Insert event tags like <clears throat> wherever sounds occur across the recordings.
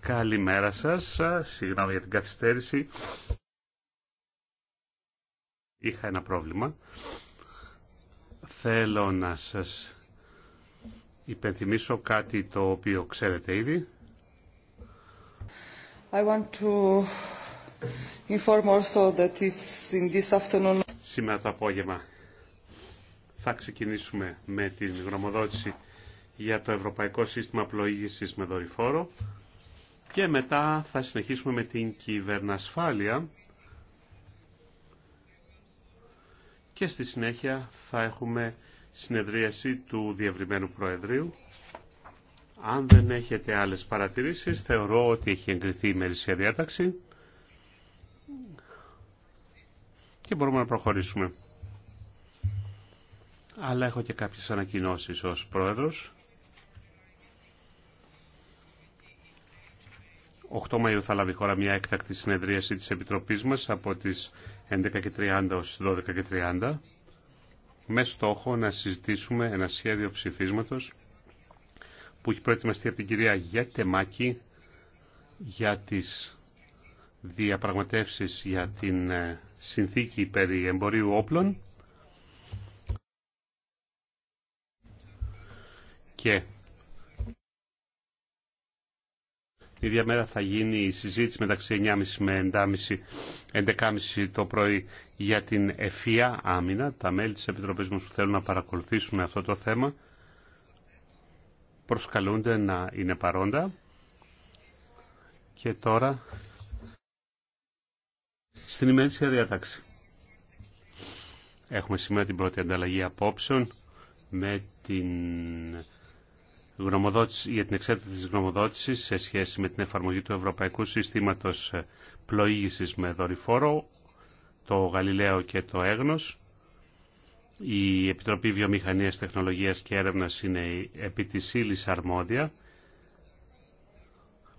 Καλημέρα σας. Συγγνώμη για την καθυστέρηση. Είχα ένα πρόβλημα. Θέλω να σας υπενθυμίσω κάτι το οποίο ξέρετε ήδη. I want to inform also that in this afternoon... Σήμερα το απόγευμα θα ξεκινήσουμε με την γνωμοδότηση για το Ευρωπαϊκό Σύστημα Πλοήγησης με δορυφόρο και μετά θα συνεχίσουμε με την Ασφάλεια και στη συνέχεια θα έχουμε συνεδρίαση του Διευρυμένου Προεδρίου. Αν δεν έχετε άλλες παρατηρήσεις, θεωρώ ότι έχει εγκριθεί η ημερησία διάταξη και μπορούμε να προχωρήσουμε. Αλλά έχω και κάποιες ανακοινώσεις ως Πρόεδρος. 8 Μαΐου θα λάβει χώρα μια έκτακτη συνεδρίαση της Επιτροπής μας από τις 11.30 ως 12.30 με στόχο να συζητήσουμε ένα σχέδιο ψηφίσματος που έχει προετοιμαστεί από την κυρία Γιατεμάκη για τις διαπραγματεύσεις για την ε, συνθήκη περί εμπορίου όπλων και η ίδια μέρα θα γίνει η συζήτηση μεταξύ 9.30 με 11.30 το πρωί για την ΕΦΙΑ άμυνα. Τα μέλη της Επιτροπής μας που θέλουν να παρακολουθήσουν αυτό το θέμα προσκαλούνται να είναι παρόντα. Και τώρα στην ημερήσια διάταξη. Έχουμε σήμερα την πρώτη ανταλλαγή απόψεων με την για την εξέταση της γνωμοδότησης σε σχέση με την εφαρμογή του Ευρωπαϊκού Συστήματος Πλοήγησης με δορυφόρο, το Γαλιλαίο και το Έγνος. Η Επιτροπή Βιομηχανίας, Τεχνολογίας και Έρευνας είναι επί της ύλης αρμόδια.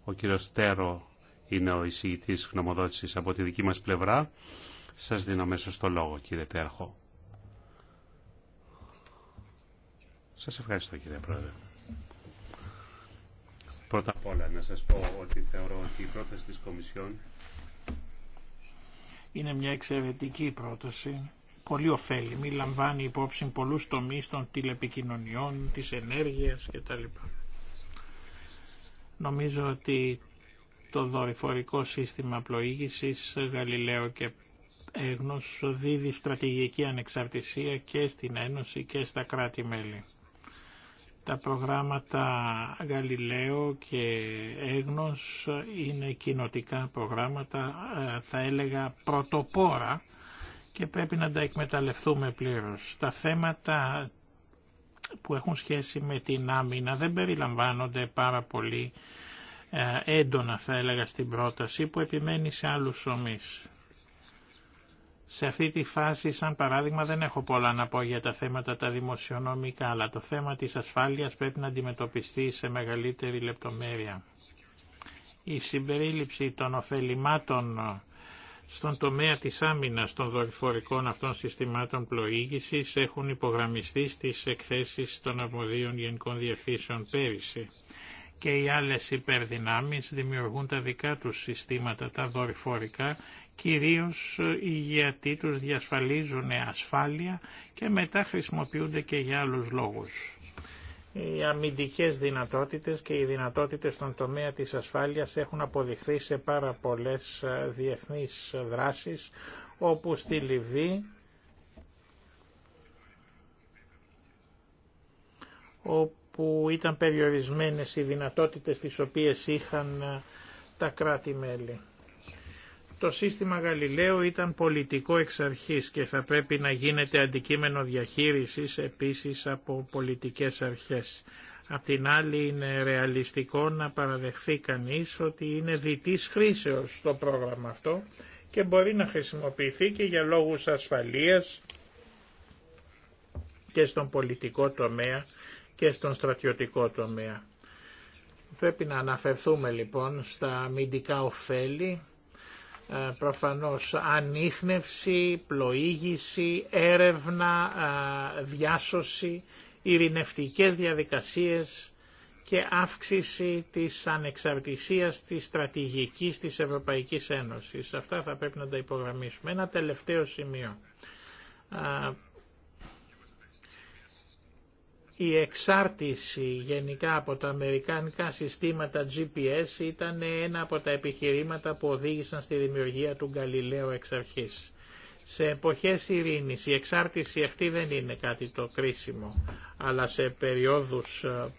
Ο κύριος Τέρο είναι ο εισηγητής γνωμοδότησης από τη δική μας πλευρά. Σας δίνω μέσω στο λόγο κύριε Τέρχο. Σας ευχαριστώ κύριε Πρόεδρε. Πρώτα απ' όλα να σας πω ότι θεωρώ ότι η πρόταση της Κομισιόν είναι μια εξαιρετική πρόταση, πολύ ωφέλιμη, λαμβάνει υπόψη πολλούς τομείς των τηλεπικοινωνιών, της ενέργειας κτλ. Νομίζω ότι το δορυφορικό σύστημα πλοήγησης Γαλιλαίο και Έγνος δίδει στρατηγική ανεξαρτησία και στην Ένωση και στα κράτη-μέλη. Τα προγράμματα Γαλιλαίο και Έγνος είναι κοινοτικά προγράμματα, ε, θα έλεγα πρωτοπόρα και πρέπει να τα εκμεταλλευτούμε πλήρως. Τα θέματα που έχουν σχέση με την άμυνα δεν περιλαμβάνονται πάρα πολύ ε, έντονα θα έλεγα στην πρόταση που επιμένει σε άλλους ομείς. Σε αυτή τη φάση, σαν παράδειγμα, δεν έχω πολλά να πω για τα θέματα τα δημοσιονομικά, αλλά το θέμα της ασφάλειας πρέπει να αντιμετωπιστεί σε μεγαλύτερη λεπτομέρεια. Η συμπερίληψη των ωφελημάτων στον τομέα της άμυνας των δορυφορικών αυτών συστημάτων πλοήγησης έχουν υπογραμμιστεί στις εκθέσεις των αρμοδίων γενικών διευθύνσεων πέρυσι και οι άλλες υπερδυνάμεις δημιουργούν τα δικά τους συστήματα, τα δορυφορικά κυρίως γιατί τους διασφαλίζουν ασφάλεια και μετά χρησιμοποιούνται και για άλλους λόγους. Οι αμυντικές δυνατότητες και οι δυνατότητες στον τομέα της ασφάλειας έχουν αποδειχθεί σε πάρα πολλές ε, διεθνείς δράσεις, όπου στη Λιβύη, όπου ήταν περιορισμένες οι δυνατότητες τις οποίες είχαν ε, τα κράτη-μέλη. Το σύστημα Γαλιλαίου ήταν πολιτικό εξ αρχής και θα πρέπει να γίνεται αντικείμενο διαχείρισης επίσης από πολιτικές αρχές. Απ' την άλλη είναι ρεαλιστικό να παραδεχθεί κανείς ότι είναι διτής χρήσεως το πρόγραμμα αυτό και μπορεί να χρησιμοποιηθεί και για λόγους ασφαλείας και στον πολιτικό τομέα και στον στρατιωτικό τομέα. Πρέπει να αναφερθούμε λοιπόν στα αμυντικά ωφέλη ε, προφανώς ανείχνευση, πλοήγηση, έρευνα, ε, διάσωση, ειρηνευτικές διαδικασίες και αύξηση της ανεξαρτησίας της στρατηγικής της Ευρωπαϊκής Ένωσης. Αυτά θα πρέπει να τα υπογραμμίσουμε. Ένα τελευταίο σημείο ε, η εξάρτηση γενικά από τα αμερικάνικα συστήματα GPS ήταν ένα από τα επιχειρήματα που οδήγησαν στη δημιουργία του Γκαλιλαίου εξ αρχής. Σε εποχές ειρήνης η εξάρτηση αυτή δεν είναι κάτι το κρίσιμο, αλλά σε περιόδους ε,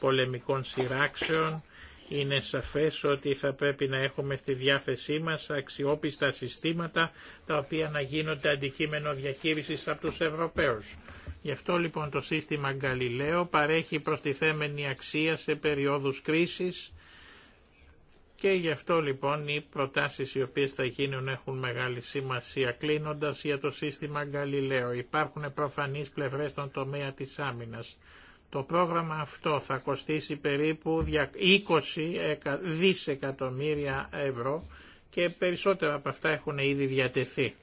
πολεμικών σειράξεων είναι σαφές ότι θα πρέπει να έχουμε στη διάθεσή μας αξιόπιστα συστήματα τα οποία να γίνονται αντικείμενο διαχείρισης από τους Ευρωπαίους. Γι' αυτό λοιπόν το σύστημα Γκαλιλαίο παρέχει προστιθέμενη αξία σε περιόδους κρίσης και γι' αυτό λοιπόν οι προτάσεις οι οποίες θα γίνουν έχουν μεγάλη σημασία. Κλείνοντας για το σύστημα Γκαλιλαίο υπάρχουν προφανείς πλευρές στον τομέα της άμυνας. Το πρόγραμμα αυτό θα κοστίσει περίπου 20 δισεκατομμύρια ευρώ και περισσότερα από αυτά έχουν ήδη διατεθεί.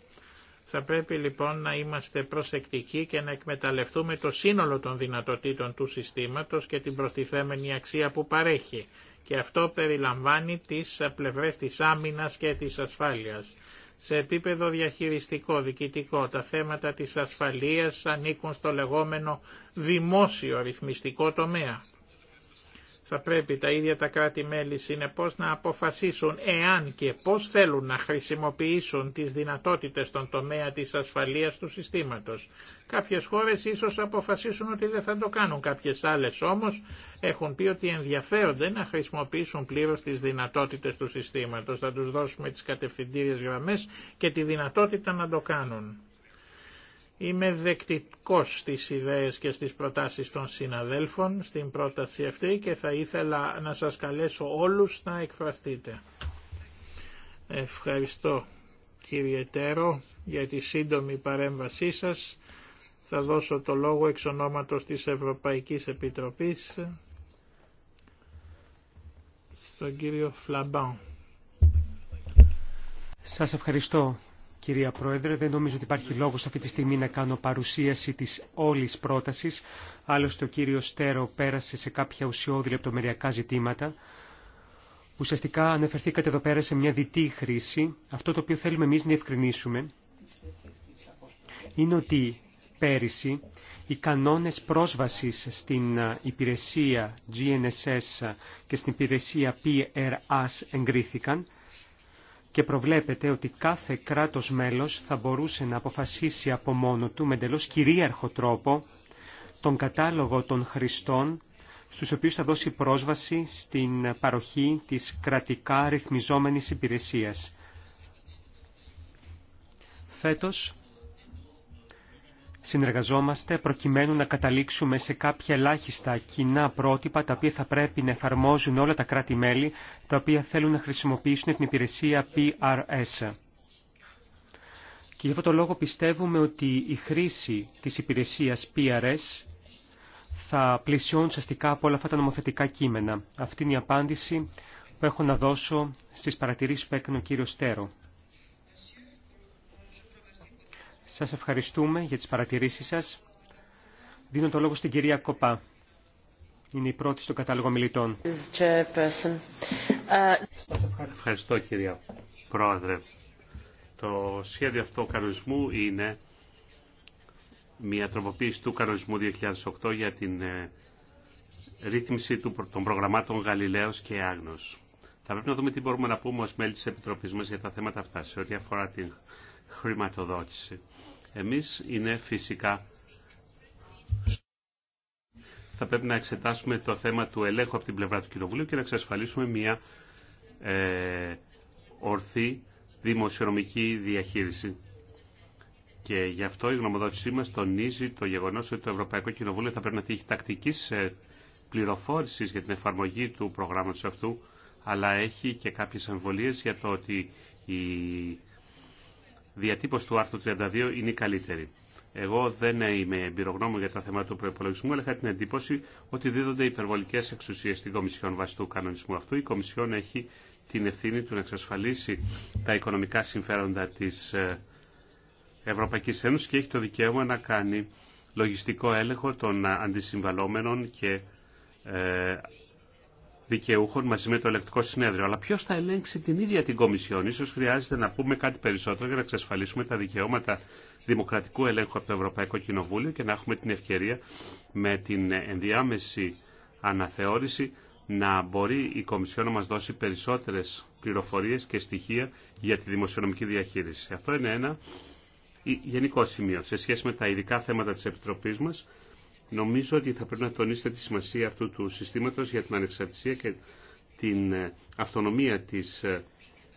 Θα πρέπει λοιπόν να είμαστε προσεκτικοί και να εκμεταλλευτούμε το σύνολο των δυνατοτήτων του συστήματος και την προστιθέμενη αξία που παρέχει. Και αυτό περιλαμβάνει τις πλευρές της άμυνας και της ασφάλειας. Σε επίπεδο διαχειριστικό, διοικητικό, τα θέματα της ασφαλείας ανήκουν στο λεγόμενο δημόσιο ρυθμιστικό τομέα. Θα πρέπει τα ίδια τα κράτη-μέλη συνεπώς να αποφασίσουν εάν και πώς θέλουν να χρησιμοποιήσουν τις δυνατότητες στον τομέα της ασφαλείας του συστήματος. Κάποιες χώρες ίσως αποφασίσουν ότι δεν θα το κάνουν, κάποιες άλλες όμως έχουν πει ότι ενδιαφέρονται να χρησιμοποιήσουν πλήρως τις δυνατότητες του συστήματος. Θα τους δώσουμε τις κατευθυντήριες γραμμές και τη δυνατότητα να το κάνουν. Είμαι δεκτικός στις ιδέες και στις προτάσεις των συναδέλφων στην πρόταση αυτή και θα ήθελα να σας καλέσω όλους να εκφραστείτε. Ευχαριστώ κύριε Τέρο για τη σύντομη παρέμβασή σας. Θα δώσω το λόγο εξ ονόματος της Ευρωπαϊκής Επιτροπής στον κύριο Φλαμπάν. Σας ευχαριστώ Κυρία Πρόεδρε, δεν νομίζω ότι υπάρχει λόγος αυτή τη στιγμή να κάνω παρουσίαση της όλης πρότασης. Άλλωστε ο κύριο Στέρο πέρασε σε κάποια ουσιώδη λεπτομεριακά ζητήματα. Ουσιαστικά αναφερθήκατε εδώ πέρα σε μια διτή χρήση. Αυτό το οποίο θέλουμε εμείς να ευκρινίσουμε είναι ότι πέρυσι οι κανόνες πρόσβασης στην υπηρεσία GNSS και στην υπηρεσία PRS εγκρίθηκαν και προβλέπεται ότι κάθε κράτος μέλος θα μπορούσε να αποφασίσει από μόνο του με εντελώ κυρίαρχο τρόπο τον κατάλογο των χρηστών στους οποίους θα δώσει πρόσβαση στην παροχή της κρατικά ρυθμιζόμενης υπηρεσίας. Φέτος συνεργαζόμαστε προκειμένου να καταλήξουμε σε κάποια ελάχιστα κοινά πρότυπα τα οποία θα πρέπει να εφαρμόζουν όλα τα κράτη-μέλη τα οποία θέλουν να χρησιμοποιήσουν την υπηρεσία PRS. Και γι' αυτό το λόγο πιστεύουμε ότι η χρήση της υπηρεσίας PRS θα πλησιώνει ουσιαστικά από όλα αυτά τα νομοθετικά κείμενα. Αυτή είναι η απάντηση που έχω να δώσω στις παρατηρήσεις που έκανε ο κύριος Στέρο. Σας ευχαριστούμε για τις παρατηρήσεις σας. Δίνω το λόγο στην κυρία Κοπά. Είναι η πρώτη στο κατάλογο μιλητών. Ε, ευχαριστώ κυρία Πρόεδρε. Το σχέδιο αυτό κανονισμού είναι μια τροποποίηση του κανονισμού 2008 για την ε, ρύθμιση των προγραμμάτων Γαλιλαίος και Άγνος. Θα πρέπει να δούμε τι μπορούμε να πούμε ως μέλη της Επιτροπής μας για τα θέματα αυτά. Σε ό,τι αφορά την χρηματοδότηση. Εμείς είναι φυσικά θα πρέπει να εξετάσουμε το θέμα του ελέγχου από την πλευρά του Κοινοβουλίου και να εξασφαλίσουμε μια ε, ορθή δημοσιονομική διαχείριση. Και γι' αυτό η γνωμοδότησή μας τονίζει το γεγονός ότι το Ευρωπαϊκό Κοινοβούλιο θα πρέπει να τύχει τακτικής ε, πληροφόρησης για την εφαρμογή του προγράμματος αυτού, αλλά έχει και κάποιες αμβολίες για το ότι η διατύπωση του άρθρου 32 είναι η καλύτερη. Εγώ δεν είμαι εμπειρογνώμων για τα θέματα του προπολογισμού, αλλά είχα την εντύπωση ότι δίδονται υπερβολικέ εξουσίε στην Κομισιόν βάσει του κανονισμού αυτού. Η Κομισιόν έχει την ευθύνη του να εξασφαλίσει τα οικονομικά συμφέροντα τη ε, Ευρωπαϊκή Ένωση και έχει το δικαίωμα να κάνει λογιστικό έλεγχο των ε, αντισυμβαλόμενων και ε, δικαιούχων μαζί με το ελεκτικό συνέδριο. Αλλά ποιο θα ελέγξει την ίδια την Κομισιόν. Ίσως χρειάζεται να πούμε κάτι περισσότερο για να εξασφαλίσουμε τα δικαιώματα δημοκρατικού ελέγχου από το Ευρωπαϊκό Κοινοβούλιο και να έχουμε την ευκαιρία με την ενδιάμεση αναθεώρηση να μπορεί η Κομισιόν να μα δώσει περισσότερε πληροφορίε και στοιχεία για τη δημοσιονομική διαχείριση. Αυτό είναι ένα γενικό σημείο σε σχέση με τα ειδικά θέματα τη επιτροπή μα. Νομίζω ότι θα πρέπει να τονίσετε τη σημασία αυτού του συστήματος για την ανεξαρτησία και την ε, αυτονομία της ε,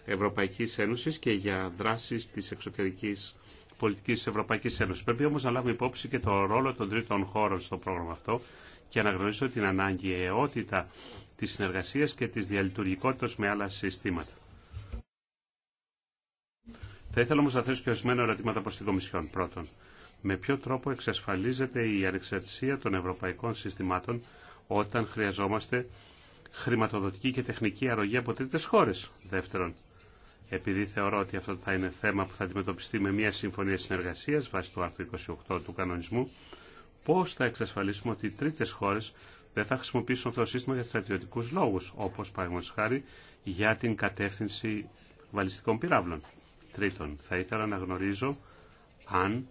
Ευρωπαϊκής Ένωσης και για δράσεις της εξωτερικής πολιτικής της Ευρωπαϊκής Ένωσης. Πρέπει όμως να λάβουμε υπόψη και το ρόλο των τρίτων χώρων στο πρόγραμμα αυτό και να γνωρίσω την ανάγκη αιότητα της συνεργασίας και της διαλειτουργικότητας με άλλα συστήματα. Θα ήθελα όμως να θέσω και ορισμένα ερωτήματα προς την Κομισιόν. Πρώτον, με ποιο τρόπο εξασφαλίζεται η ανεξαρτησία των ευρωπαϊκών συστημάτων όταν χρειαζόμαστε χρηματοδοτική και τεχνική αρρωγή από τρίτες χώρε Δεύτερον, επειδή θεωρώ ότι αυτό θα είναι θέμα που θα αντιμετωπιστεί με μια συμφωνία συνεργασία βάσει του άρθρου 28 του κανονισμού, πώ θα εξασφαλίσουμε ότι οι τρίτε χώρε δεν θα χρησιμοποιήσουν αυτό το σύστημα για στρατιωτικού λόγους, όπως παραδείγματο χάρη για την κατεύθυνση βαλιστικών πυράβλων. Τρίτον, θα ήθελα να γνωρίζω αν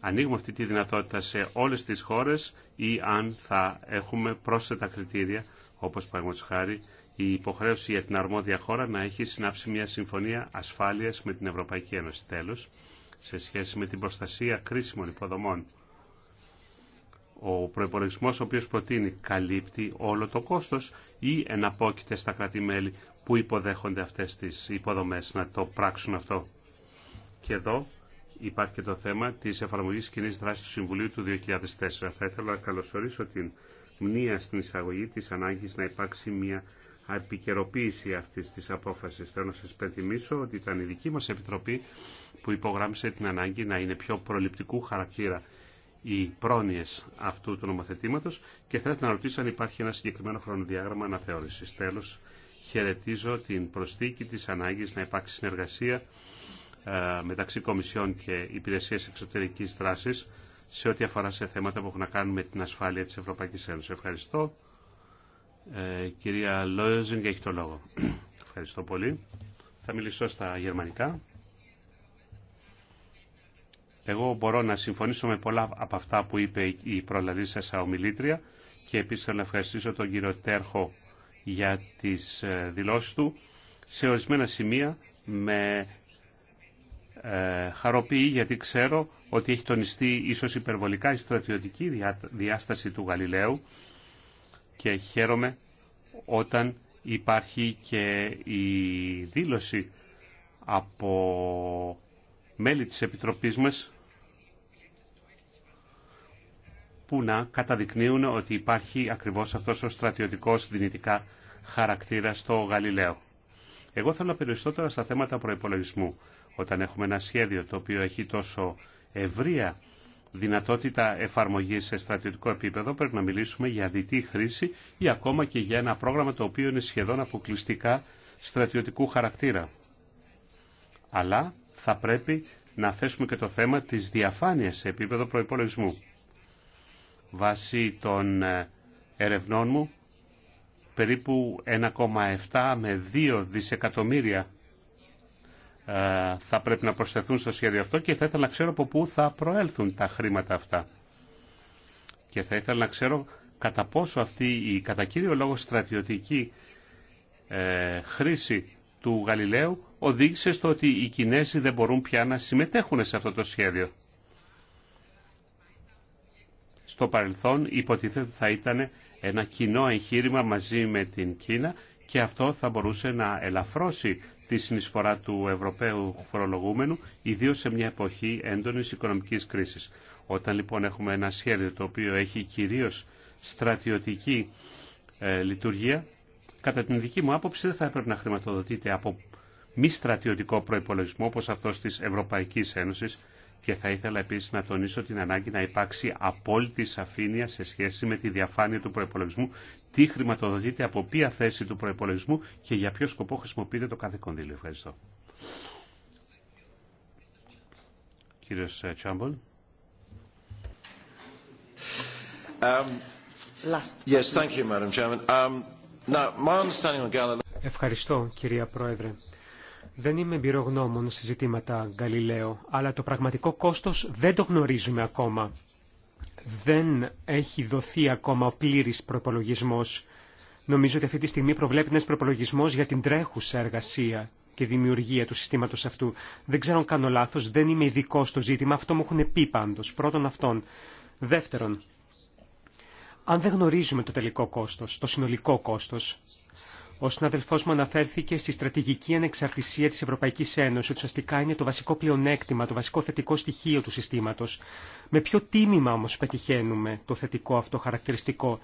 ανοίγουμε αυτή τη δυνατότητα σε όλες τις χώρες ή αν θα έχουμε πρόσθετα κριτήρια, όπως παραδείγματος χάρη η υποχρέωση για την αρμόδια χώρα να έχει συνάψει μια συμφωνία ασφάλειας με την Ευρωπαϊκή Ένωση. Τέλος, σε σχέση με την προστασία κρίσιμων υποδομών, ο προπολογισμό ο οποίος προτείνει καλύπτει όλο το κόστος ή εναπόκειται στα κρατημέλη που υποδέχονται αυτές τις υποδομές να το πράξουν αυτό. Και εδώ υπάρχει και το θέμα της εφαρμογής κοινή δράσης του Συμβουλίου του 2004. Θα ήθελα να καλωσορίσω την μνήα στην εισαγωγή της ανάγκης να υπάρξει μια επικαιροποίηση αυτής της απόφασης. Θέλω να σας πενθυμίσω ότι ήταν η δική μας Επιτροπή που υπογράμμισε την ανάγκη να είναι πιο προληπτικού χαρακτήρα οι πρόνοιες αυτού του νομοθετήματος και θέλω να ρωτήσω αν υπάρχει ένα συγκεκριμένο χρονοδιάγραμμα αναθεώρησης. Τέλος, χαιρετίζω την προσθήκη της ανάγκης να υπάρξει συνεργασία ε, μεταξύ Κομισιών και Υπηρεσία Εξωτερικής Δράσης σε ό,τι αφορά σε θέματα που έχουν να κάνουν με την ασφάλεια της Ευρωπαϊκή Ένωση. Ευχαριστώ. Ε, κυρία Λόιζινγκ έχει το λόγο. <clears throat> Ευχαριστώ πολύ. Θα μιλήσω στα γερμανικά. Εγώ μπορώ να συμφωνήσω με πολλά από αυτά που είπε η προλαλή σας ομιλήτρια και επίσης θέλω να ευχαριστήσω τον κύριο Τέρχο για τις ε, δηλώσεις του. Σε ορισμένα σημεία με ε, χαροποιεί γιατί ξέρω ότι έχει τονιστεί ίσως υπερβολικά η στρατιωτική διάσταση του Γαλιλαίου και χαίρομαι όταν υπάρχει και η δήλωση από μέλη της Επιτροπής μας που να καταδεικνύουν ότι υπάρχει ακριβώς αυτός ο στρατιωτικός δυνητικά χαρακτήρας στο Γαλιλαίο. Εγώ θέλω να περιοριστώ στα θέματα προϋπολογισμού. Όταν έχουμε ένα σχέδιο το οποίο έχει τόσο ευρεία δυνατότητα εφαρμογή σε στρατιωτικό επίπεδο, πρέπει να μιλήσουμε για διτή χρήση ή ακόμα και για ένα πρόγραμμα το οποίο είναι σχεδόν αποκλειστικά στρατιωτικού χαρακτήρα. Αλλά θα πρέπει να θέσουμε και το θέμα της διαφάνειας σε επίπεδο προϋπολογισμού. Βάσει των ε, ερευνών μου, περίπου 1,7 με 2 δισεκατομμύρια ε, θα πρέπει να προσθεθούν στο σχέδιο αυτό και θα ήθελα να ξέρω από πού θα προέλθουν τα χρήματα αυτά. Και θα ήθελα να ξέρω κατά πόσο αυτή η κατά κύριο λόγο στρατιωτική ε, χρήση του Γαλιλαίου οδήγησε στο ότι οι Κινέζοι δεν μπορούν πια να συμμετέχουν σε αυτό το σχέδιο. Στο παρελθόν υποτίθεται θα ήταν ένα κοινό εγχείρημα μαζί με την Κίνα και αυτό θα μπορούσε να ελαφρώσει τη συνεισφορά του Ευρωπαίου φορολογούμενου, ιδίως σε μια εποχή έντονης οικονομικής κρίσης. Όταν λοιπόν έχουμε ένα σχέδιο το οποίο έχει κυρίως στρατιωτική ε, λειτουργία, κατά την δική μου άποψη δεν θα έπρεπε να χρηματοδοτείται από μη στρατιωτικό προϋπολογισμό όπως αυτός της Ευρωπαϊκής Ένωσης, και θα ήθελα επίσης να τονίσω την ανάγκη να υπάρξει απόλυτη σαφήνεια σε σχέση με τη διαφάνεια του προϋπολογισμού, τι χρηματοδοτείται, από ποια θέση του προϋπολογισμού και για ποιο σκοπό χρησιμοποιείται το κάθε κονδύλιο. Ευχαριστώ. Κύριος ε, Τσάμπολ. Um, um, Ευχαριστώ, κυρία Πρόεδρε. Δεν είμαι εμπειρογνώμων σε ζητήματα Γκαλιλαίο, αλλά το πραγματικό κόστος δεν το γνωρίζουμε ακόμα. Δεν έχει δοθεί ακόμα ο πλήρης προπολογισμός. Νομίζω ότι αυτή τη στιγμή προβλέπει ένας προπολογισμός για την τρέχουσα εργασία και δημιουργία του συστήματος αυτού. Δεν ξέρω αν κάνω λάθος, δεν είμαι ειδικό στο ζήτημα, αυτό μου έχουν πει πάντως, πρώτον αυτόν. Δεύτερον, αν δεν γνωρίζουμε το τελικό κόστος, το συνολικό κόστος, ο συναδελφό μου αναφέρθηκε στη στρατηγική ανεξαρτησία τη Ευρωπαϊκή Ένωση, ότι ουσιαστικά είναι το βασικό πλεονέκτημα, το βασικό θετικό στοιχείο του συστήματο. Με ποιο τίμημα όμω πετυχαίνουμε το θετικό αυτό χαρακτηριστικό.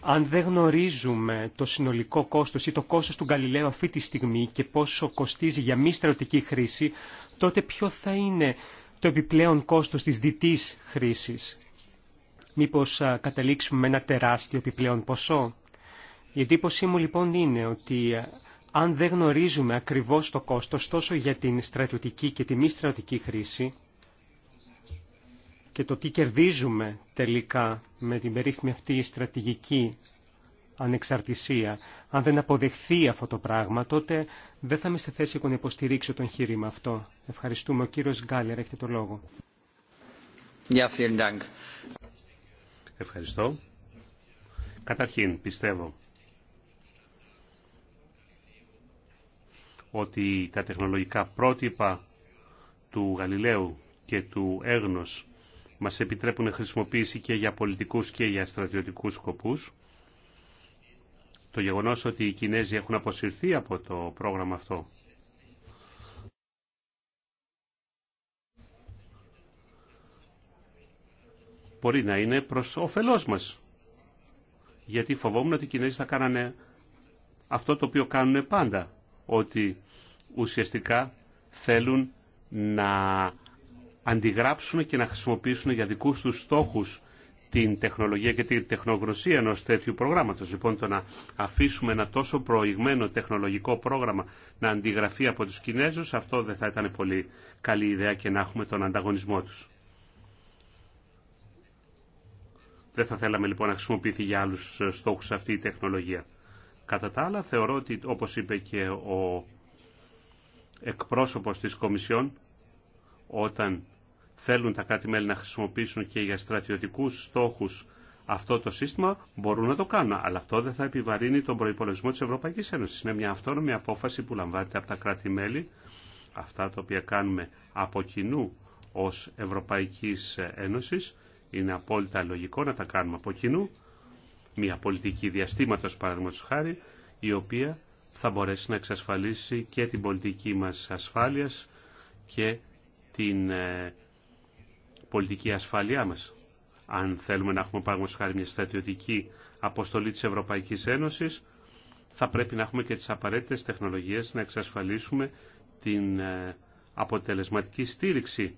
Αν δεν γνωρίζουμε το συνολικό κόστο ή το κόστο του καλλιλέου αυτή τη στιγμή και πόσο κοστίζει για μη στρατιωτική χρήση, τότε ποιο θα είναι το επιπλέον κόστο τη διτή χρήση. Μήπω καταλήξουμε με ένα τεράστιο επιπλέον ποσό. Η εντύπωσή μου λοιπόν είναι ότι ε, αν δεν γνωρίζουμε ακριβώς το κόστος τόσο για την στρατιωτική και τη μη στρατιωτική χρήση και το τι κερδίζουμε τελικά με την περίφημη αυτή στρατηγική ανεξαρτησία, αν δεν αποδεχθεί αυτό το πράγμα, τότε δεν θα είμαι σε θέση να υποστηρίξω το εγχείρημα αυτό. Ευχαριστούμε. Ο κύριος Γκάλερ, έχετε το λόγο. Ευχαριστώ. Καταρχήν, πιστεύω ότι τα τεχνολογικά πρότυπα του Γαλιλαίου και του Έγνος μας επιτρέπουν χρησιμοποιήσει και για πολιτικούς και για στρατιωτικούς σκοπούς. Το γεγονός ότι οι Κινέζοι έχουν αποσυρθεί από το πρόγραμμα αυτό μπορεί να είναι προς όφελός μας. Γιατί φοβόμουν ότι οι Κινέζοι θα κάνανε αυτό το οποίο κάνουν πάντα ότι ουσιαστικά θέλουν να αντιγράψουν και να χρησιμοποιήσουν για δικούς τους στόχους την τεχνολογία και την τεχνογνωσία ενό τέτοιου προγράμματο. Λοιπόν, το να αφήσουμε ένα τόσο προηγμένο τεχνολογικό πρόγραμμα να αντιγραφεί από του Κινέζου, αυτό δεν θα ήταν πολύ καλή ιδέα και να έχουμε τον ανταγωνισμό του. Δεν θα θέλαμε λοιπόν να χρησιμοποιηθεί για άλλου στόχου αυτή η τεχνολογία. Κατά τα άλλα, θεωρώ ότι, όπως είπε και ο εκπρόσωπος της Κομισιόν, όταν θέλουν τα κράτη-μέλη να χρησιμοποιήσουν και για στρατιωτικούς στόχους αυτό το σύστημα, μπορούν να το κάνουν. Αλλά αυτό δεν θα επιβαρύνει τον προϋπολογισμό της Ευρωπαϊκής Ένωσης. Είναι μια αυτόνομη απόφαση που λαμβάνεται από τα κράτη-μέλη, αυτά τα οποία κάνουμε από κοινού ως Ευρωπαϊκής Ένωσης. Είναι απόλυτα λογικό να τα κάνουμε από κοινού μια πολιτική διαστήματος παραδείγματος χάρη, η οποία θα μπορέσει να εξασφαλίσει και την πολιτική μας ασφάλειας και την ε, πολιτική ασφάλειά μας. Αν θέλουμε να έχουμε παραδείγματος χάρη μια στρατιωτική αποστολή της Ευρωπαϊκής Ένωσης, θα πρέπει να έχουμε και τις απαραίτητες τεχνολογίες να εξασφαλίσουμε την ε, αποτελεσματική στήριξη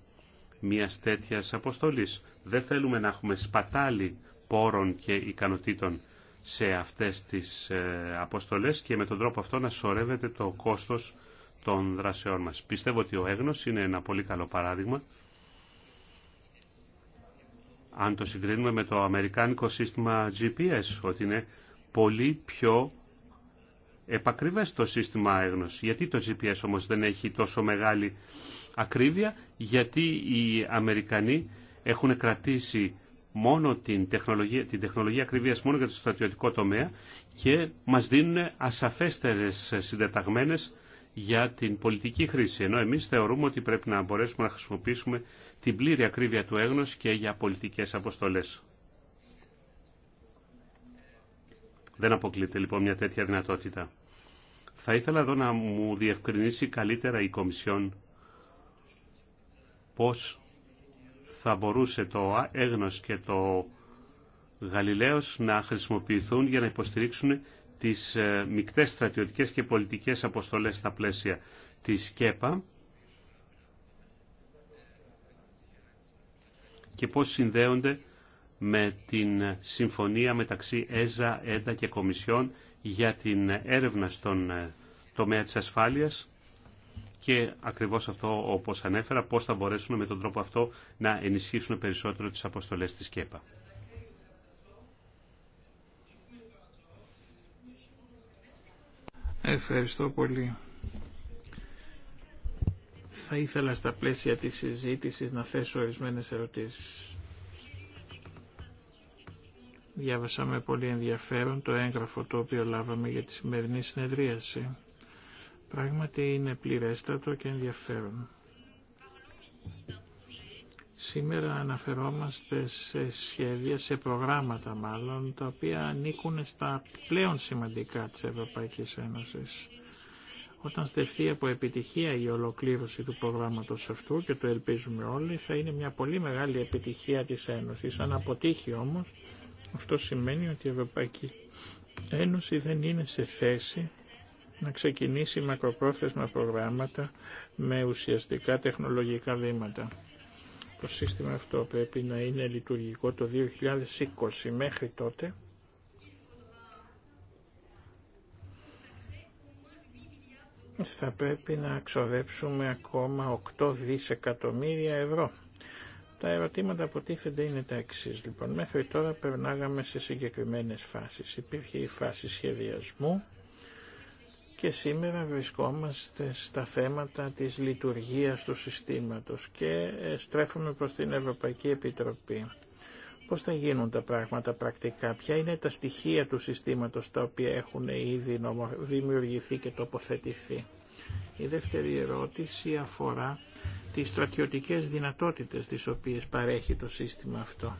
μιας τέτοιας αποστολής. Δεν θέλουμε να έχουμε σπατάλη πόρων και ικανοτήτων σε αυτές τις ε, αποστολές και με τον τρόπο αυτό να σωρεύεται το κόστος των δράσεών μας. Πιστεύω ότι ο έγνος είναι ένα πολύ καλό παράδειγμα αν το συγκρίνουμε με το αμερικάνικο σύστημα GPS, ότι είναι πολύ πιο επακριβές το σύστημα έγνωση. Γιατί το GPS όμως δεν έχει τόσο μεγάλη ακρίβεια, γιατί οι Αμερικανοί έχουν κρατήσει μόνο την τεχνολογία, την τεχνολογία ακριβίας μόνο για το στρατιωτικό τομέα και μας δίνουν ασαφέστερες συντεταγμένες για την πολιτική χρήση. Ενώ εμείς θεωρούμε ότι πρέπει να μπορέσουμε να χρησιμοποιήσουμε την πλήρη ακρίβεια του έγνος και για πολιτικές αποστολές. Δεν αποκλείται λοιπόν μια τέτοια δυνατότητα. Θα ήθελα εδώ να μου διευκρινίσει καλύτερα η Κομισιόν πώς θα μπορούσε το έγνος και το Γαλιλαίος να χρησιμοποιηθούν για να υποστηρίξουν τις ε, μικτές στρατιωτικές και πολιτικές αποστολές στα πλαίσια της ΚΕΠΑ και πώς συνδέονται με την συμφωνία μεταξύ ΕΖΑ, ΕΝΤΑ και Κομισιόν για την έρευνα στον ε, τομέα της ασφάλειας και ακριβώς αυτό όπως ανέφερα πώς θα μπορέσουν με τον τρόπο αυτό να ενισχύσουν περισσότερο τις αποστολές της ΚΕΠΑ. Ευχαριστώ πολύ. Θα ήθελα στα πλαίσια της συζήτησης να θέσω ορισμένες ερωτήσεις. Διάβασα με πολύ ενδιαφέρον το έγγραφο το οποίο λάβαμε για τη σημερινή συνεδρίαση. Πράγματι είναι πληρέστατο και ενδιαφέρον. Σήμερα αναφερόμαστε σε σχέδια, σε προγράμματα μάλλον, τα οποία ανήκουν στα πλέον σημαντικά της Ευρωπαϊκής Ένωσης. Όταν στεφθεί από επιτυχία η ολοκλήρωση του προγράμματος αυτού, και το ελπίζουμε όλοι, θα είναι μια πολύ μεγάλη επιτυχία της Ένωσης. Αν αποτύχει όμως, αυτό σημαίνει ότι η Ευρωπαϊκή Ένωση δεν είναι σε θέση να ξεκινήσει μακροπρόθεσμα προγράμματα με ουσιαστικά τεχνολογικά βήματα. Το σύστημα αυτό πρέπει να είναι λειτουργικό το 2020 μέχρι τότε. Θα πρέπει να ξοδέψουμε ακόμα 8 δισεκατομμύρια ευρώ. Τα ερωτήματα που τίθενται είναι τα εξής. Λοιπόν, μέχρι τώρα περνάγαμε σε συγκεκριμένες φάσεις. Υπήρχε η φάση σχεδιασμού, και σήμερα βρισκόμαστε στα θέματα της λειτουργίας του συστήματος και ε, στρέφουμε προς την Ευρωπαϊκή Επιτροπή. Πώς θα γίνουν τα πράγματα πρακτικά, ποια είναι τα στοιχεία του συστήματος τα οποία έχουν ήδη δημιουργηθεί και τοποθετηθεί. Η δεύτερη ερώτηση αφορά τις στρατιωτικές δυνατότητες τις οποίες παρέχει το σύστημα αυτό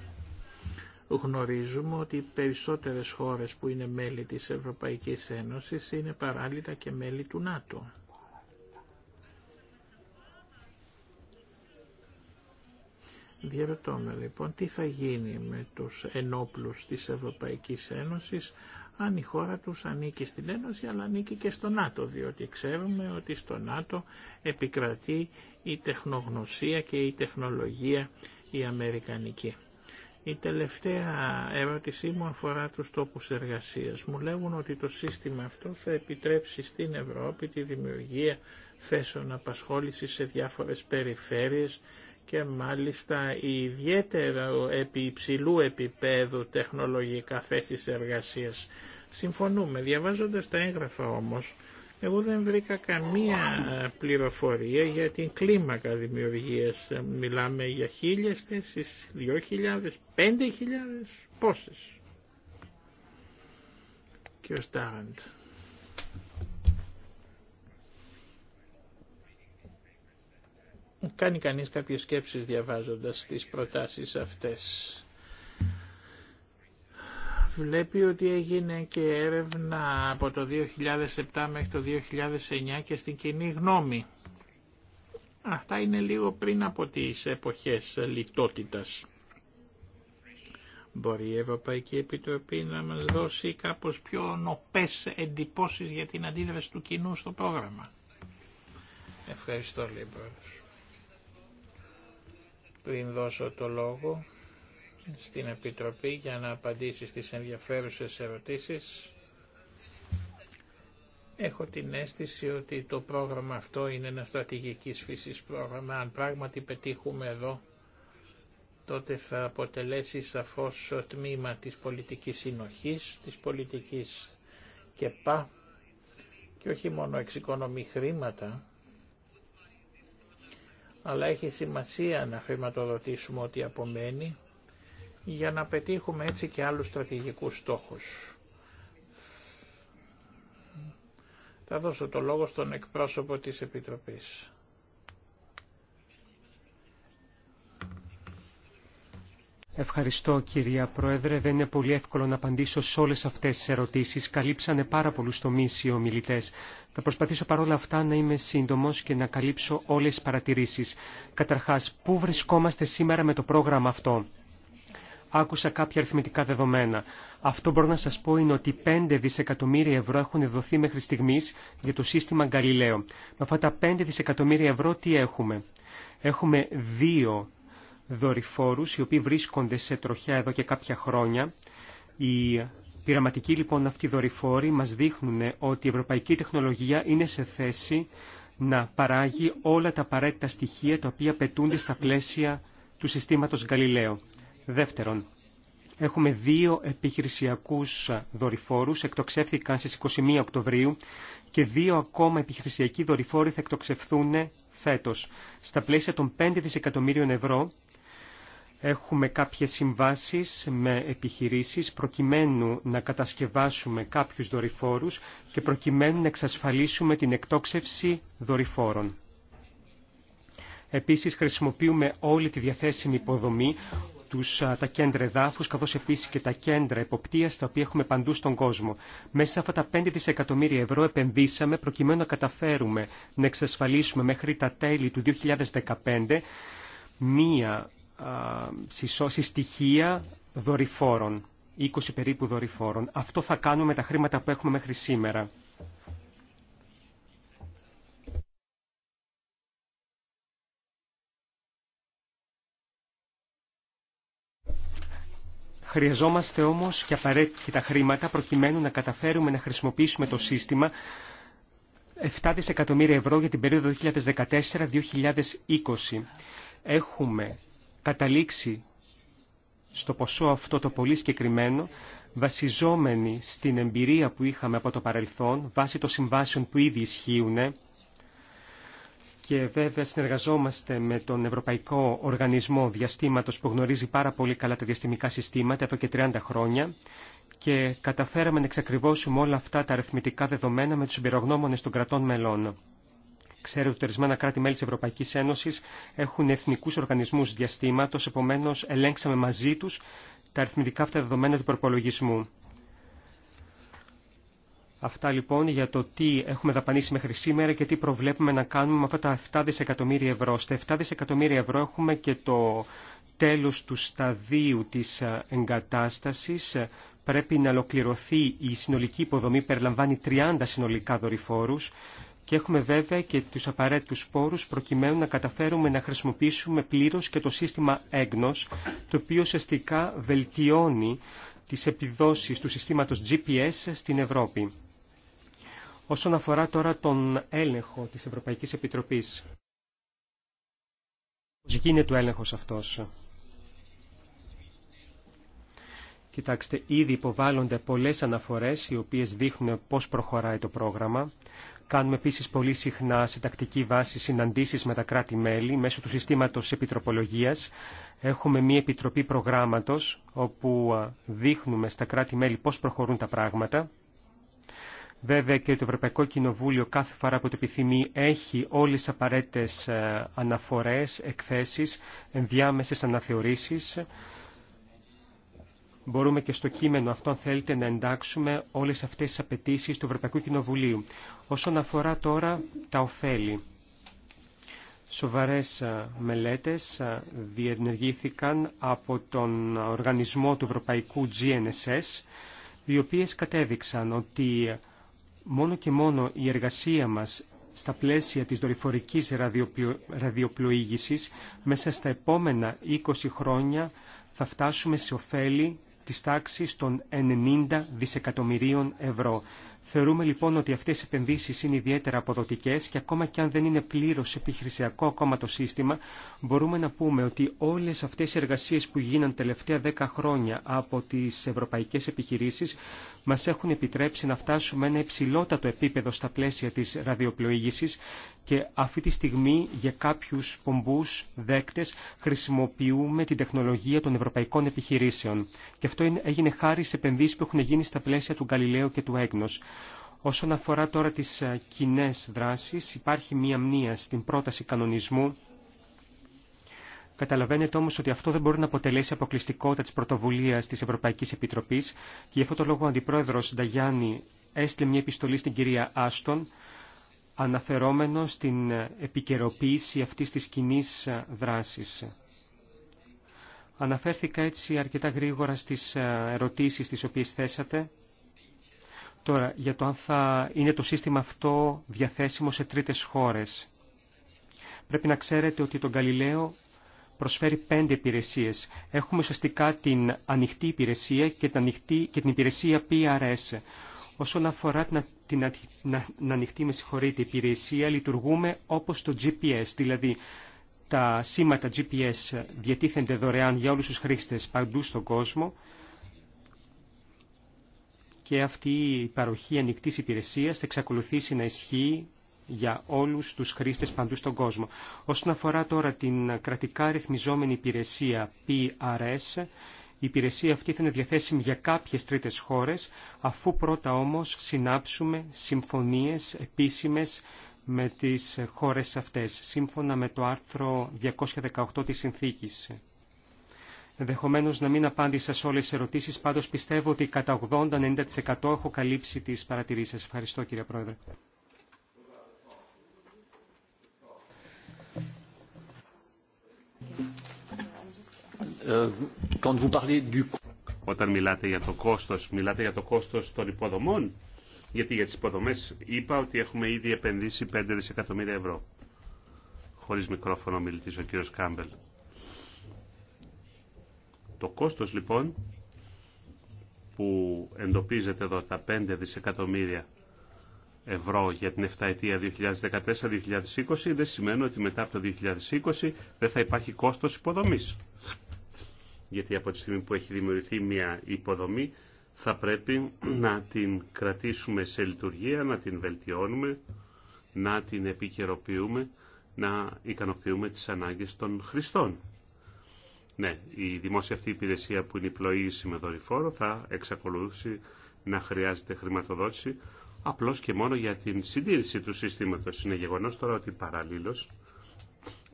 γνωρίζουμε ότι οι περισσότερες χώρες που είναι μέλη της Ευρωπαϊκής Ένωσης είναι παράλληλα και μέλη του ΝΑΤΟ. Διαρωτώμε λοιπόν τι θα γίνει με τους ενόπλους της Ευρωπαϊκής Ένωσης αν η χώρα τους ανήκει στην Ένωση αλλά ανήκει και στο ΝΑΤΟ διότι ξέρουμε ότι στο ΝΑΤΟ επικρατεί η τεχνογνωσία και η τεχνολογία η Αμερικανική. Η τελευταία ερώτησή μου αφορά τους τόπους εργασίας. Μου λέγουν ότι το σύστημα αυτό θα επιτρέψει στην Ευρώπη τη δημιουργία θέσεων απασχόλησης σε διάφορες περιφέρειες και μάλιστα ιδιαίτερα επί υψηλού επίπεδου τεχνολογικά θέσεις εργασίας. Συμφωνούμε. Διαβάζοντας τα έγγραφα όμως, εγώ δεν βρήκα καμία πληροφορία για την κλίμακα δημιουργίας. Μιλάμε για χίλιες θέσεις, δυο χιλιάδες, πέντε χιλιάδες, πόσες. Και ο Κάνει κανείς κάποιες σκέψεις διαβάζοντας τις προτάσεις αυτές βλέπει ότι έγινε και έρευνα από το 2007 μέχρι το 2009 και στην κοινή γνώμη. Αυτά είναι λίγο πριν από τις εποχές λιτότητας. Μπορεί η Ευρωπαϊκή Επιτροπή να μας δώσει κάπως πιο νοπές εντυπώσεις για την αντίδραση του κοινού στο πρόγραμμα. Ευχαριστώ λοιπόν. Πριν δώσω το λόγο στην Επιτροπή για να απαντήσει στις ενδιαφέρουσες ερωτήσεις. Έχω την αίσθηση ότι το πρόγραμμα αυτό είναι ένα στρατηγικής φύσης πρόγραμμα. Αν πράγματι πετύχουμε εδώ, τότε θα αποτελέσει σαφώς τμήμα της πολιτικής συνοχής, της πολιτικής ΚΕΠΑ και όχι μόνο εξοικονομεί χρήματα, αλλά έχει σημασία να χρηματοδοτήσουμε ό,τι απομένει για να πετύχουμε έτσι και άλλους στρατηγικούς στόχους. Θα δώσω το λόγο στον εκπρόσωπο της Επιτροπής. Ευχαριστώ κυρία Πρόεδρε. Δεν είναι πολύ εύκολο να απαντήσω σε όλες αυτές τις ερωτήσεις. Καλύψανε πάρα πολλούς τομείς οι ομιλητές. Θα προσπαθήσω παρόλα αυτά να είμαι σύντομος και να καλύψω όλες τις παρατηρήσεις. Καταρχάς, πού βρισκόμαστε σήμερα με το πρόγραμμα αυτό άκουσα κάποια αριθμητικά δεδομένα. Αυτό μπορώ να σας πω είναι ότι 5 δισεκατομμύρια ευρώ έχουν δοθεί μέχρι στιγμής για το σύστημα Γκαλιλαίο. Με αυτά τα 5 δισεκατομμύρια ευρώ τι έχουμε. Έχουμε δύο δορυφόρους οι οποίοι βρίσκονται σε τροχιά εδώ και κάποια χρόνια. Οι πειραματικοί λοιπόν αυτοί δορυφόροι μας δείχνουν ότι η ευρωπαϊκή τεχνολογία είναι σε θέση να παράγει όλα τα απαραίτητα στοιχεία τα οποία πετούνται στα πλαίσια του συστήματος Γκαλιλαίου. Δεύτερον, έχουμε δύο επιχειρησιακούς δορυφόρους, εκτοξεύθηκαν στις 21 Οκτωβρίου και δύο ακόμα επιχειρησιακοί δορυφόροι θα εκτοξευθούν φέτος. Στα πλαίσια των 5 δισεκατομμύριων ευρώ έχουμε κάποιες συμβάσεις με επιχειρήσεις προκειμένου να κατασκευάσουμε κάποιους δορυφόρους και προκειμένου να εξασφαλίσουμε την εκτόξευση δορυφόρων. Επίσης χρησιμοποιούμε όλη τη διαθέσιμη υποδομή τους, τα κέντρα εδάφους, καθώς επίσης και τα κέντρα εποπτείας, τα οποία έχουμε παντού στον κόσμο. Μέσα σε αυτά τα 5 δισεκατομμύρια ευρώ επενδύσαμε προκειμένου να καταφέρουμε να εξασφαλίσουμε μέχρι τα τέλη του 2015 μία συσώση στοιχεία δορυφόρων, 20 περίπου δορυφόρων. Αυτό θα κάνουμε με τα χρήματα που έχουμε μέχρι σήμερα. Χρειαζόμαστε όμως και απαραίτητα χρήματα προκειμένου να καταφέρουμε να χρησιμοποιήσουμε το σύστημα 7 δισεκατομμύρια ευρώ για την περίοδο 2014-2020. Έχουμε καταλήξει στο ποσό αυτό το πολύ συγκεκριμένο, βασιζόμενοι στην εμπειρία που είχαμε από το παρελθόν, βάσει των συμβάσεων που ήδη ισχύουν και βέβαια συνεργαζόμαστε με τον Ευρωπαϊκό Οργανισμό Διαστήματος που γνωρίζει πάρα πολύ καλά τα διαστημικά συστήματα εδώ και 30 χρόνια και καταφέραμε να εξακριβώσουμε όλα αυτά τα αριθμητικά δεδομένα με τους εμπειρογνώμονες των κρατών μελών. Ξέρω ότι ορισμένα κράτη-μέλη της Ευρωπαϊκής Ένωσης έχουν εθνικούς οργανισμούς διαστήματος, επομένως ελέγξαμε μαζί τους τα αριθμητικά αυτά δεδομένα του προπολογισμού. Αυτά λοιπόν για το τι έχουμε δαπανίσει μέχρι σήμερα και τι προβλέπουμε να κάνουμε με αυτά τα 7 δισεκατομμύρια ευρώ. Στα 7 δισεκατομμύρια ευρώ έχουμε και το τέλος του σταδίου της ε, εγκατάστασης. Ε, πρέπει να ολοκληρωθεί η συνολική υποδομή, περιλαμβάνει 30 συνολικά δορυφόρους και έχουμε βέβαια και τους απαραίτητους πόρους προκειμένου να καταφέρουμε να χρησιμοποιήσουμε πλήρως και το σύστημα EGNOS, το οποίο ουσιαστικά βελτιώνει τις επιδόσεις του συστήματος GPS στην Ευρώπη. Όσον αφορά τώρα τον έλεγχο της Ευρωπαϊκής Επιτροπής, πώς γίνεται ο έλεγχος αυτός. Κοιτάξτε, ήδη υποβάλλονται πολλές αναφορές οι οποίες δείχνουν πώς προχωράει το πρόγραμμα. Κάνουμε επίσης πολύ συχνά σε τακτική βάση συναντήσεις με τα κράτη-μέλη μέσω του συστήματος επιτροπολογίας. Έχουμε μία επιτροπή προγράμματος όπου δείχνουμε στα κράτη-μέλη πώς προχωρούν τα πράγματα. Βέβαια και το Ευρωπαϊκό Κοινοβούλιο κάθε φορά που το επιθυμεί έχει όλες τις απαραίτητες ε, αναφορές, εκθέσεις, ενδιάμεσες αναθεωρήσεις. Μπορούμε και στο κείμενο αυτό, αν θέλετε, να εντάξουμε όλες αυτές τις απαιτήσεις του Ευρωπαϊκού Κοινοβουλίου. Όσον αφορά τώρα τα ωφέλη. Σοβαρές ε, μελέτες ε, διενεργήθηκαν από τον οργανισμό του Ευρωπαϊκού GNSS, οι οποίες κατέδειξαν ότι μόνο και μόνο η εργασία μας στα πλαίσια της δορυφορικής ραδιοπλοήγησης μέσα στα επόμενα 20 χρόνια θα φτάσουμε σε ωφέλη της τάξης των 90 δισεκατομμυρίων ευρώ. Θεωρούμε λοιπόν ότι αυτές οι επενδύσεις είναι ιδιαίτερα αποδοτικές και ακόμα και αν δεν είναι πλήρως επιχειρησιακό ακόμα το σύστημα, μπορούμε να πούμε ότι όλες αυτές οι εργασίες που γίναν τελευταία δέκα χρόνια από τις ευρωπαϊκές επιχειρήσεις μας έχουν επιτρέψει να φτάσουμε ένα υψηλότατο επίπεδο στα πλαίσια της ραδιοπλοήγησης και αυτή τη στιγμή για κάποιους πομπούς δέκτες χρησιμοποιούμε την τεχνολογία των ευρωπαϊκών επιχειρήσεων. Και αυτό έγινε χάρη σε επενδύσεις που έχουν γίνει στα πλαίσια του Γαλιλαίου και του Έγνος. Όσον αφορά τώρα τις ε, κοινέ δράσεις, υπάρχει μία μνήα στην πρόταση κανονισμού. Καταλαβαίνετε όμως ότι αυτό δεν μπορεί να αποτελέσει αποκλειστικότητα της πρωτοβουλίας της Ευρωπαϊκής Επιτροπής και γι' αυτό το λόγο ο Αντιπρόεδρος Νταγιάννη έστειλε μια επιστολή στην κυρία Άστον αναφερόμενο στην επικαιροποίηση αυτής της κοινή δράσης. Αναφέρθηκα έτσι αρκετά γρήγορα στις ερωτήσεις τις οποίες θέσατε. Τώρα, για το αν θα είναι το σύστημα αυτό διαθέσιμο σε τρίτες χώρες. Πρέπει να ξέρετε ότι τον Γαλιλαίο προσφέρει πέντε υπηρεσίες. Έχουμε ουσιαστικά την ανοιχτή υπηρεσία και την, και την υπηρεσία PRS. Όσον αφορά την, ανοιχτή, με συγχωρείτε, υπηρεσία, λειτουργούμε όπως το GPS, δηλαδή τα σήματα GPS διατίθενται δωρεάν για όλους τους χρήστες παντού στον κόσμο και αυτή η παροχή ανοιχτή υπηρεσίας θα εξακολουθήσει να ισχύει για όλους τους χρήστες παντού στον κόσμο. Όσον αφορά τώρα την κρατικά ρυθμιζόμενη υπηρεσία PRS, η υπηρεσία αυτή θα είναι διαθέσιμη για κάποιες τρίτες χώρες, αφού πρώτα όμως συνάψουμε συμφωνίες επίσημες με τις χώρες αυτές, σύμφωνα με το άρθρο 218 της Συνθήκης. Ενδεχομένω να μην απάντησα σε όλες τις ερωτήσεις, πάντως πιστεύω ότι κατά 80-90% έχω καλύψει τις παρατηρήσεις. Ευχαριστώ κύριε Πρόεδρε. Ε, Όταν μιλάτε για το κόστος, μιλάτε για το κόστος των υποδομών. Γιατί για τις υποδομές είπα ότι έχουμε ήδη επενδύσει 5 δισεκατομμύρια ευρώ. Χωρίς μικρόφωνο μιλητής ο κύριος Κάμπελ. Το κόστος λοιπόν που εντοπίζεται εδώ τα 5 δισεκατομμύρια ευρώ για την 7 ετία 2014-2020 δεν σημαίνει ότι μετά από το 2020 δεν θα υπάρχει κόστος υποδομής γιατί από τη στιγμή που έχει δημιουργηθεί μια υποδομή θα πρέπει να την κρατήσουμε σε λειτουργία, να την βελτιώνουμε, να την επικαιροποιούμε, να ικανοποιούμε τις ανάγκες των χρηστών. Ναι, η δημόσια αυτή υπηρεσία που είναι η πλοήγηση με δορυφόρο θα εξακολουθήσει να χρειάζεται χρηματοδότηση απλώς και μόνο για την συντήρηση του συστήματος. Είναι γεγονός τώρα ότι παραλλήλως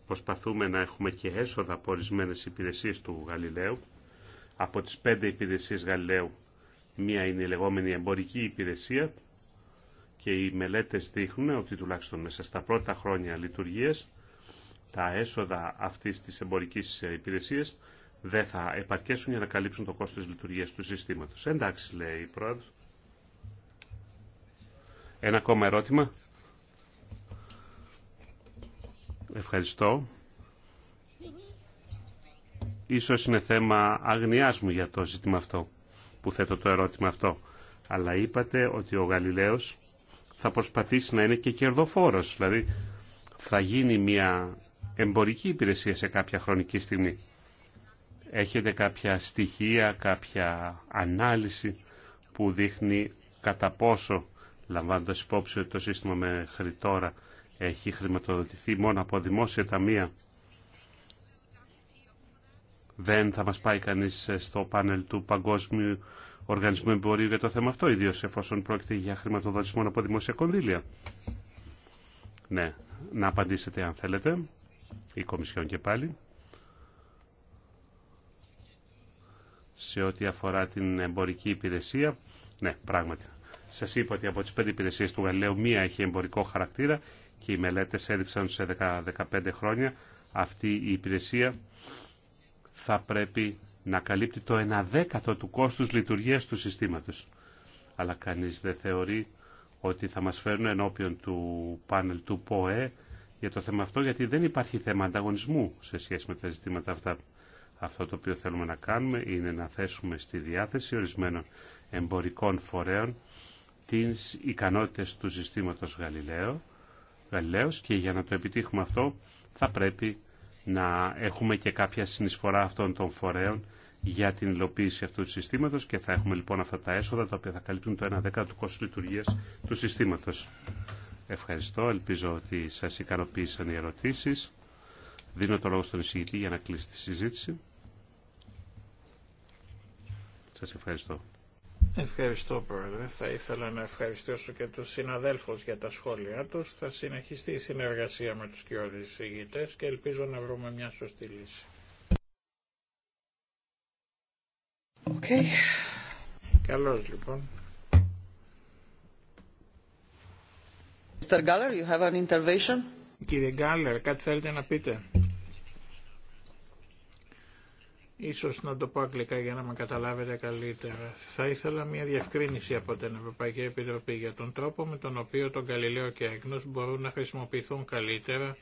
Προσπαθούμε να έχουμε και έσοδα από ορισμένε υπηρεσίε του Γαλιλαίου. Από τι πέντε υπηρεσίε Γαλιλαίου, μία είναι η λεγόμενη εμπορική υπηρεσία και οι μελέτες δείχνουν ότι τουλάχιστον μέσα στα πρώτα χρόνια λειτουργία, τα έσοδα αυτής της εμπορικής ε, υπηρεσίας δεν θα επαρκέσουν για να καλύψουν το κόστο τη λειτουργία του συστήματο. Εντάξει, λέει η πρόεδρο. Ένα ακόμα ερώτημα. Ευχαριστώ. Ίσως είναι θέμα αγνιάς μου για το ζήτημα αυτό που θέτω το ερώτημα αυτό. Αλλά είπατε ότι ο Γαλιλαίος θα προσπαθήσει να είναι και κερδοφόρος. Δηλαδή θα γίνει μια εμπορική υπηρεσία σε κάποια χρονική στιγμή. Έχετε κάποια στοιχεία, κάποια ανάλυση που δείχνει κατά πόσο, λαμβάνοντας υπόψη ότι το σύστημα μέχρι τώρα έχει χρηματοδοτηθεί μόνο από δημόσια ταμεία. Δεν θα μας πάει κανείς στο πάνελ του Παγκόσμιου Οργανισμού Εμπορίου για το θέμα αυτό, ιδίω εφόσον πρόκειται για χρηματοδότηση μόνο από δημόσια κονδύλια. Ναι, να απαντήσετε αν θέλετε, η Κομισιόν και πάλι. σε ό,τι αφορά την εμπορική υπηρεσία. Ναι, πράγματι. Σα είπα ότι από τι πέντε υπηρεσίε του Γαλλίου μία έχει εμπορικό χαρακτήρα και οι μελέτες έδειξαν σε 15 χρόνια αυτή η υπηρεσία θα πρέπει να καλύπτει το 1 δέκατο του κόστους λειτουργίας του συστήματος. Αλλά κανείς δεν θεωρεί ότι θα μας φέρουν ενώπιον του πάνελ του ΠΟΕ για το θέμα αυτό, γιατί δεν υπάρχει θέμα ανταγωνισμού σε σχέση με τα ζητήματα αυτά. Αυτό το οποίο θέλουμε να κάνουμε είναι να θέσουμε στη διάθεση ορισμένων εμπορικών φορέων τις ικανότητες του συστήματος Γαλιλαίου βεβαίως και για να το επιτύχουμε αυτό θα πρέπει να έχουμε και κάποια συνεισφορά αυτών των φορέων για την υλοποίηση αυτού του συστήματος και θα έχουμε λοιπόν αυτά τα έσοδα τα οποία θα καλύπτουν το 1 δέκατο του κόστου λειτουργίας του συστήματος. Ευχαριστώ, ελπίζω ότι σας ικανοποίησαν οι ερωτήσεις. Δίνω το λόγο στον εισηγητή για να κλείσει τη συζήτηση. Σας ευχαριστώ. Ευχαριστώ Πρόεδρε. Θα ήθελα να ευχαριστήσω και τους συναδέλφους για τα σχόλιά τους. Θα συνεχιστεί η συνεργασία με τους κοιόδης συγγητές και ελπίζω να βρούμε μια σωστή λύση. Okay. Καλώς λοιπόν. you have an intervention? Κύριε Γκάλερ, κάτι θέλετε να πείτε. Ίσως να το πω αγγλικά για να με καταλάβετε καλύτερα. Θα ήθελα μια διευκρίνηση από την Ευρωπαϊκή Επιτροπή για τον τρόπο με τον οποίο τον Καλλιλέο και Έγνος μπορούν να χρησιμοποιηθούν καλύτερα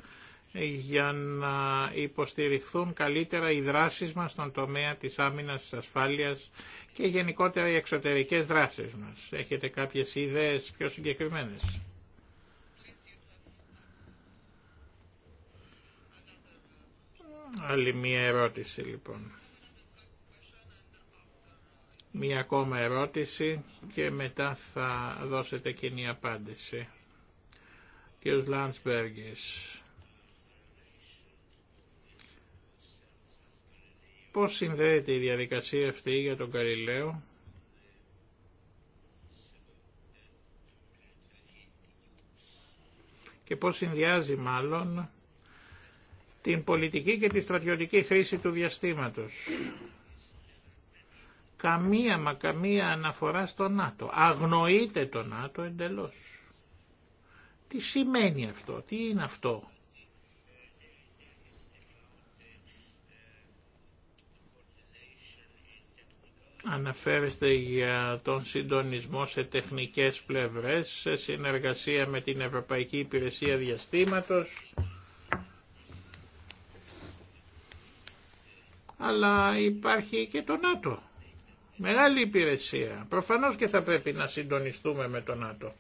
για να υποστηριχθούν καλύτερα οι δράσεις μας στον τομέα της άμυνας, της ασφάλειας και γενικότερα οι εξωτερικές δράσεις μας. Έχετε κάποιες ιδέες πιο συγκεκριμένες. Άλλη μία ερώτηση λοιπόν. Μία ακόμα ερώτηση και μετά θα δώσετε κοινή απάντηση. Κύριος Λάντσμπεργκης. Πώς συνδέεται η διαδικασία αυτή για τον Καριλαίο και πώς συνδυάζει μάλλον την πολιτική και τη στρατιωτική χρήση του διαστήματος καμία μα καμία αναφορά στο ΝΑΤΟ. Αγνοείται το ΝΑΤΟ εντελώς. Τι σημαίνει αυτό, τι είναι αυτό. Αναφέρεστε για τον συντονισμό σε τεχνικές πλευρές, σε συνεργασία με την Ευρωπαϊκή Υπηρεσία Διαστήματος, αλλά υπάρχει και το ΝΑΤΟ. Μεγάλη υπηρεσία. Προφανώς και θα πρέπει να συντονιστούμε με τον ΝΑΤΟ.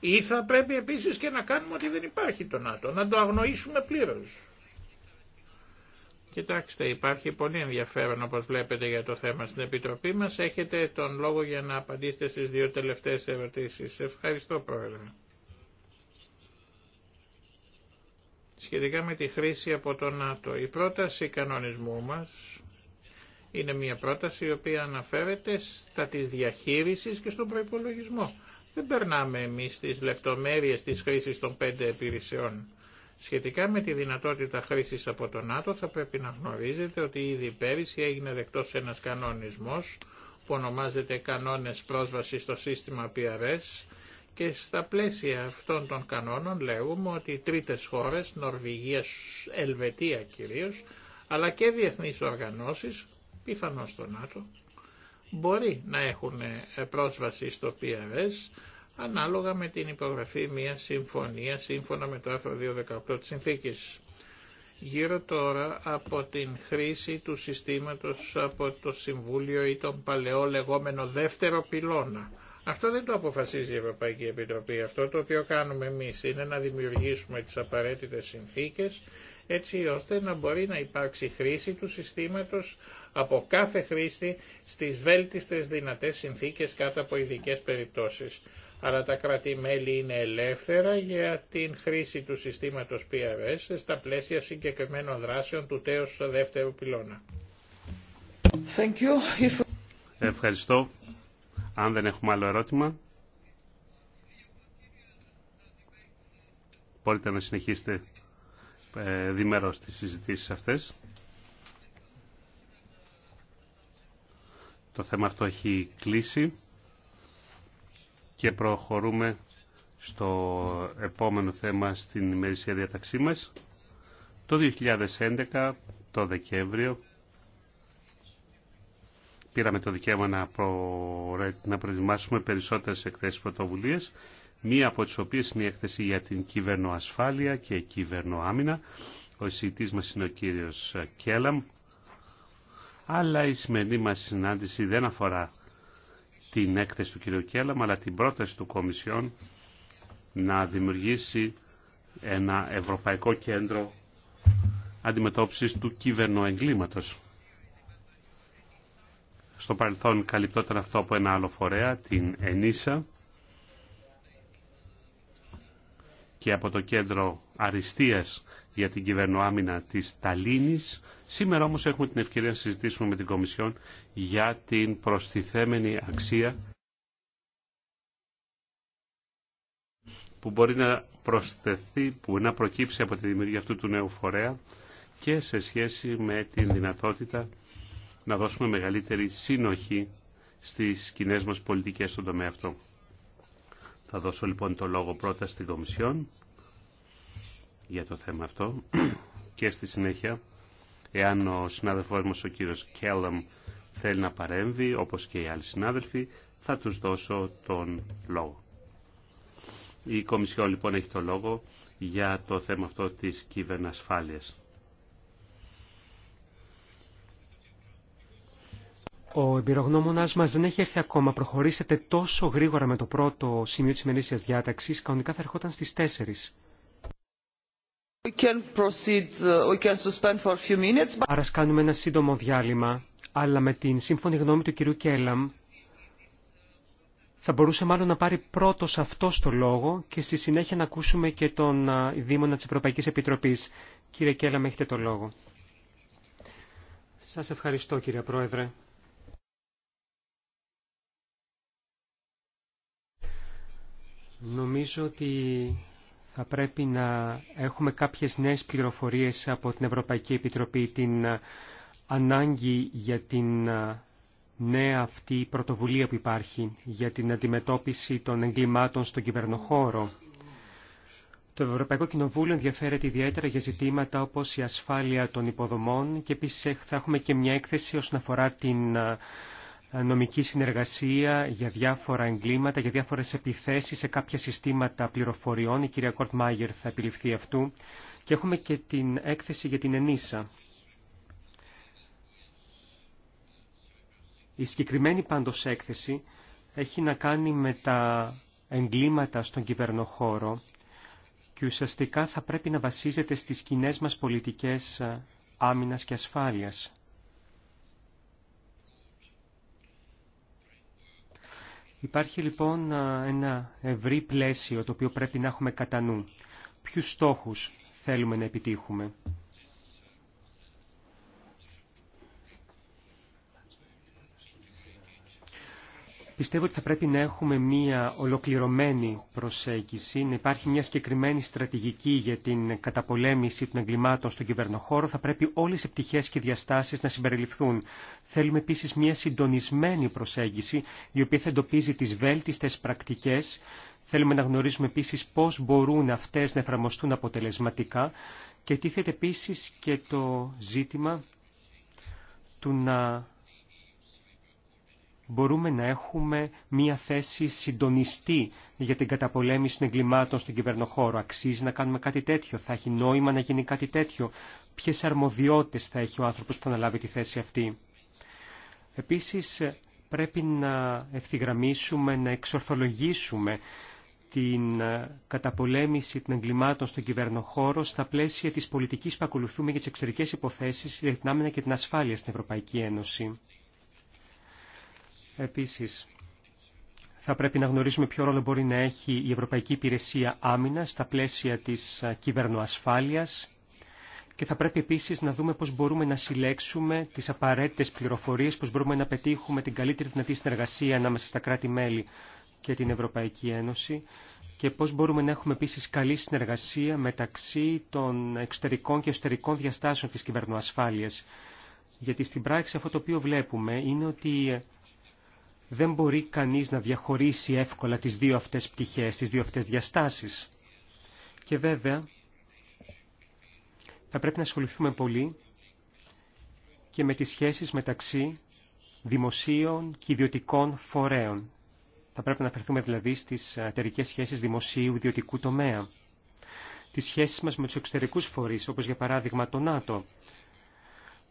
Ή θα πρέπει επίσης και να κάνουμε ότι δεν υπάρχει το ΝΑΤΟ, να το αγνοήσουμε πλήρως. Κοιτάξτε, υπάρχει πολύ ενδιαφέρον όπως βλέπετε για το θέμα στην Επιτροπή μας. Έχετε τον λόγο για να απαντήσετε στις δύο τελευταίες ερωτήσεις. Ευχαριστώ Πρόεδρε. Σχετικά με τη χρήση από το ΝΑΤΟ, η πρόταση κανονισμού μας είναι μια πρόταση η οποία αναφέρεται στα της διαχείρισης και στον προϋπολογισμό. Δεν περνάμε εμείς τις λεπτομέρειες της χρήσης των πέντε επιρρησεών. Σχετικά με τη δυνατότητα χρήσης από τον ΝΑΤΟ θα πρέπει να γνωρίζετε ότι ήδη πέρυσι έγινε δεκτός ένας κανονισμός που ονομάζεται «Κανόνες πρόσβασης στο σύστημα PRS» και στα πλαίσια αυτών των κανόνων λέγουμε ότι τρίτες χώρες, Νορβηγία, Ελβετία κυρίως, αλλά και διεθνείς οργανώσεις πιθανώς στο ΝΑΤΟ, μπορεί να έχουν ε, πρόσβαση στο PRS ανάλογα με την υπογραφή μιας συμφωνία σύμφωνα με το άρθρο 218 της Συνθήκης. Γύρω τώρα από την χρήση του συστήματος από το Συμβούλιο ή τον παλαιό λεγόμενο δεύτερο πυλώνα. Αυτό δεν το αποφασίζει η Ευρωπαϊκή Επιτροπή. Αυτό το οποίο κάνουμε εμείς είναι να δημιουργήσουμε τις απαραίτητες συνθήκες έτσι ώστε να μπορεί να υπάρξει χρήση του συστήματος από κάθε χρήστη στις βέλτιστες δυνατές συνθήκες κάτω από ειδικέ περιπτώσεις. Αλλά τα κράτη-μέλη είναι ελεύθερα για την χρήση του συστήματος PRS στα πλαίσια συγκεκριμένων δράσεων του τέος στο δεύτερο πυλώνα. Thank you. Ευχαριστώ. Αν δεν έχουμε άλλο ερώτημα. Μπορείτε να συνεχίσετε ε, διμερώς τις συζητήσεις αυτές. Το θέμα αυτό έχει κλείσει και προχωρούμε στο επόμενο θέμα στην ημερησία διαταξή μας. Το 2011, το Δεκέμβριο, πήραμε το δικαίωμα να, προ... να προετοιμάσουμε περισσότερες εκθέσεις πρωτοβουλίες, μία από τις οποίες είναι η έκθεση για την κυβερνοασφάλεια και κυβερνοάμυνα. Ο εισηγητής μας είναι ο κύριος Κέλαμ αλλά η σημερινή μας συνάντηση δεν αφορά την έκθεση του κ. Κέλαμα, αλλά την πρόταση του Κομισιόν να δημιουργήσει ένα Ευρωπαϊκό Κέντρο Αντιμετώπισης του Κυβερνοεγκλήματος. Στο παρελθόν καλυπτόταν αυτό από ένα άλλο φορέα, την ΕΝΙΣΑ, και από το κέντρο αριστείας για την κυβερνοάμυνα της Ταλίνης. Σήμερα όμως έχουμε την ευκαιρία να συζητήσουμε με την Κομισιόν για την προστιθέμενη αξία που μπορεί να προσθεθεί, που να προκύψει από τη δημιουργία αυτού του νέου φορέα και σε σχέση με την δυνατότητα να δώσουμε μεγαλύτερη σύνοχη στις κοινέ μας πολιτικές στον τομέα αυτό. Θα δώσω λοιπόν το λόγο πρώτα στην Κομισιόν για το θέμα αυτό και στη συνέχεια εάν ο συνάδελφός μας ο κύριος Κέλλαμ θέλει να παρέμβει όπως και οι άλλοι συνάδελφοι θα τους δώσω τον λόγο. Η Κομισιόν λοιπόν έχει το λόγο για το θέμα αυτό της ασφάλειας. Ο εμπειρογνώμονας μας δεν έχει έρθει ακόμα. Προχωρήσετε τόσο γρήγορα με το πρώτο σημείο της ημερήσιας διάταξης. Κανονικά θα ερχόταν στις 4. Uh, Άρα κάνουμε ένα σύντομο διάλειμμα, αλλά με την σύμφωνη γνώμη του κυρίου Κέλαμ θα μπορούσε μάλλον να πάρει πρώτος αυτό το λόγο και στη συνέχεια να ακούσουμε και τον Δήμονα της Ευρωπαϊκής Επιτροπής. Κύριε Κέλαμ, έχετε το λόγο. Σας ευχαριστώ κύριε Πρόεδρε. Νομίζω ότι θα πρέπει να έχουμε κάποιες νέες πληροφορίες από την Ευρωπαϊκή Επιτροπή, την ε, ανάγκη για την ε, νέα αυτή πρωτοβουλία που υπάρχει για την αντιμετώπιση των εγκλημάτων στον κυβερνοχώρο. Το Ευρωπαϊκό Κοινοβούλιο ενδιαφέρεται ιδιαίτερα για ζητήματα όπως η ασφάλεια των υποδομών και επίσης θα έχουμε και μια έκθεση όσον αφορά την ε, ε, νομική συνεργασία για διάφορα εγκλήματα, για διάφορες επιθέσεις σε κάποια συστήματα πληροφοριών. Η κυρία Κορτ θα επιληφθεί αυτού. Και έχουμε και την έκθεση για την ΕΝΙΣΑ. Η συγκεκριμένη πάντως έκθεση έχει να κάνει με τα εγκλήματα στον κυβερνοχώρο και ουσιαστικά θα πρέπει να βασίζεται στις κοινέ μας πολιτικές ε, άμυνας και ασφάλειας. Υπάρχει λοιπόν ένα ευρύ πλαίσιο το οποίο πρέπει να έχουμε κατά νου. Ποιους στόχους θέλουμε να επιτύχουμε. Πιστεύω ότι θα πρέπει να έχουμε μία ολοκληρωμένη προσέγγιση, να υπάρχει μια συγκεκριμένη στρατηγική για την καταπολέμηση των εγκλημάτων στον κυβερνοχώρο. Θα πρέπει όλες οι πτυχές και διαστάσεις να συμπεριληφθούν. Θέλουμε επίσης μια συντονισμένη προσέγγιση, η οποία θα εντοπίζει τις βέλτιστες πρακτικές. Θέλουμε να γνωρίζουμε επίσης πώς μπορούν αυτές να εφαρμοστούν αποτελεσματικά. Και τίθεται επίσης και το ζήτημα του να μπορούμε να έχουμε μία θέση συντονιστή για την καταπολέμηση των εγκλημάτων στον κυβερνοχώρο. Αξίζει να κάνουμε κάτι τέτοιο, θα έχει νόημα να γίνει κάτι τέτοιο. Ποιε αρμοδιότητε θα έχει ο άνθρωπο που θα αναλάβει τη θέση αυτή. επίση πρέπει να ευθυγραμμίσουμε, να εξορθολογήσουμε την καταπολέμηση των εγκλημάτων στον κυβερνοχώρο στα πλαίσια της πολιτικής που ακολουθούμε για τις εξωτερικές υποθέσεις, για την άμυνα και την ασφάλεια στην Ευρωπαϊκή Ένωση. Επίσης, θα πρέπει να γνωρίζουμε ποιο ρόλο μπορεί να έχει η Ευρωπαϊκή Υπηρεσία Άμυνα στα πλαίσια της κυβερνοασφάλειας και θα πρέπει επίσης να δούμε πώς μπορούμε να συλλέξουμε τις απαραίτητες πληροφορίες, πώς μπορούμε να πετύχουμε την καλύτερη δυνατή συνεργασία ανάμεσα στα κράτη-μέλη και την Ευρωπαϊκή Ένωση και πώς μπορούμε να έχουμε επίσης καλή συνεργασία μεταξύ των εξωτερικών και εσωτερικών διαστάσεων της κυβερνοασφάλειας. Γιατί στην πράξη αυτό το οποίο βλέπουμε είναι ότι δεν μπορεί κανείς να διαχωρίσει εύκολα τις δύο αυτές πτυχές, τις δύο αυτές διαστάσεις. Και βέβαια, θα πρέπει να ασχοληθούμε πολύ και με τις σχέσεις μεταξύ δημοσίων και ιδιωτικών φορέων. Θα πρέπει να αφαιρθούμε δηλαδή στις εταιρικέ σχέσεις δημοσίου-ιδιωτικού τομέα. Τις σχέσεις μας με τους εξωτερικούς φορείς, όπως για παράδειγμα το ΝΑΤΟ,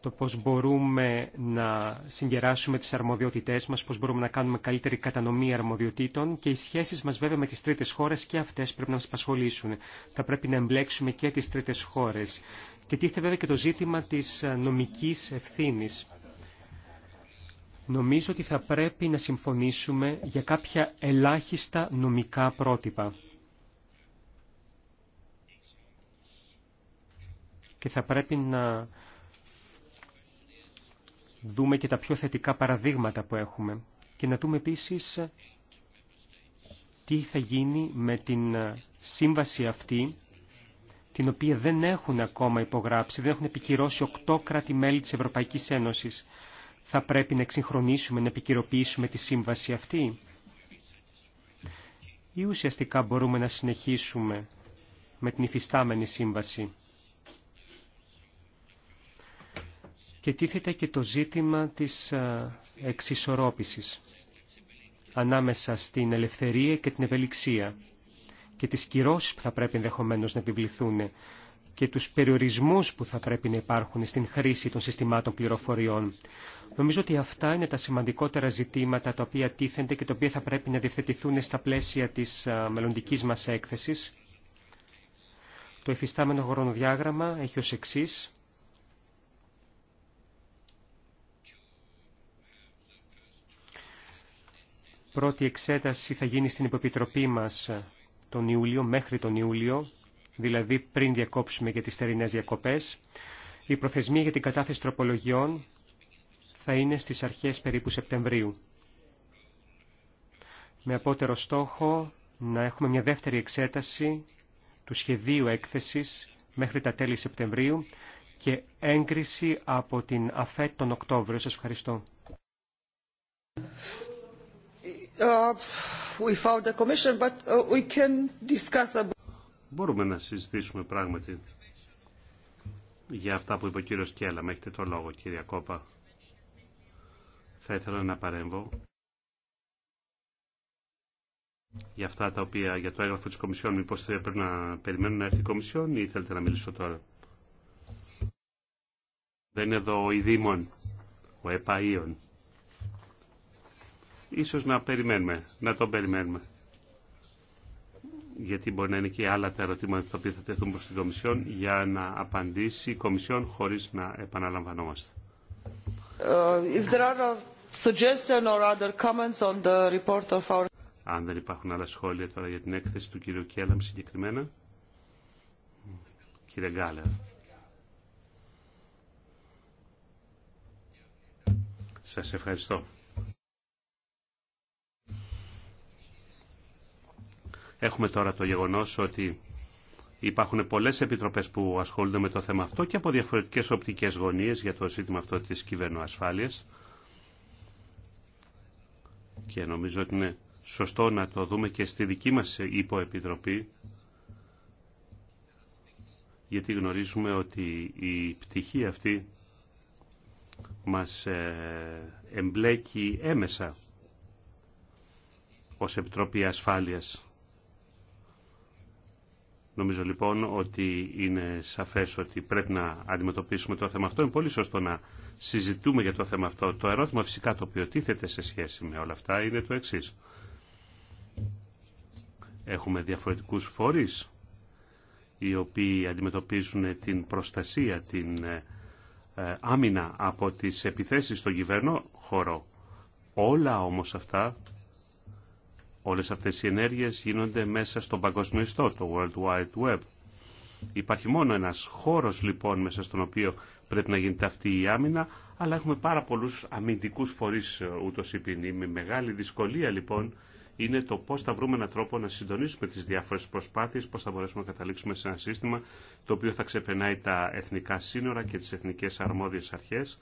το πώς μπορούμε να συγκεράσουμε τις αρμοδιότητές μας, πώς μπορούμε να κάνουμε καλύτερη κατανομή αρμοδιοτήτων και οι σχέσεις μας βέβαια με τις τρίτες χώρες και αυτές πρέπει να μας απασχολήσουν. Θα πρέπει να εμπλέξουμε και τις τρίτες χώρες. Και τίθεται βέβαια και το ζήτημα της ε, νομικής ευθύνης. Νομίζω ότι θα πρέπει να συμφωνήσουμε για κάποια ελάχιστα νομικά πρότυπα. Και θα πρέπει να δούμε και τα πιο θετικά παραδείγματα που έχουμε και να δούμε επίσης τι θα γίνει με την σύμβαση αυτή την οποία δεν έχουν ακόμα υπογράψει, δεν έχουν επικυρώσει οκτώ κράτη-μέλη της Ευρωπαϊκής Ένωσης. Θα πρέπει να εξυγχρονίσουμε, να επικυρωποιήσουμε τη σύμβαση αυτή ή ουσιαστικά μπορούμε να συνεχίσουμε με την υφιστάμενη σύμβαση. και τίθεται και το ζήτημα της εξισορρόπησης ανάμεσα στην ελευθερία και την ευελιξία και τις κυρώσεις που θα πρέπει ενδεχομένω να επιβληθούν και τους περιορισμούς που θα πρέπει να υπάρχουν στην χρήση των συστημάτων πληροφοριών. Νομίζω ότι αυτά είναι τα σημαντικότερα ζητήματα τα οποία τίθενται και τα οποία θα πρέπει να διευθετηθούν στα πλαίσια της μελλοντική μας έκθεσης. Το εφιστάμενο χρονοδιάγραμμα έχει ως εξής. Πρώτη εξέταση θα γίνει στην υποπιτροπή μας τον Ιούλιο, μέχρι τον Ιούλιο, δηλαδή πριν διακόψουμε για τις θερινές διακοπές. Η προθεσμία για την κατάθεση τροπολογιών θα είναι στις αρχές περίπου Σεπτεμβρίου. Με απότερο στόχο να έχουμε μια δεύτερη εξέταση του σχεδίου έκθεσης μέχρι τα τέλη Σεπτεμβρίου και έγκριση από την ΑΦΕΤ τον Οκτώβριο. Σας ευχαριστώ. Μπορούμε να συζητήσουμε πράγματι για αυτά που είπε ο κύριος Κέλα. Έχετε το λόγο, κύριε Κόπα. Θα ήθελα να παρέμβω για αυτά τα οποία για το έγγραφο της Κομισιόν. Μήπως πρέπει να περιμένουν να έρθει η Κομισιόν ή θέλετε να μιλήσω τώρα. Δεν είναι εδώ ο Ιδήμων, ο Επαΐων ίσως να περιμένουμε, να τον περιμένουμε. Γιατί μπορεί να είναι και άλλα τα ερωτήματα τα οποία θα τεθούν προς την Κομισιόν για να απαντήσει η Κομισιόν χωρίς να επαναλαμβανόμαστε. our... Αν δεν υπάρχουν άλλα σχόλια τώρα για την έκθεση του κύριου Κέλαμ συγκεκριμένα. Κύριε Γκάλερ. Σας ευχαριστώ. Έχουμε τώρα το γεγονός ότι υπάρχουν πολλές επιτροπές που ασχολούνται με το θέμα αυτό και από διαφορετικές οπτικές γωνίες για το ζήτημα αυτό της κυβερνοασφάλειας και νομίζω ότι είναι σωστό να το δούμε και στη δική μας υποεπιτροπή γιατί γνωρίζουμε ότι η πτυχή αυτή μας ε, εμπλέκει έμεσα ως Επιτροπή Ασφάλειας Νομίζω λοιπόν ότι είναι σαφές ότι πρέπει να αντιμετωπίσουμε το θέμα αυτό. Είναι πολύ σωστό να συζητούμε για το θέμα αυτό. Το ερώτημα φυσικά το οποίο τίθεται σε σχέση με όλα αυτά είναι το εξής. Έχουμε διαφορετικούς φορείς οι οποίοι αντιμετωπίζουν την προστασία, την ε, ε, άμυνα από τις επιθέσεις στον κυβερνό χώρο. Όλα όμως αυτά Όλες αυτές οι ενέργειες γίνονται μέσα στον παγκοσμιστό, το World Wide Web. Υπάρχει μόνο ένας χώρος λοιπόν μέσα στον οποίο πρέπει να γίνεται αυτή η άμυνα, αλλά έχουμε πάρα πολλούς αμυντικούς φορείς ε, ούτως ποινή. με μεγάλη δυσκολία λοιπόν είναι το πώς θα βρούμε έναν τρόπο να συντονίσουμε τις διάφορες προσπάθειες, πώς θα μπορέσουμε να καταλήξουμε σε ένα σύστημα το οποίο θα ξεπερνάει τα εθνικά σύνορα και τις εθνικές αρμόδιες αρχές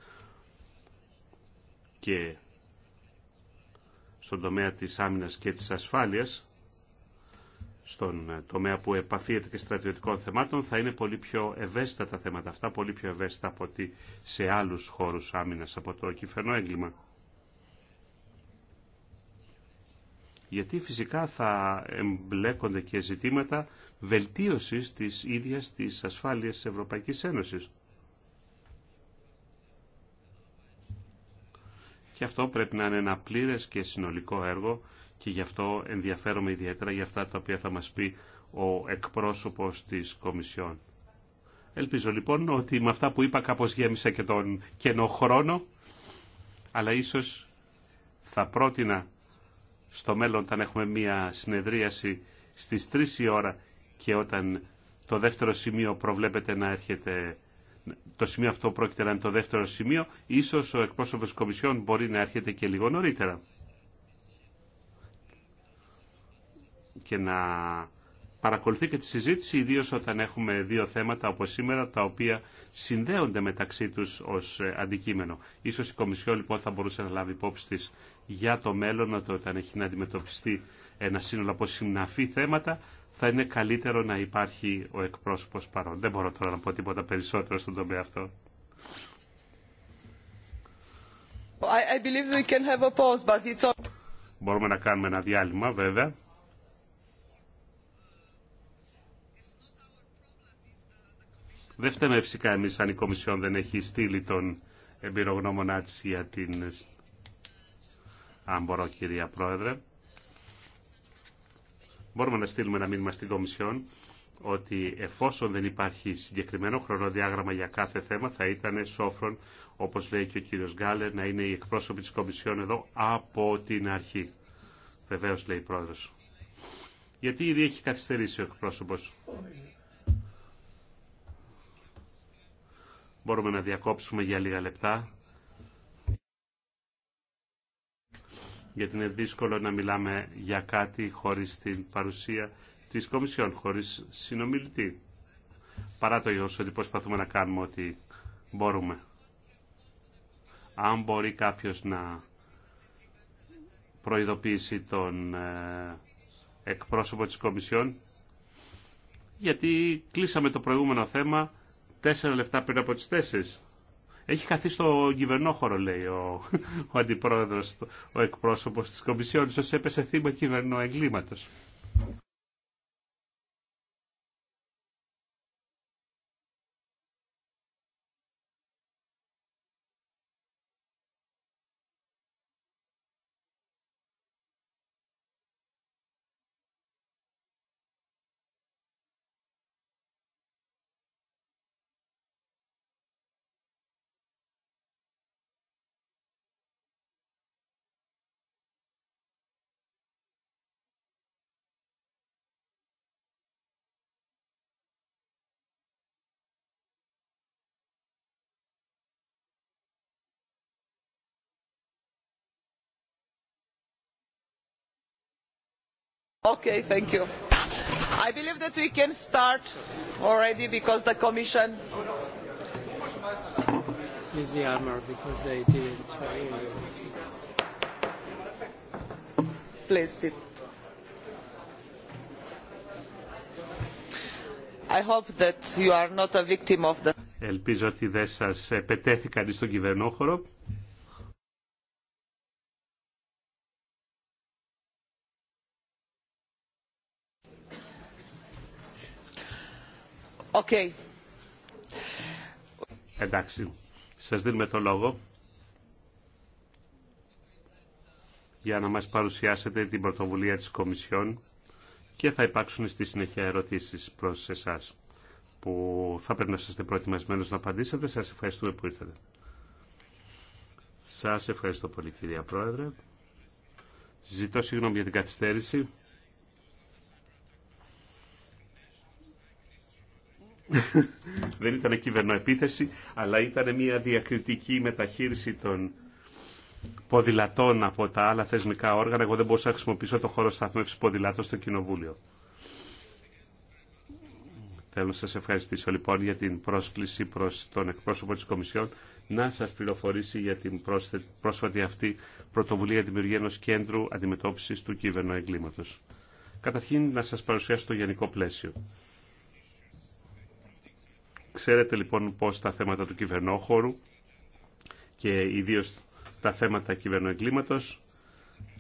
και στον τομέα της άμυνας και της ασφάλειας, στον ε, τομέα που επαφίεται και στρατιωτικών θεμάτων, θα είναι πολύ πιο ευαίσθητα τα θέματα αυτά, πολύ πιο ευαίσθητα από ότι σε άλλους χώρους άμυνας από το κυφερνό έγκλημα. γιατί φυσικά θα εμπλέκονται και ζητήματα βελτίωσης της ίδιας της ασφάλειας της Ευρωπαϊκής Ένωσης. Και αυτό πρέπει να είναι ένα πλήρες και συνολικό έργο και γι' αυτό ενδιαφέρομαι ιδιαίτερα για αυτά τα οποία θα μας πει ο εκπρόσωπος της Κομισιόν. Ελπίζω λοιπόν ότι με αυτά που είπα κάπως γέμισα και τον κενό χρόνο, αλλά ίσως θα πρότεινα στο μέλλον όταν έχουμε μία συνεδρίαση στις 3 η ώρα και όταν το δεύτερο σημείο προβλέπεται να έρχεται το σημείο αυτό πρόκειται να είναι το δεύτερο σημείο. Ίσως ο εκπρόσωπος της Κομισιόν μπορεί να έρχεται και λίγο νωρίτερα. Και να παρακολουθεί και τη συζήτηση, ιδίως όταν έχουμε δύο θέματα όπως σήμερα, τα οποία συνδέονται μεταξύ τους ως ε, αντικείμενο. Ίσως η Κομισιόν λοιπόν θα μπορούσε να λάβει υπόψη της για το μέλλον, όταν έχει να αντιμετωπιστεί ένα σύνολο από συναφή θέματα, θα είναι καλύτερο να υπάρχει ο εκπρόσωπος παρόν. Δεν μπορώ τώρα να πω τίποτα περισσότερο στον τομέα αυτό. Μπορούμε να κάνουμε ένα διάλειμμα βέβαια. Δεν φταίμε φυσικά εμείς αν η Κομισιόν δεν έχει στείλει τον εμπειρογνώμονά της για την... Αν μπορώ κυρία Πρόεδρε μπορούμε να στείλουμε ένα μήνυμα στην Κομισιόν ότι εφόσον δεν υπάρχει συγκεκριμένο χρονοδιάγραμμα για κάθε θέμα, θα ήταν σόφρον, όπως λέει και ο κύριο Γκάλερ, να είναι η εκπρόσωποι της Κομισιόν εδώ από την αρχή. Βεβαίω λέει η πρόεδρο. Γιατί ήδη έχει καθυστερήσει ο εκπρόσωπος. Μπορούμε να διακόψουμε για λίγα λεπτά γιατί είναι δύσκολο να μιλάμε για κάτι χωρίς την παρουσία της Κομισιόν, χωρίς συνομιλητή. Παρά το γεγονός ότι προσπαθούμε να κάνουμε ό,τι μπορούμε. Αν μπορεί κάποιος να προειδοποίησει τον ε, εκπρόσωπο της Κομισιόν, γιατί κλείσαμε το προηγούμενο θέμα τέσσερα λεπτά πριν από τις τέσσερις. Έχει χαθεί στο κυβερνόχωρο, λέει ο, ο αντιπρόεδρος, ο εκπρόσωπος της Κομισιόν, ίσως έπεσε θύμα εγκλήματος. Okay, thank you. I believe that we can start already because the Commission. is the armor because they didn't. Please sit. I hope that you are not a victim of the. Ελπίζω ότι δεν σας πετέθηκαν στον κυβερνόχωρο. Okay. Εντάξει, σας δίνουμε το λόγο για να μας παρουσιάσετε την πρωτοβουλία της Κομισιόν και θα υπάρξουν στη συνέχεια ερωτήσεις προς εσάς που θα πρέπει να είστε προετοιμασμένος να απαντήσετε. Σας ευχαριστούμε που ήρθατε. Σας ευχαριστώ πολύ κυρία Πρόεδρε. Ζητώ συγγνώμη για την καθυστέρηση. δεν ήταν κυβερνοεπίθεση, αλλά ήταν μια διακριτική μεταχείριση των ποδηλατών από τα άλλα θεσμικά όργανα. Εγώ δεν μπορούσα να χρησιμοποιήσω το χώρο σταθμεύσης ποδηλάτων στο Κοινοβούλιο. Θέλω να σας ευχαριστήσω λοιπόν για την πρόσκληση προς τον εκπρόσωπο της Κομισιόν να σας πληροφορήσει για την πρόσφατη αυτή πρωτοβουλία για δημιουργία ενός κέντρου αντιμετώπισης του κυβερνοεγκλήματος Καταρχήν να σας παρουσιάσω το γενικό πλαίσιο. Ξέρετε λοιπόν πώς τα θέματα του κυβερνόχωρου και ιδίως τα θέματα κυβερνοεγκλήματος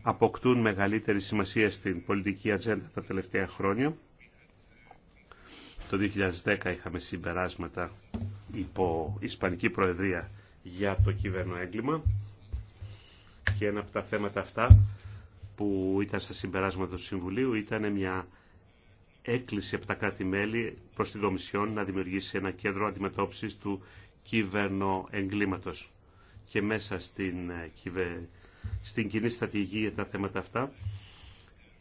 αποκτούν μεγαλύτερη σημασία στην πολιτική ατζέντα τα τελευταία χρόνια. Το 2010 είχαμε συμπεράσματα υπό Ισπανική Προεδρία για το κυβερνοέγκλημα και ένα από τα θέματα αυτά που ήταν στα συμπεράσματα του Συμβουλίου ήταν μια έκκληση από τα κράτη-μέλη προς την Κομισιόν να δημιουργήσει ένα κέντρο αντιμετώπισης του κυβερνοεγκλήματος και μέσα στην, ε, κυβε... στην κοινή στρατηγική για τα θέματα αυτά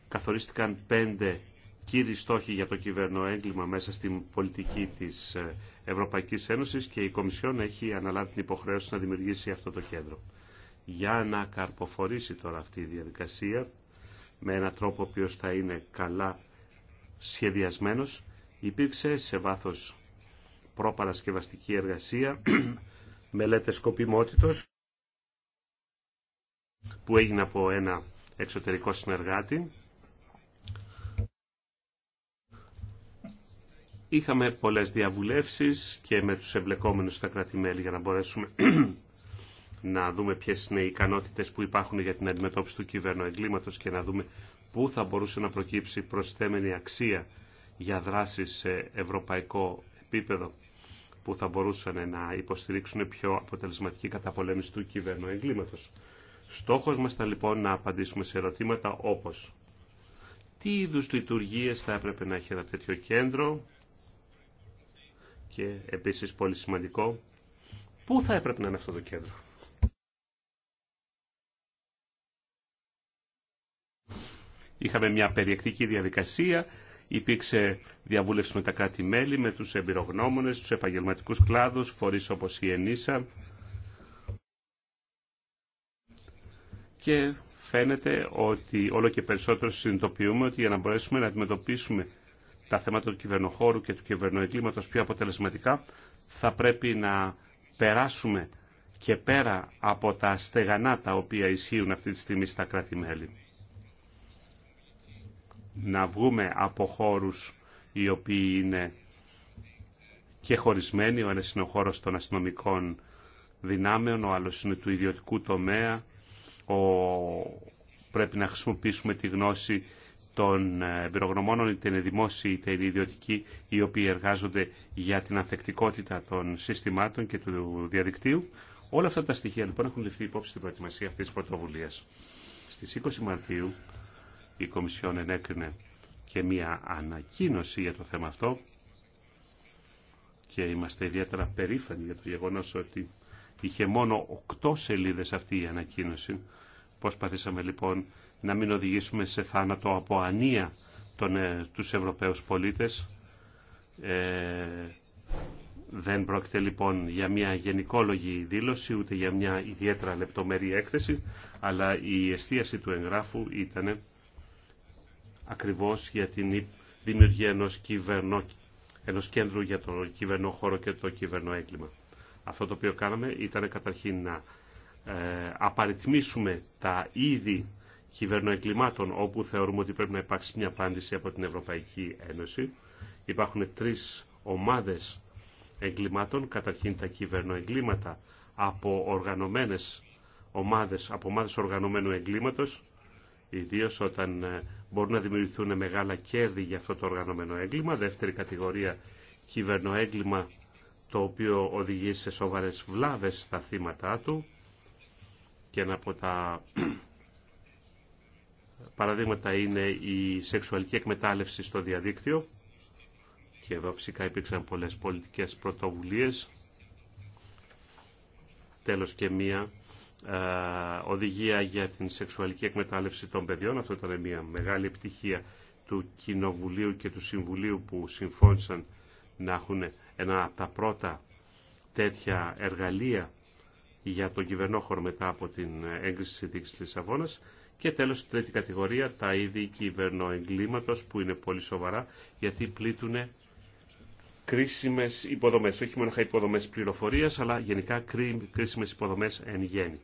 καθορίστηκαν πέντε κύριοι στόχοι για το κυβερνοέγκλημα μέσα στην πολιτική της ε, Ευρωπαϊκής Ένωσης και η Κομισιόν έχει αναλάβει την υποχρέωση να δημιουργήσει αυτό το κέντρο. Για να καρποφορήσει τώρα αυτή η διαδικασία με έναν τρόπο ο οποίος θα είναι καλά σχεδιασμένος, υπήρξε σε βάθος προπαρασκευαστική εργασία, <clears throat> μελέτες σκοπιμότητος, που έγινε από ένα εξωτερικό συνεργάτη. Είχαμε πολλές διαβουλεύσεις και με τους εμπλεκόμενους στα κράτη-μέλη για να μπορέσουμε <clears throat> να δούμε ποιες είναι οι ικανότητες που υπάρχουν για την αντιμετώπιση του κυβέρνου εγκλήματος και να δούμε πού θα μπορούσε να προκύψει προσθέμενη αξία για δράσεις σε ευρωπαϊκό επίπεδο που θα μπορούσαν να υποστηρίξουν πιο αποτελεσματική καταπολέμηση του κυβέρνου εγκλήματος. Στόχος μας ήταν λοιπόν να απαντήσουμε σε ερωτήματα όπως τι είδους λειτουργίες θα έπρεπε να έχει ένα τέτοιο κέντρο και επίσης πολύ σημαντικό πού θα έπρεπε να είναι αυτό το κέντρο. Είχαμε μια περιεκτική διαδικασία, υπήρξε διαβούλευση με τα κράτη-μέλη, με τους εμπειρογνώμονες, τους επαγγελματικούς κλάδους, φορείς όπως η ΕΝΙΣΑ. Και φαίνεται ότι όλο και περισσότερο συνειδητοποιούμε ότι για να μπορέσουμε να αντιμετωπίσουμε τα θέματα του κυβερνοχώρου και του κυβερνοεγκλήματος πιο αποτελεσματικά, θα πρέπει να περάσουμε και πέρα από τα στεγανά τα οποία ισχύουν αυτή τη στιγμή στα κράτη-μέλη να βγούμε από χώρους οι οποίοι είναι και χωρισμένοι. Ο ένας είναι ο χώρος των αστυνομικών δυνάμεων, ο άλλος είναι του ιδιωτικού τομέα. Ο... Πρέπει να χρησιμοποιήσουμε τη γνώση των ε, εμπειρογνωμόνων, είτε είναι δημόσιοι είτε είναι ιδιωτικοί, οι οποίοι εργάζονται για την ανθεκτικότητα των συστημάτων και του διαδικτύου. Όλα αυτά τα στοιχεία λοιπόν έχουν ληφθεί υπόψη στην προετοιμασία αυτής τη πρωτοβουλία. Στι 20 Μαρτίου η Κομισιόν ενέκρινε και μία ανακοίνωση για το θέμα αυτό και είμαστε ιδιαίτερα περήφανοι για το γεγονός ότι είχε μόνο οκτώ σελίδες αυτή η ανακοίνωση. Προσπαθήσαμε λοιπόν να μην οδηγήσουμε σε θάνατο από ανία τον, ε, τους Ευρωπαίους πολίτες. Ε, δεν πρόκειται λοιπόν για μια γενικόλογη δήλωση, ούτε για μια ιδιαίτερα λεπτομερή έκθεση, αλλά η εστίαση του εγγράφου ήτανε ακριβώς για την δημιουργία ενός, ενός κέντρου για το κυβερνό χώρο και το κυβερνό έγκλημα. Αυτό το οποίο κάναμε ήταν καταρχήν να ε, απαριθμίσουμε τα είδη κυβερνοεγκλημάτων όπου θεωρούμε ότι πρέπει να υπάρξει μια απάντηση από την Ευρωπαϊκή Ένωση. Υπάρχουν τρεις ομάδες εγκλημάτων, καταρχήν τα κυβερνοεγκλήματα από οργανωμένες ομάδες, από ομάδες οργανωμένου εγκλήματος, ιδίω όταν ε, μπορούν να δημιουργηθούν μεγάλα κέρδη για αυτό το οργανωμένο έγκλημα. Δεύτερη κατηγορία, κυβερνοέγκλημα το οποίο οδηγεί σε σοβαρές βλάβες στα θύματα του και ένα από τα <clears throat> παραδείγματα είναι η σεξουαλική εκμετάλλευση στο διαδίκτυο και εδώ φυσικά υπήρξαν πολλές πολιτικές πρωτοβουλίες τέλος και μία ε, οδηγία για την σεξουαλική εκμετάλλευση των παιδιών. Αυτό ήταν μια μεγάλη επιτυχία του Κοινοβουλίου και του Συμβουλίου που συμφώνησαν να έχουν ένα από τα πρώτα τέτοια εργαλεία για τον κυβερνόχωρο μετά από την έγκριση της συνθήκης της Λισαβόνας. Και τέλος, η τρίτη κατηγορία, τα είδη κυβερνοεγκλήματος που είναι πολύ σοβαρά γιατί πλήττουν κρίσιμες υποδομές, όχι μόνο υποδομές πληροφορίας αλλά γενικά κρίσιμες υποδομές εν γέννη.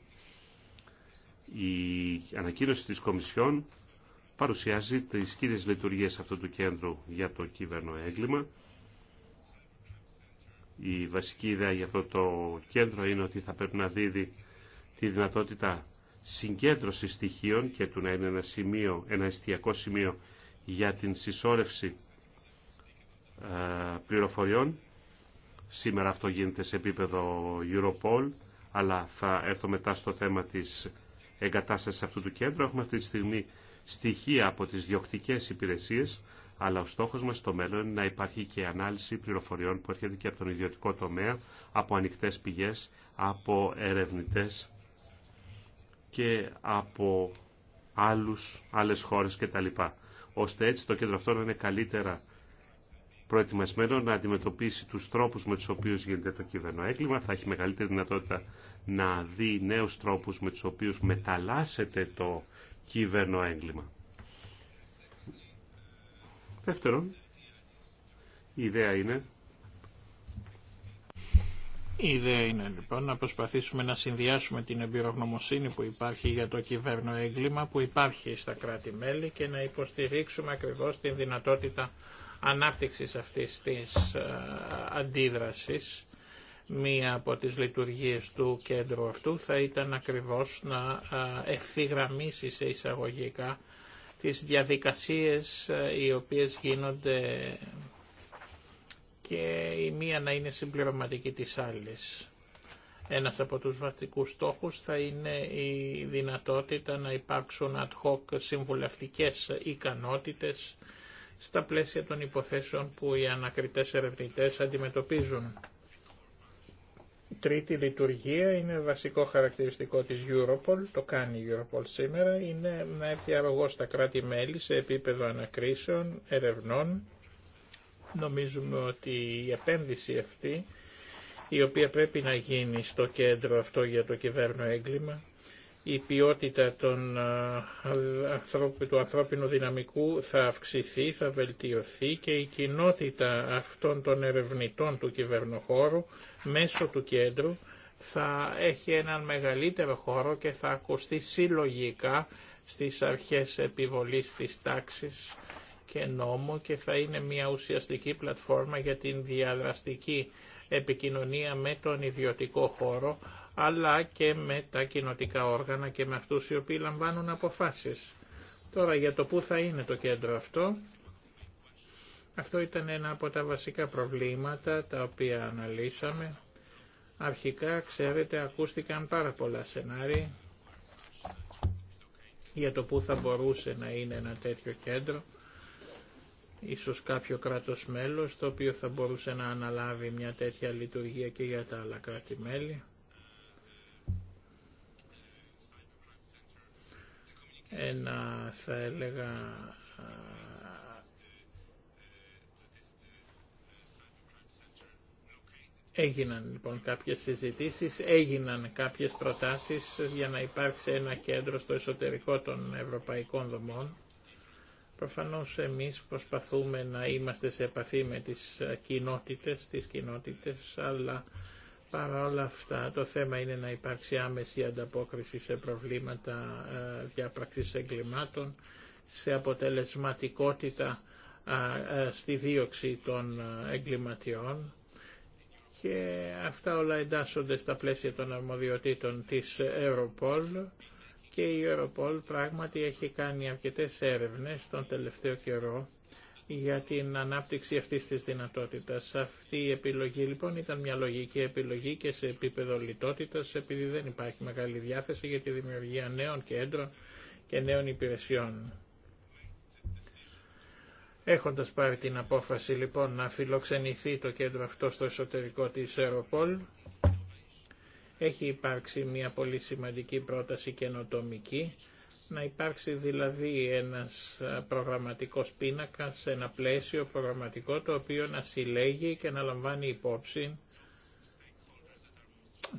Η ανακοίνωση της Κομισιόν παρουσιάζει τις κύριες λειτουργίες αυτού του κέντρου για το κύβερνο έγκλημα. Η βασική ιδέα για αυτό το κέντρο είναι ότι θα πρέπει να δίδει τη δυνατότητα συγκέντρωση στοιχείων και του να είναι ένα, σημείο, ένα εστιακό σημείο για την συσσόρευση ε, πληροφοριών. Σήμερα αυτό γίνεται σε επίπεδο Europol, αλλά θα έρθω μετά στο θέμα της εγκατάσταση αυτού του κέντρου. Έχουμε αυτή τη στιγμή στοιχεία από τις διοκτικές υπηρεσίες, αλλά ο στόχος μας στο μέλλον είναι να υπάρχει και ανάλυση πληροφοριών που έρχεται και από τον ιδιωτικό τομέα, από ανοιχτέ πηγές, από ερευνητές και από άλλους, άλλες χώρες κτλ. Ώστε έτσι το κέντρο αυτό να είναι καλύτερα προετοιμασμένο να αντιμετωπίσει τους τρόπους με τους οποίους γίνεται το έγκλημα. θα έχει μεγαλύτερη δυνατότητα να δει νέους τρόπους με τους οποίους μεταλλάσσεται το κυβερνοέγκλημα. Δεύτερον, η ιδέα είναι... Η ιδέα είναι λοιπόν να προσπαθήσουμε να συνδυάσουμε την εμπειρογνωμοσύνη που υπάρχει για το κυβέρνο έγκλημα που υπάρχει στα κράτη-μέλη και να υποστηρίξουμε ακριβώς την δυνατότητα ανάπτυξης αυτής της ε, αντίδρασης, μία από τις λειτουργίες του κέντρου αυτού θα ήταν ακριβώς να ε, ευθυγραμμίσει σε εισαγωγικά τις διαδικασίες ε, οι οποίες γίνονται και η μία να είναι συμπληρωματική της άλλης. Ένας από τους βασικούς στόχους θα είναι η δυνατότητα να υπάρξουν ad hoc συμβουλευτικές ικανότητες στα πλαίσια των υποθέσεων που οι ανακριτές ερευνητές αντιμετωπίζουν. Τρίτη λειτουργία είναι βασικό χαρακτηριστικό της Europol, το κάνει η Europol σήμερα, είναι να έρθει αρρωγό στα κράτη-μέλη σε επίπεδο ανακρίσεων, ερευνών. Νομίζουμε ότι η επένδυση αυτή, η οποία πρέπει να γίνει στο κέντρο αυτό για το κυβέρνο έγκλημα, η ποιότητα των, του ανθρώπινου δυναμικού θα αυξηθεί, θα βελτιωθεί και η κοινότητα αυτών των ερευνητών του κυβερνοχώρου μέσω του κέντρου θα έχει έναν μεγαλύτερο χώρο και θα ακουστεί συλλογικά στις αρχές επιβολής της τάξης και νόμου και θα είναι μια ουσιαστική πλατφόρμα για την διαδραστική επικοινωνία με τον ιδιωτικό χώρο αλλά και με τα κοινοτικά όργανα και με αυτούς οι οποίοι λαμβάνουν αποφάσεις. Τώρα για το πού θα είναι το κέντρο αυτό, αυτό ήταν ένα από τα βασικά προβλήματα τα οποία αναλύσαμε. Αρχικά, ξέρετε, ακούστηκαν πάρα πολλά σενάρια για το πού θα μπορούσε να είναι ένα τέτοιο κέντρο. Ίσως κάποιο κράτος μέλος το οποίο θα μπορούσε να αναλάβει μια τέτοια λειτουργία και για τα άλλα κράτη-μέλη. ένα θα έλεγα Έγιναν λοιπόν κάποιες συζητήσεις, έγιναν κάποιες προτάσεις για να υπάρξει ένα κέντρο στο εσωτερικό των ευρωπαϊκών δομών. Προφανώς εμείς προσπαθούμε να είμαστε σε επαφή με τις κοινότητες, τις κοινότητες, αλλά Παρά όλα αυτά, το θέμα είναι να υπάρξει άμεση ανταπόκριση σε προβλήματα ε, διάπραξης εγκλημάτων, σε αποτελεσματικότητα ε, στη δίωξη των ε, εγκληματιών και αυτά όλα εντάσσονται στα πλαίσια των αρμοδιοτήτων της Europol και η Europol πράγματι έχει κάνει αρκετές έρευνες τον τελευταίο καιρό για την ανάπτυξη αυτής της δυνατότητας. Αυτή η επιλογή λοιπόν ήταν μια λογική επιλογή και σε επίπεδο λιτότητας επειδή δεν υπάρχει μεγάλη διάθεση για τη δημιουργία νέων κέντρων και νέων υπηρεσιών. Έχοντας πάρει την απόφαση λοιπόν να φιλοξενηθεί το κέντρο αυτό στο εσωτερικό της Αεροπόλ, έχει υπάρξει μια πολύ σημαντική πρόταση καινοτομική να υπάρξει δηλαδή ένας προγραμματικός πίνακας, ένα πλαίσιο προγραμματικό το οποίο να συλλέγει και να λαμβάνει υπόψη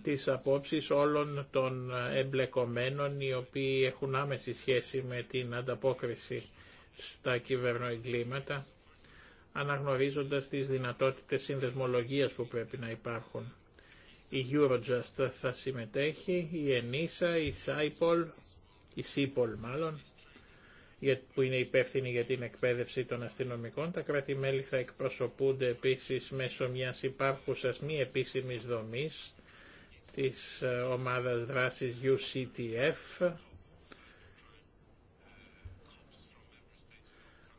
τις απόψεις όλων των εμπλεκομένων οι οποίοι έχουν άμεση σχέση με την ανταπόκριση στα κυβερνοεγκλήματα αναγνωρίζοντας τις δυνατότητες συνδεσμολογίας που πρέπει να υπάρχουν. Η Eurojust θα συμμετέχει, η ENISA, η SIPOL, η ΣΥΠΟΛ μάλλον, που είναι υπεύθυνη για την εκπαίδευση των αστυνομικών. Τα κράτη-μέλη θα εκπροσωπούνται επίσης μέσω μιας υπάρχουσας μη επίσημης δομής της ε, ομάδας δράσης UCTF,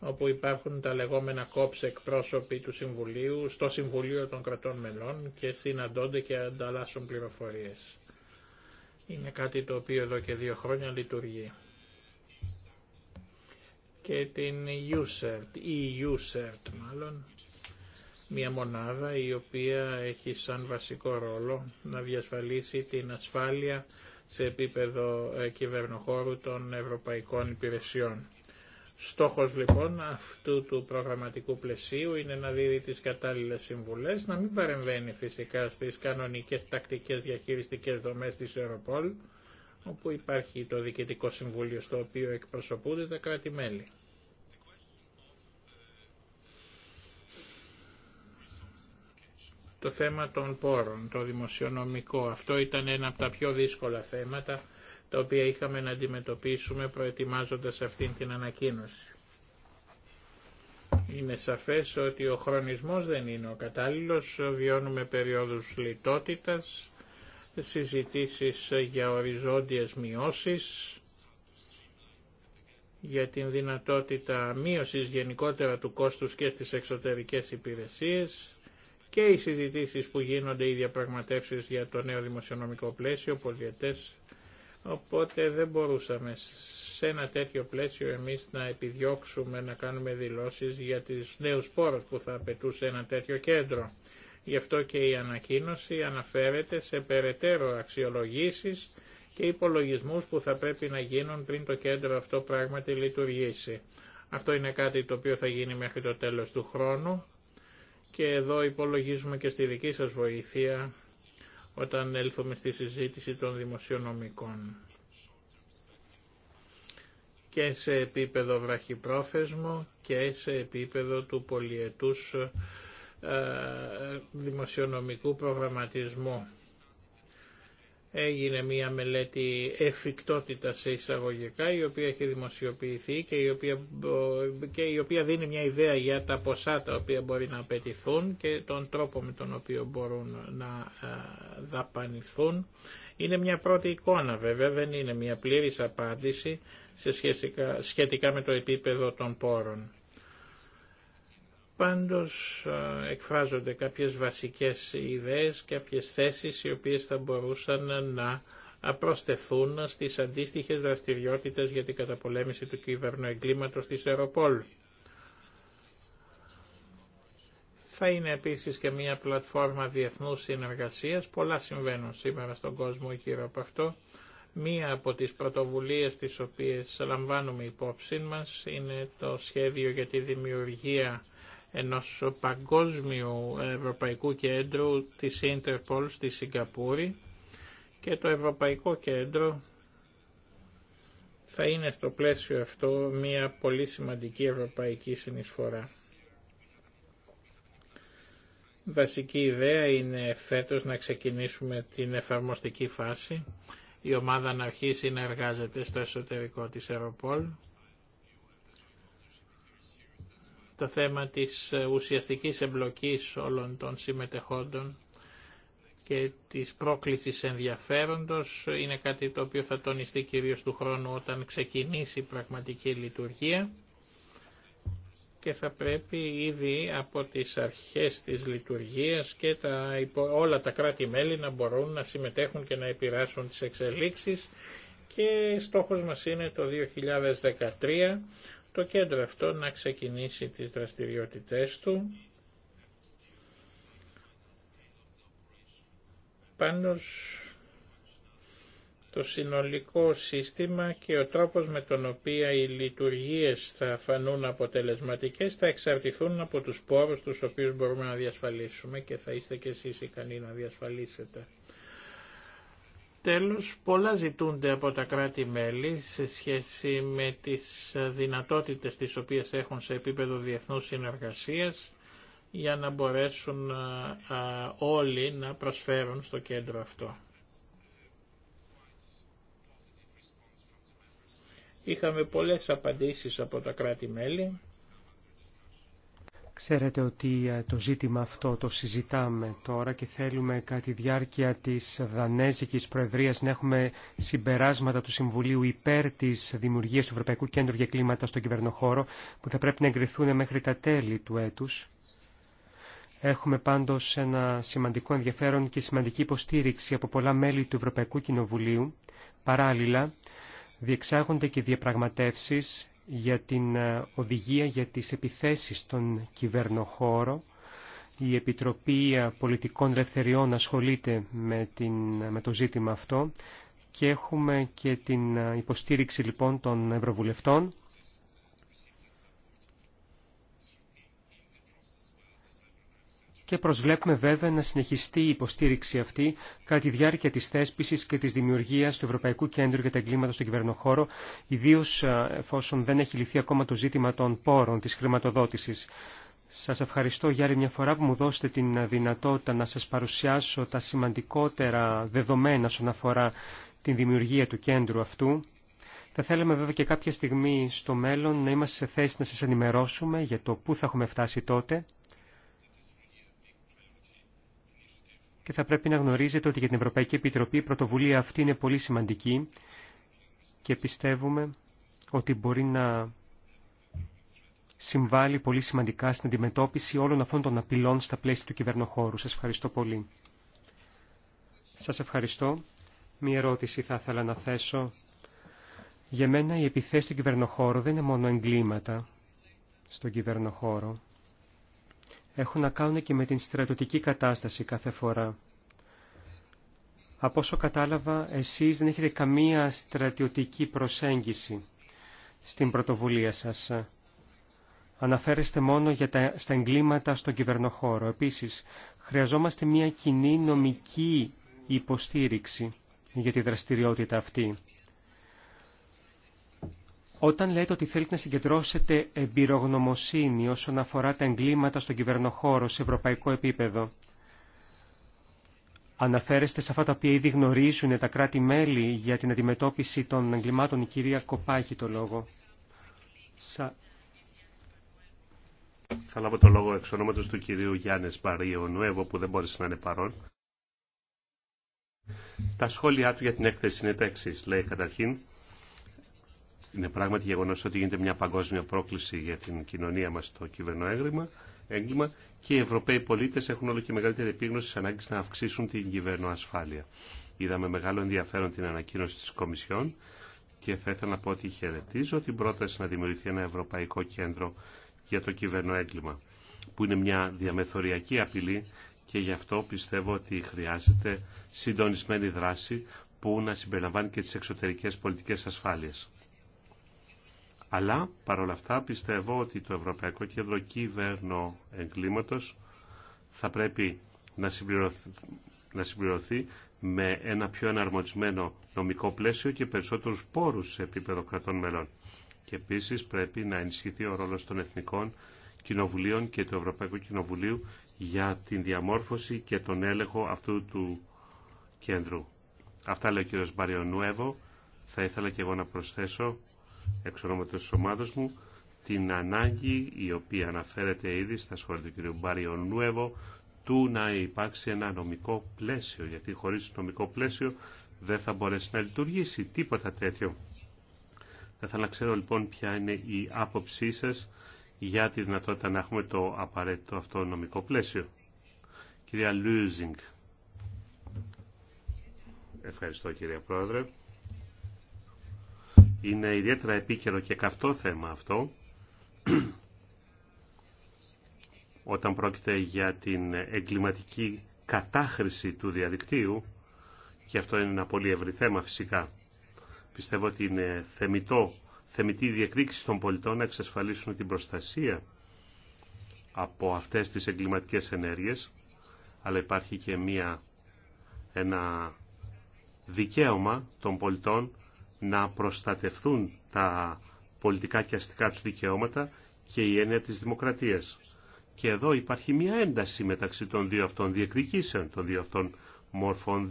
όπου υπάρχουν τα λεγόμενα κόψε εκπρόσωποι του Συμβουλίου, στο Συμβουλίο των Κρατών Μελών και συναντώνται και ανταλλάσσουν πληροφορίες. Είναι κάτι το οποίο εδώ και δύο χρόνια λειτουργεί. Και την Ιουσέρτ η μαλλον μια μοναδα έχει σαν βασικό ρόλο να διασφαλίσει την ασφάλεια σε επίπεδο ε, κυβερνοχώρου των ευρωπαϊκών υπηρεσιών. Στόχος λοιπόν αυτού του προγραμματικού πλαισίου είναι να δίδει τις κατάλληλες συμβουλές, να μην παρεμβαίνει φυσικά στις κανονικές τακτικές διαχειριστικές δομές της Ευρωπόλ, όπου υπάρχει το Διοικητικό Συμβούλιο στο οποίο εκπροσωπούνται τα κράτη-μέλη. Το θέμα των πόρων, το δημοσιονομικό, αυτό ήταν ένα από τα πιο δύσκολα θέματα τα οποία είχαμε να αντιμετωπίσουμε προετοιμάζοντας αυτήν την ανακοίνωση. Είναι σαφές ότι ο χρονισμός δεν είναι ο κατάλληλος, βιώνουμε περιόδους λιτότητας, συζητήσεις για οριζόντιες μειώσεις, για την δυνατότητα μείωσης γενικότερα του κόστους και στις εξωτερικές υπηρεσίες και οι συζητήσεις που γίνονται οι διαπραγματεύσεις για το νέο δημοσιονομικό πλαίσιο, πολιετές Οπότε δεν μπορούσαμε σε ένα τέτοιο πλαίσιο εμείς να επιδιώξουμε να κάνουμε δηλώσεις για τις νέους πόρους που θα απαιτούσε ένα τέτοιο κέντρο. Γι' αυτό και η ανακοίνωση αναφέρεται σε περαιτέρω αξιολογήσεις και υπολογισμούς που θα πρέπει να γίνουν πριν το κέντρο αυτό πράγματι λειτουργήσει. Αυτό είναι κάτι το οποίο θα γίνει μέχρι το τέλος του χρόνου και εδώ υπολογίζουμε και στη δική σας βοήθεια όταν έλθουμε στη συζήτηση των δημοσιονομικών. Και σε επίπεδο βραχυπρόθεσμο και σε επίπεδο του πολιετούς ε, δημοσιονομικού προγραμματισμού. Έγινε μια μελέτη εφικτότητα σε εισαγωγικά η οποία έχει δημοσιοποιηθεί και η οποία, και δίνει μια ιδέα για τα ποσά τα οποία μπορεί να απαιτηθούν και τον τρόπο με τον οποίο μπορούν να ε, δαπανηθούν. Είναι μια πρώτη εικόνα βέβαια, δεν είναι μια πλήρης απάντηση σε σχετικά, σχετικά με το επίπεδο των πόρων. Πάντως ε, εκφράζονται κάποιες βασικές ιδέες, κάποιες θέσεις οι οποίες θα μπορούσαν να απροστεθούν στις αντίστοιχες δραστηριότητες για την καταπολέμηση του κυβερνοεγκλήματος της Ευρωπόλ. Θα είναι επίσης και μια πλατφόρμα διεθνούς συνεργασίας. Πολλά συμβαίνουν σήμερα στον κόσμο γύρω από αυτό. Μία από τις πρωτοβουλίες τις οποίες λαμβάνουμε υπόψη μας είναι το σχέδιο για τη δημιουργία ενός παγκόσμιου ευρωπαϊκού κέντρου της Interpol στη Σιγκαπούρη και το Ευρωπαϊκό Κέντρο θα είναι στο πλαίσιο αυτό μια πολύ σημαντική ευρωπαϊκή συνεισφορά. Βασική ιδέα είναι φέτος να ξεκινήσουμε την εφαρμοστική φάση. Η ομάδα να αρχίσει να εργάζεται στο εσωτερικό της Ευρωπόλ το θέμα της ε, ουσιαστικής εμπλοκής όλων των συμμετεχόντων και της πρόκλησης ενδιαφέροντος είναι κάτι το οποίο θα τονιστεί κυρίως του χρόνου όταν ξεκινήσει η πραγματική λειτουργία και θα πρέπει ήδη από τις αρχές της λειτουργίας και τα, όλα τα κράτη-μέλη να μπορούν να συμμετέχουν και να επηρεάσουν τις εξελίξεις και στόχος μας είναι το 2013 το κέντρο αυτό να ξεκινήσει τις δραστηριότητές του πάνω το συνολικό σύστημα και ο τρόπος με τον οποίο οι λειτουργίες θα φανούν αποτελεσματικές θα εξαρτηθούν από τους πόρους τους οποίους μπορούμε να διασφαλίσουμε και θα είστε και εσείς ικανοί να διασφαλίσετε. Τέλος, πολλά ζητούνται από τα κράτη-μέλη σε σχέση με τις δυνατότητες τις οποίες έχουν σε επίπεδο διεθνούς συνεργασίας για να μπορέσουν όλοι να προσφέρουν στο κέντρο αυτό. Είχαμε πολλές απαντήσεις από τα κράτη-μέλη Ξέρετε ότι ε, το ζήτημα αυτό το συζητάμε τώρα και θέλουμε κατά τη διάρκεια της Δανέζικης Προεδρίας να έχουμε συμπεράσματα του Συμβουλίου υπέρ της δημιουργίας του Ευρωπαϊκού Κέντρου για Κλίματα στον κυβερνοχώρο που θα πρέπει να εγκριθούν μέχρι τα τέλη του έτους. Έχουμε πάντως ένα σημαντικό ενδιαφέρον και σημαντική υποστήριξη από πολλά μέλη του Ευρωπαϊκού Κοινοβουλίου. Παράλληλα, διεξάγονται και διαπραγματεύσεις για την ε, οδηγία για τις επιθέσεις στον κυβερνοχώρο. Η Επιτροπή ε, Πολιτικών Ελευθεριών ασχολείται με, την, ε, με το ζήτημα αυτό και έχουμε και την υποστήριξη λοιπόν των Ευρωβουλευτών και προσβλέπουμε βέβαια να συνεχιστεί η υποστήριξη αυτή κατά τη διάρκεια της θέσπισης και της δημιουργίας του Ευρωπαϊκού Κέντρου για τα Εγκλήματα στον κυβερνοχώρο, ιδίως ε, εφόσον δεν έχει λυθεί ακόμα το ζήτημα των πόρων της χρηματοδότησης. Σας ευχαριστώ για άλλη μια φορά που μου δώσετε την δυνατότητα να σας παρουσιάσω τα σημαντικότερα δεδομένα όσον αφορά την δημιουργία του κέντρου αυτού. Θα θέλαμε βέβαια και κάποια στιγμή στο μέλλον να είμαστε σε θέση να σας ενημερώσουμε για το πού θα έχουμε φτάσει τότε. και θα πρέπει να γνωρίζετε ότι για την Ευρωπαϊκή Επιτροπή η πρωτοβουλία αυτή είναι πολύ σημαντική και πιστεύουμε ότι μπορεί να συμβάλλει πολύ σημαντικά στην αντιμετώπιση όλων αυτών των απειλών στα πλαίσια του κυβερνοχώρου. Σας ευχαριστώ πολύ. Σας ευχαριστώ. Μία ερώτηση θα ήθελα να θέσω. Για μένα οι επιθέσεις του κυβερνοχώρο δεν είναι μόνο εγκλήματα στον κυβερνοχώρο έχουν να κάνουν και με την στρατιωτική κατάσταση κάθε φορά. Από όσο κατάλαβα, εσείς δεν έχετε καμία στρατιωτική προσέγγιση στην πρωτοβουλία σας. Αναφέρεστε μόνο για τα, στα εγκλήματα στον κυβερνοχώρο. Επίσης, χρειαζόμαστε μια κοινή νομική υποστήριξη για τη δραστηριότητα αυτή. Όταν λέτε ότι θέλετε να συγκεντρώσετε εμπειρογνωμοσύνη όσον αφορά τα εγκλήματα στον κυβερνοχώρο σε ευρωπαϊκό επίπεδο, αναφέρεστε σε αυτά τα οποία ήδη γνωρίζουν τα κράτη-μέλη για την αντιμετώπιση των εγκλημάτων. Η κυρία Κοπά το λόγο. Θα λάβω το λόγο εξ ονόματος του κυρίου Γιάννης Μπαριονουέβο που δεν μπόρεσε να είναι παρόν. Τα σχόλιά του για την έκθεση είναι τα εξή. Λέει καταρχήν είναι πράγματι γεγονό ότι γίνεται μια παγκόσμια πρόκληση για την κοινωνία μα το κυβερνό έγκλημα και οι Ευρωπαίοι πολίτε έχουν όλο και μεγαλύτερη επίγνωση ανάγκη να αυξήσουν την κυβερνοασφάλεια. Είδαμε μεγάλο ενδιαφέρον την ανακοίνωση τη Κομισιόν και θα ήθελα να πω ότι χαιρετίζω την πρόταση να δημιουργηθεί ένα Ευρωπαϊκό Κέντρο για το έγκλημα, που είναι μια διαμεθοριακή απειλή και γι' αυτό πιστεύω ότι χρειάζεται συντονισμένη δράση που να συμπεριλαμβάνει και τι εξωτερικέ πολιτικέ ασφάλειες. Αλλά παρόλα αυτά πιστεύω ότι το Ευρωπαϊκό Κέντρο Κυβέρνο Εγκλήματος θα πρέπει να συμπληρωθεί, με ένα πιο εναρμονισμένο νομικό πλαίσιο και περισσότερους πόρους σε επίπεδο κρατών μελών. Και επίσης πρέπει να ενισχυθεί ο ρόλος των εθνικών κοινοβουλίων και του Ευρωπαϊκού Κοινοβουλίου για την διαμόρφωση και τον έλεγχο αυτού του κέντρου. Αυτά λέει ο κ. Μπαριονούεβο. Θα ήθελα και εγώ να προσθέσω εξ ονόματος της μου την ανάγκη η οποία αναφέρεται ήδη στα σχόλια του κ. Νουέβο του να υπάρξει ένα νομικό πλαίσιο, γιατί χωρίς νομικό πλαίσιο δεν θα μπορέσει να λειτουργήσει τίποτα τέτοιο. Θα ήθελα να ξέρω λοιπόν ποια είναι η άποψή σας για τη δυνατότητα να έχουμε το απαραίτητο αυτό νομικό πλαίσιο. Κυρία Λούζινγκ. Ευχαριστώ κυρία Πρόεδρε. Είναι ιδιαίτερα επίκαιρο και καυτό θέμα αυτό <clears throat> όταν πρόκειται για την εγκληματική κατάχρηση του διαδικτύου και αυτό είναι ένα πολύ ευρύ θέμα φυσικά. Πιστεύω ότι είναι θεμητό, θεμητή διεκδίκηση των πολιτών να εξασφαλίσουν την προστασία από αυτές τις εγκληματικές ενέργειες, αλλά υπάρχει και μία, ένα δικαίωμα των πολιτών να προστατευθούν τα πολιτικά και αστικά τους δικαιώματα και η έννοια της δημοκρατίας. Και εδώ υπάρχει μια ένταση μεταξύ των δύο αυτών διεκδικήσεων, των δύο αυτών μορφών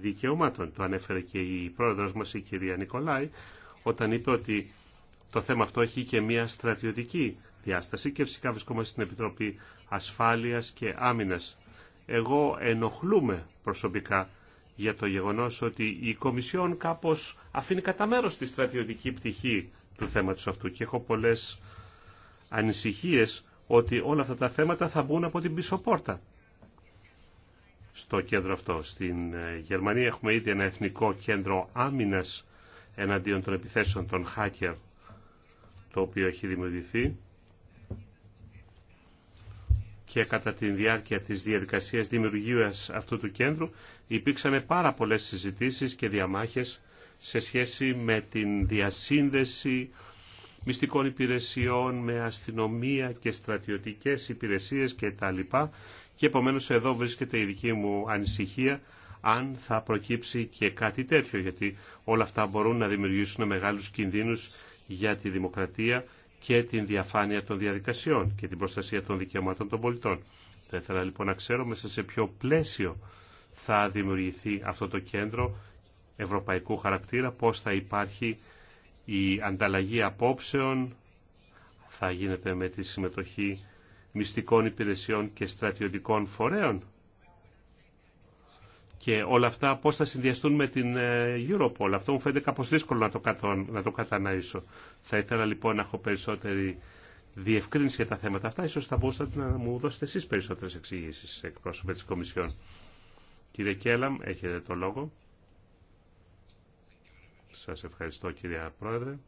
δικαιωμάτων. Το ανέφερε και η πρόεδρος μας, η κυρία Νικολάη, όταν είπε ότι το θέμα αυτό έχει και μια στρατιωτική διάσταση και φυσικά βρισκόμαστε στην Επιτροπή Ασφάλειας και Άμυνας. Εγώ ενοχλούμε προσωπικά για το γεγονός ότι η Κομισιόν κάπως αφήνει κατά μέρο τη στρατιωτική πτυχή του θέματος αυτού και έχω πολλές ανησυχίες ότι όλα αυτά τα θέματα θα μπουν από την πίσω πόρτα στο κέντρο αυτό. Στην ε, Γερμανία έχουμε ήδη ένα εθνικό κέντρο άμυνας εναντίον των επιθέσεων των hacker το οποίο έχει δημιουργηθεί και κατά τη διάρκεια της διαδικασίας δημιουργίας αυτού του κέντρου υπήρξαν πάρα πολλές συζητήσεις και διαμάχες σε σχέση με την διασύνδεση μυστικών υπηρεσιών με αστυνομία και στρατιωτικές υπηρεσίες κτλ. Και επομένως εδώ βρίσκεται η δική μου ανησυχία αν θα προκύψει και κάτι τέτοιο, γιατί όλα αυτά μπορούν να δημιουργήσουν μεγάλους κινδύνους για τη δημοκρατία και την διαφάνεια των διαδικασιών και την προστασία των δικαιωμάτων των πολιτών. Θα ήθελα λοιπόν να ξέρω μέσα σε ποιο πλαίσιο θα δημιουργηθεί αυτό το κέντρο ευρωπαϊκού χαρακτήρα, πώς θα υπάρχει η ανταλλαγή απόψεων, θα γίνεται με τη συμμετοχή μυστικών υπηρεσιών και στρατιωτικών φορέων και όλα αυτά πώ θα συνδυαστούν με την ε, Europol. Αυτό μου φαίνεται κάπω δύσκολο να το, καταναήσω. Θα ήθελα λοιπόν να έχω περισσότερη διευκρίνηση για τα θέματα αυτά. Ίσως θα μπορούσατε να μου δώσετε εσεί περισσότερε εξηγήσει εκπρόσωπε τη Κομισιόν. Κύριε Κέλαμ, έχετε το λόγο. Σας ευχαριστώ κύριε Πρόεδρε.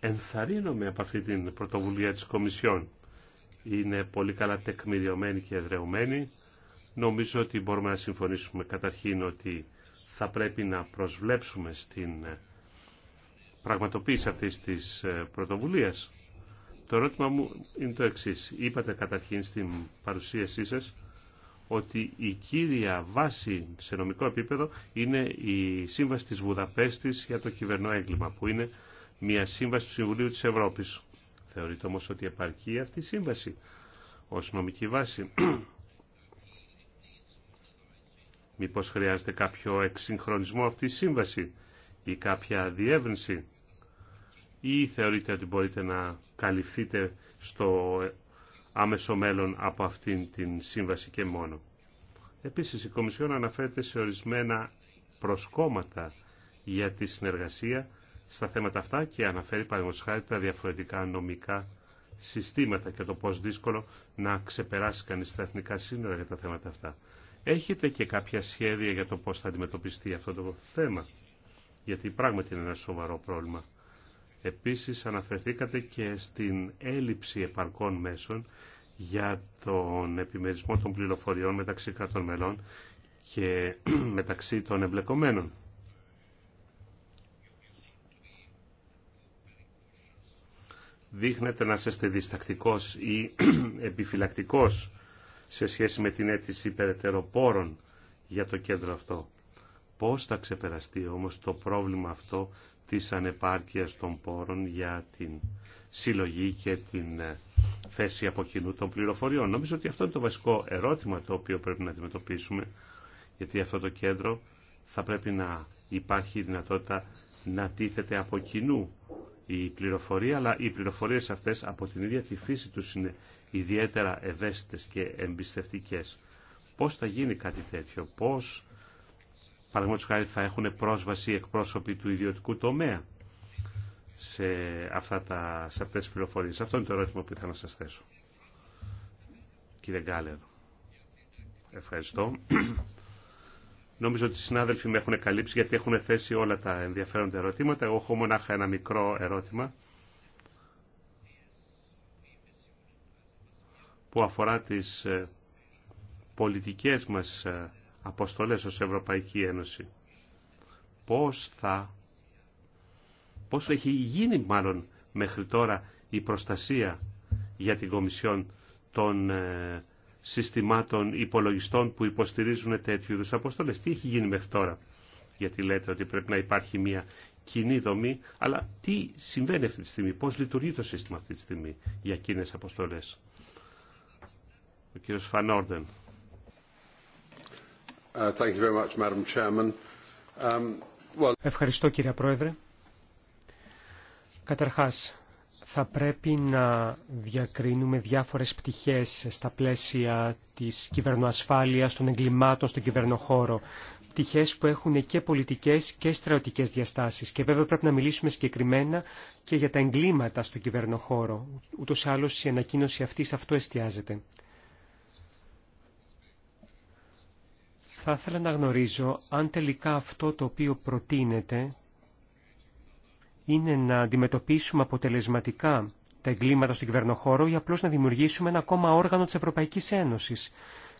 Ενθαρρύνομαι από αυτή την πρωτοβουλία της Κομισιόν είναι πολύ καλά τεκμηριωμένη και εδρεωμένη. Νομίζω ότι μπορούμε να συμφωνήσουμε καταρχήν ότι θα πρέπει να προσβλέψουμε στην ε, πραγματοποίηση αυτής της ε, πρωτοβουλίας. Το ερώτημα μου είναι το εξής. Είπατε καταρχήν στην παρουσίασή σας ότι η κύρια βάση σε νομικό επίπεδο είναι η Σύμβαση της Βουδαπέστης για το κυβερνό έγκλημα, που είναι μια σύμβαση του Συμβουλίου της Ευρώπης. Θεωρείται όμως ότι επαρκεί αυτή η σύμβαση ως νομική βάση. <clears throat> Μήπως χρειάζεται κάποιο εξυγχρονισμό αυτή η σύμβαση ή κάποια διεύρυνση ή θεωρείτε ότι μπορείτε να καλυφθείτε στο άμεσο μέλλον από αυτήν την σύμβαση και μόνο. Επίσης η Κομισιόν αναφέρεται σε ορισμένα προσκόμματα για τη συνεργασία στα θέματα αυτά και αναφέρει παραδείγματος χάρη τα διαφορετικά νομικά συστήματα και το πώς δύσκολο να ξεπεράσει κανείς τα εθνικά σύνορα για τα θέματα αυτά. Έχετε και κάποια σχέδια για το πώς θα αντιμετωπιστεί αυτό το θέμα, γιατί πράγματι είναι ένα σοβαρό πρόβλημα. Επίσης αναφερθήκατε και στην έλλειψη επαρκών μέσων για τον επιμερισμό των πληροφοριών μεταξύ κρατών μελών και <clears throat> μεταξύ των εμπλεκομένων. δείχνετε να είστε διστακτικός ή <clears throat> επιφυλακτικός σε σχέση με την αίτηση περαιτέρω για το κέντρο αυτό. Πώς θα ξεπεραστεί όμως το πρόβλημα αυτό της ανεπάρκειας των πόρων για την συλλογή και την ε, θέση από κοινού των πληροφοριών. Νομίζω ότι αυτό είναι το βασικό ερώτημα το οποίο πρέπει να αντιμετωπίσουμε, γιατί αυτό το κέντρο θα πρέπει να υπάρχει η δυνατότητα να τίθεται από κοινού η πληροφορία, αλλά οι πληροφορίες αυτές από την ίδια τη φύση τους είναι ιδιαίτερα ευαίσθητες και εμπιστευτικές. Πώς θα γίνει κάτι τέτοιο, πώς παραδείγματος χάρη θα έχουν πρόσβαση εκπρόσωποι του ιδιωτικού τομέα σε, αυτά τα, σε αυτές τις πληροφορίες. Αυτό είναι το ερώτημα που ήθελα να σας θέσω. Κύριε Γκάλερ, ευχαριστώ. Νομίζω ότι οι συνάδελφοι με έχουν καλύψει γιατί έχουν θέσει όλα τα ενδιαφέροντα ερωτήματα. Εγώ έχω μονάχα ένα μικρό ερώτημα που αφορά τις ε, πολιτικές μας ε, αποστολές ως Ευρωπαϊκή Ένωση. Πώς θα... Πώς έχει γίνει μάλλον μέχρι τώρα η προστασία για την Κομισιόν των ε, συστημάτων υπολογιστών που υποστηρίζουν τέτοιου είδου αποστολέ. Τι έχει γίνει μέχρι τώρα, γιατί λέτε ότι πρέπει να υπάρχει μια κοινή δομή, αλλά τι συμβαίνει αυτή τη στιγμή, πώς λειτουργεί το σύστημα αυτή τη στιγμή για κοινέ αποστολέ. Ο Ευχαριστώ κύριε Πρόεδρε. Καταρχάς, θα πρέπει να διακρίνουμε διάφορες πτυχές στα πλαίσια της κυβερνοασφάλειας, των εγκλημάτων στον κυβερνοχώρο. Πτυχές που έχουν και πολιτικές και στρατιωτικές διαστάσεις. Και βέβαια πρέπει να μιλήσουμε συγκεκριμένα και για τα εγκλήματα στον κυβερνοχώρο. Ούτως ή άλλως η ανακοίνωση αυτή σε αυτό εστιάζεται. Θα ήθελα να γνωρίζω αν τελικά αυτό το οποίο προτείνεται είναι να αντιμετωπίσουμε αποτελεσματικά τα εγκλήματα στον κυβερνοχώρο ή απλώς να δημιουργήσουμε ένα ακόμα όργανο της Ευρωπαϊκής Ένωσης.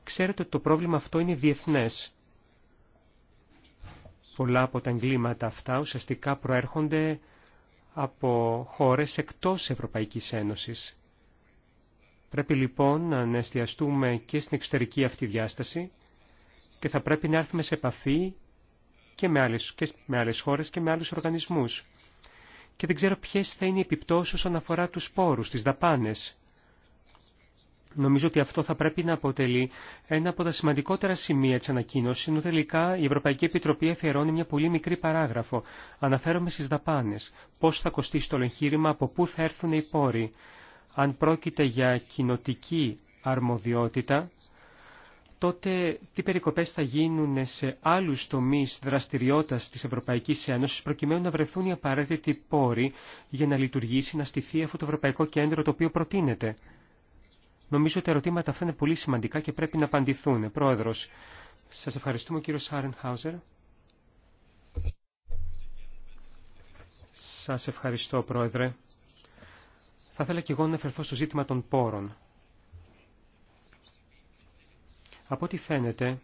Ξέρετε ότι το πρόβλημα αυτό είναι διεθνές. Πολλά από τα εγκλήματα αυτά ουσιαστικά προέρχονται από χώρες εκτός Ευρωπαϊκής Ένωσης. Πρέπει λοιπόν να εστιαστούμε και στην εξωτερική αυτή διάσταση και θα πρέπει να έρθουμε σε επαφή και με άλλες, και με άλλες χώρες και με άλλους οργανισμούς και δεν ξέρω ποιες θα είναι οι επιπτώσεις όσον αφορά τους σπόρους τις δαπάνες. Νομίζω ότι αυτό θα πρέπει να αποτελεί ένα από τα σημαντικότερα σημεία της ανακοίνωσης, ενώ τελικά η Ευρωπαϊκή Επιτροπή αφιερώνει μια πολύ μικρή παράγραφο. Αναφέρομαι στις δαπάνες. Πώς θα κοστίσει το εγχείρημα, από πού θα έρθουν οι πόροι. Αν πρόκειται για κοινοτική αρμοδιότητα, τότε τι περικοπές θα γίνουν σε άλλους τομείς δραστηριότητας της Ευρωπαϊκής Ένωσης προκειμένου να βρεθούν οι απαραίτητοι πόροι για να λειτουργήσει, να στηθεί αυτό το Ευρωπαϊκό Κέντρο το οποίο προτείνεται. Νομίζω ότι τα ερωτήματα αυτά είναι πολύ σημαντικά και πρέπει να απαντηθούν. Πρόεδρος, σας ευχαριστούμε κύριο Σάρενχάουζερ. Σας ευχαριστώ πρόεδρε. Θα ήθελα και εγώ να εφερθώ στο ζήτημα των πόρων. Από ό,τι φαίνεται,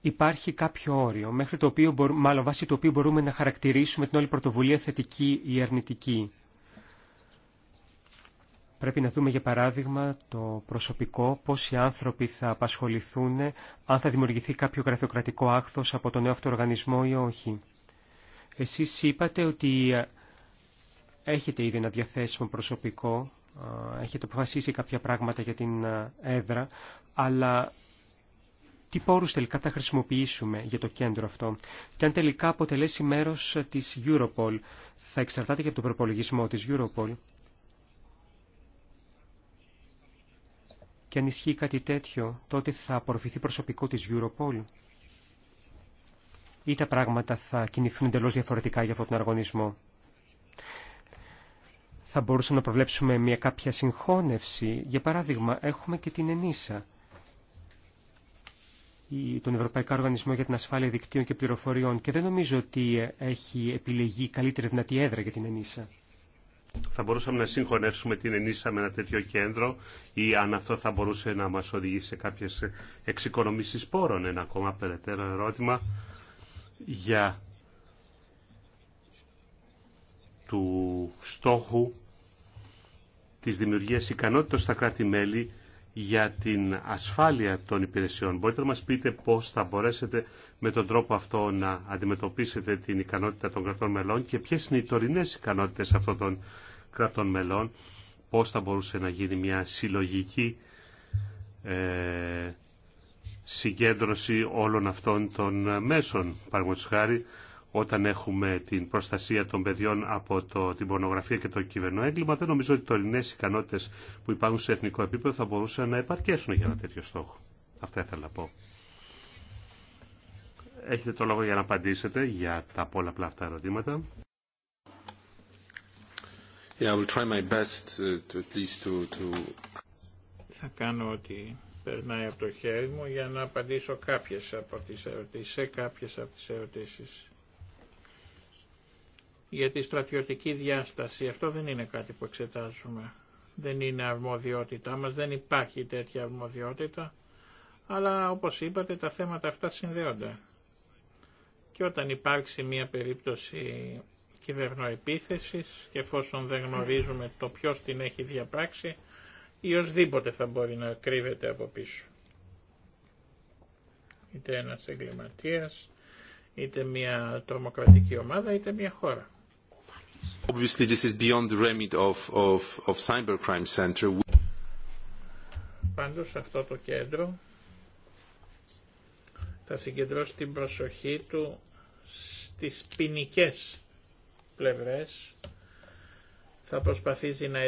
υπάρχει κάποιο όριο, μέχρι το οποίο μάλλον βάσει το οποίο μπορούμε να χαρακτηρίσουμε την όλη πρωτοβουλία θετική ή αρνητική. Πρέπει να δούμε για παράδειγμα το προσωπικό, πόσοι άνθρωποι θα απασχοληθούν, αν θα δημιουργηθεί κάποιο γραφειοκρατικό άκθος από τον νέο αυτοοργανισμό ή όχι. Εσείς είπατε ότι έχετε ήδη ένα διαθέσιμο προσωπικό έχετε αποφασίσει κάποια πράγματα για την έδρα, αλλά τι πόρους τελικά θα χρησιμοποιήσουμε για το κέντρο αυτό και αν τελικά αποτελέσει μέρος της Europol θα εξαρτάται και από τον προπολογισμό της Europol και αν ισχύει κάτι τέτοιο τότε θα απορροφηθεί προσωπικό της Europol ή τα πράγματα θα κινηθούν εντελώ διαφορετικά για αυτόν τον οργανισμό θα μπορούσαμε να προβλέψουμε μια κάποια συγχώνευση. Για παράδειγμα, έχουμε και την ΕΝΙΣΑ, τον Ευρωπαϊκό Οργανισμό για την Ασφάλεια Δικτύων και Πληροφοριών και δεν νομίζω ότι έχει επιλεγεί καλύτερη δυνατή έδρα για την ΕΝΗΣΑ. Θα μπορούσαμε να συγχωνεύσουμε την ΕΝΙΣΑ με ένα τέτοιο κέντρο ή αν αυτό θα μπορούσε να μας οδηγήσει σε κάποιες εξοικονομήσεις πόρων. Ένα ακόμα περαιτέρω ερώτημα για του στόχου της δημιουργίας ικανότητα στα κράτη-μέλη για την ασφάλεια των υπηρεσιών. Μπορείτε να μας πείτε πώς θα μπορέσετε με τον τρόπο αυτό να αντιμετωπίσετε την ικανότητα των κρατών μελών και ποιες είναι οι τωρινές ικανότητες αυτών των κρατών μελών, πώς θα μπορούσε να γίνει μια συλλογική ε, συγκέντρωση όλων αυτών των μέσων όταν έχουμε την προστασία των παιδιών από το, την πορνογραφία και το έγκλημα, δεν νομίζω ότι οι τωρινέ ικανότητε που υπάρχουν σε εθνικό επίπεδο θα μπορούσαν να επαρκέσουν για ένα τέτοιο στόχο. Αυτά ήθελα να πω. Έχετε το λόγο για να απαντήσετε για τα πολλαπλά αυτά ερωτήματα. Yeah, I try my best uh, to, at least to, to... Θα κάνω ότι περνάει από το χέρι μου για να απαντήσω κάποιες από τις ερωτήσεις, σε κάποιες από τις ερωτήσεις για τη στρατιωτική διάσταση. Αυτό δεν είναι κάτι που εξετάζουμε. Δεν είναι αρμοδιότητά μας, δεν υπάρχει τέτοια αρμοδιότητα, αλλά όπως είπατε τα θέματα αυτά συνδέονται. Και όταν υπάρξει μια περίπτωση κυβερνοεπίθεσης και εφόσον δεν γνωρίζουμε το ποιος την έχει διαπράξει ή οσδήποτε θα μπορεί να κρύβεται από πίσω. Είτε ένας εγκληματίας, είτε μια τρομοκρατική ομάδα, είτε μια χώρα. Obviously this is beyond the remit of, Center. Πάντως αυτό το κέντρο θα συγκεντρώσει την προσοχή του στις ποινικέ πλευρές. Θα προσπαθήσει να,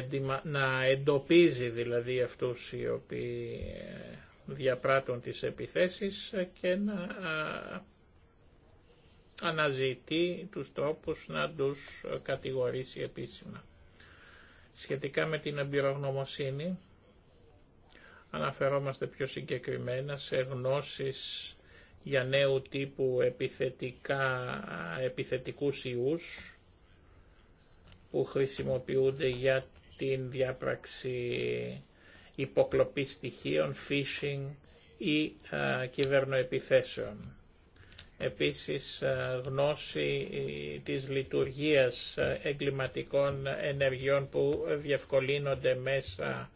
να εντοπίζει δηλαδή αυτούς οι οποίοι ε, διαπράττουν τις επιθέσεις και να αναζητεί τους τρόπους να τους κατηγορήσει επίσημα. Σχετικά με την εμπειρογνωμοσύνη, αναφερόμαστε πιο συγκεκριμένα σε γνώσεις για νέου τύπου επιθετικά, επιθετικούς ιούς που χρησιμοποιούνται για την διάπραξη υποκλοπής στοιχείων, phishing ή α, κυβερνοεπιθέσεων επίσης ε, γνώση ε, της λειτουργίας ε, εγκληματικών ενεργειών που διευκολύνονται μέσα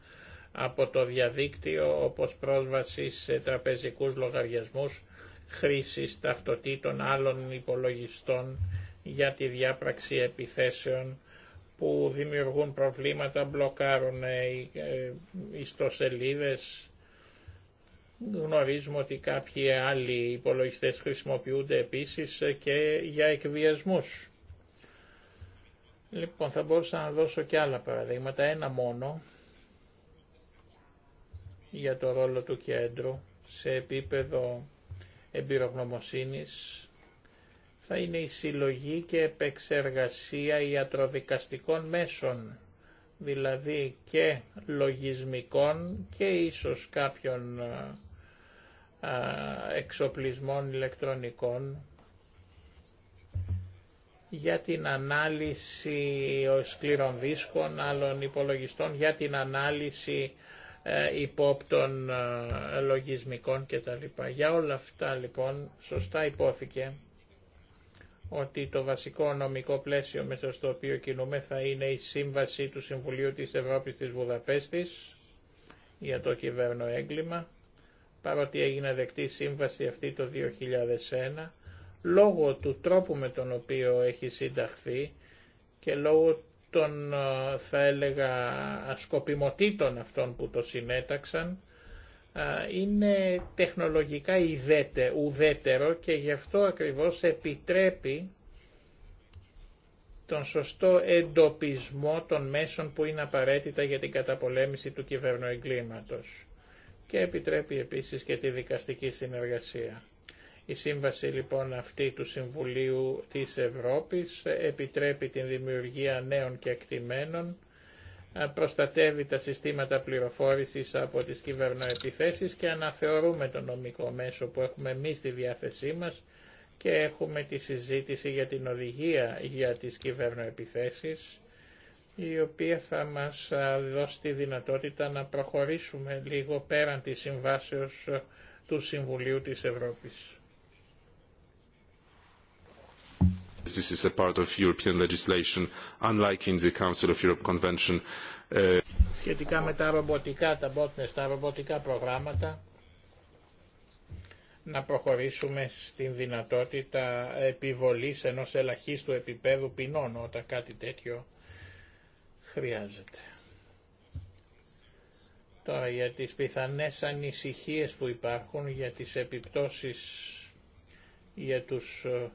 από το διαδίκτυο όπως πρόσβαση σε τραπεζικούς λογαριασμούς χρήσης ταυτοτήτων άλλων υπολογιστών για τη διάπραξη επιθέσεων που δημιουργούν προβλήματα, μπλοκάρουν ιστοσελίδες Γνωρίζουμε ότι κάποιοι άλλοι υπολογιστές χρησιμοποιούνται επίσης και για εκβιασμούς. Λοιπόν, θα μπορούσα να δώσω και άλλα παραδείγματα, ένα μόνο, για το ρόλο του κέντρου σε επίπεδο εμπειρογνωμοσύνης, θα είναι η συλλογή και επεξεργασία ιατροδικαστικών μέσων, δηλαδή και λογισμικών και ίσως κάποιων ε, εξοπλισμών ηλεκτρονικών για την ανάλυση σκληρών δίσκων, άλλων υπολογιστών, για την ανάλυση ε, υπόπτων ε, λογισμικών κτλ. Για όλα αυτά λοιπόν σωστά υπόθηκε ότι το βασικό νομικό πλαίσιο μέσα στο οποίο κινούμε θα είναι η σύμβαση του Συμβουλίου της Ευρώπης της Βουδαπέστης για το κυβέρνο έγκλημα παρότι έγινε δεκτή σύμβαση αυτή το 2001, λόγω του τρόπου με τον οποίο έχει συνταχθεί και λόγω των, θα έλεγα, σκοπιμοτήτων αυτών που το συνέταξαν, είναι τεχνολογικά ιδέτε, ουδέτερο και γι' αυτό ακριβώς επιτρέπει τον σωστό εντοπισμό των μέσων που είναι απαραίτητα για την καταπολέμηση του κυβερνοεγκλήματος και επιτρέπει επίσης και τη δικαστική συνεργασία. Η σύμβαση λοιπόν αυτή του Συμβουλίου της Ευρώπης επιτρέπει την δημιουργία νέων και εκτιμένων, προστατεύει τα συστήματα πληροφόρησης από τις κυβερνοεπιθέσεις και αναθεωρούμε το νομικό μέσο που έχουμε εμεί στη διάθεσή μας και έχουμε τη συζήτηση για την οδηγία για τις κυβερνοεπιθέσεις η οποία θα μας δώσει τη δυνατότητα να προχωρήσουμε λίγο πέραν της συμβάσεως του Συμβουλίου της Ευρώπης. This is a part of European legislation, unlike in the Council of Europe Convention. Uh, Σχετικά με τα ρομποτικά, τα botnets, τα ρομποτικά προγράμματα, να προχωρήσουμε στην δυνατότητα επιβολής ενός ελαχίστου επίπεδου ποινών όταν κάτι τέτοιο χρειάζεται. Τώρα για τις πιθανές ανησυχίες που υπάρχουν για τις επιπτώσεις για τους ε,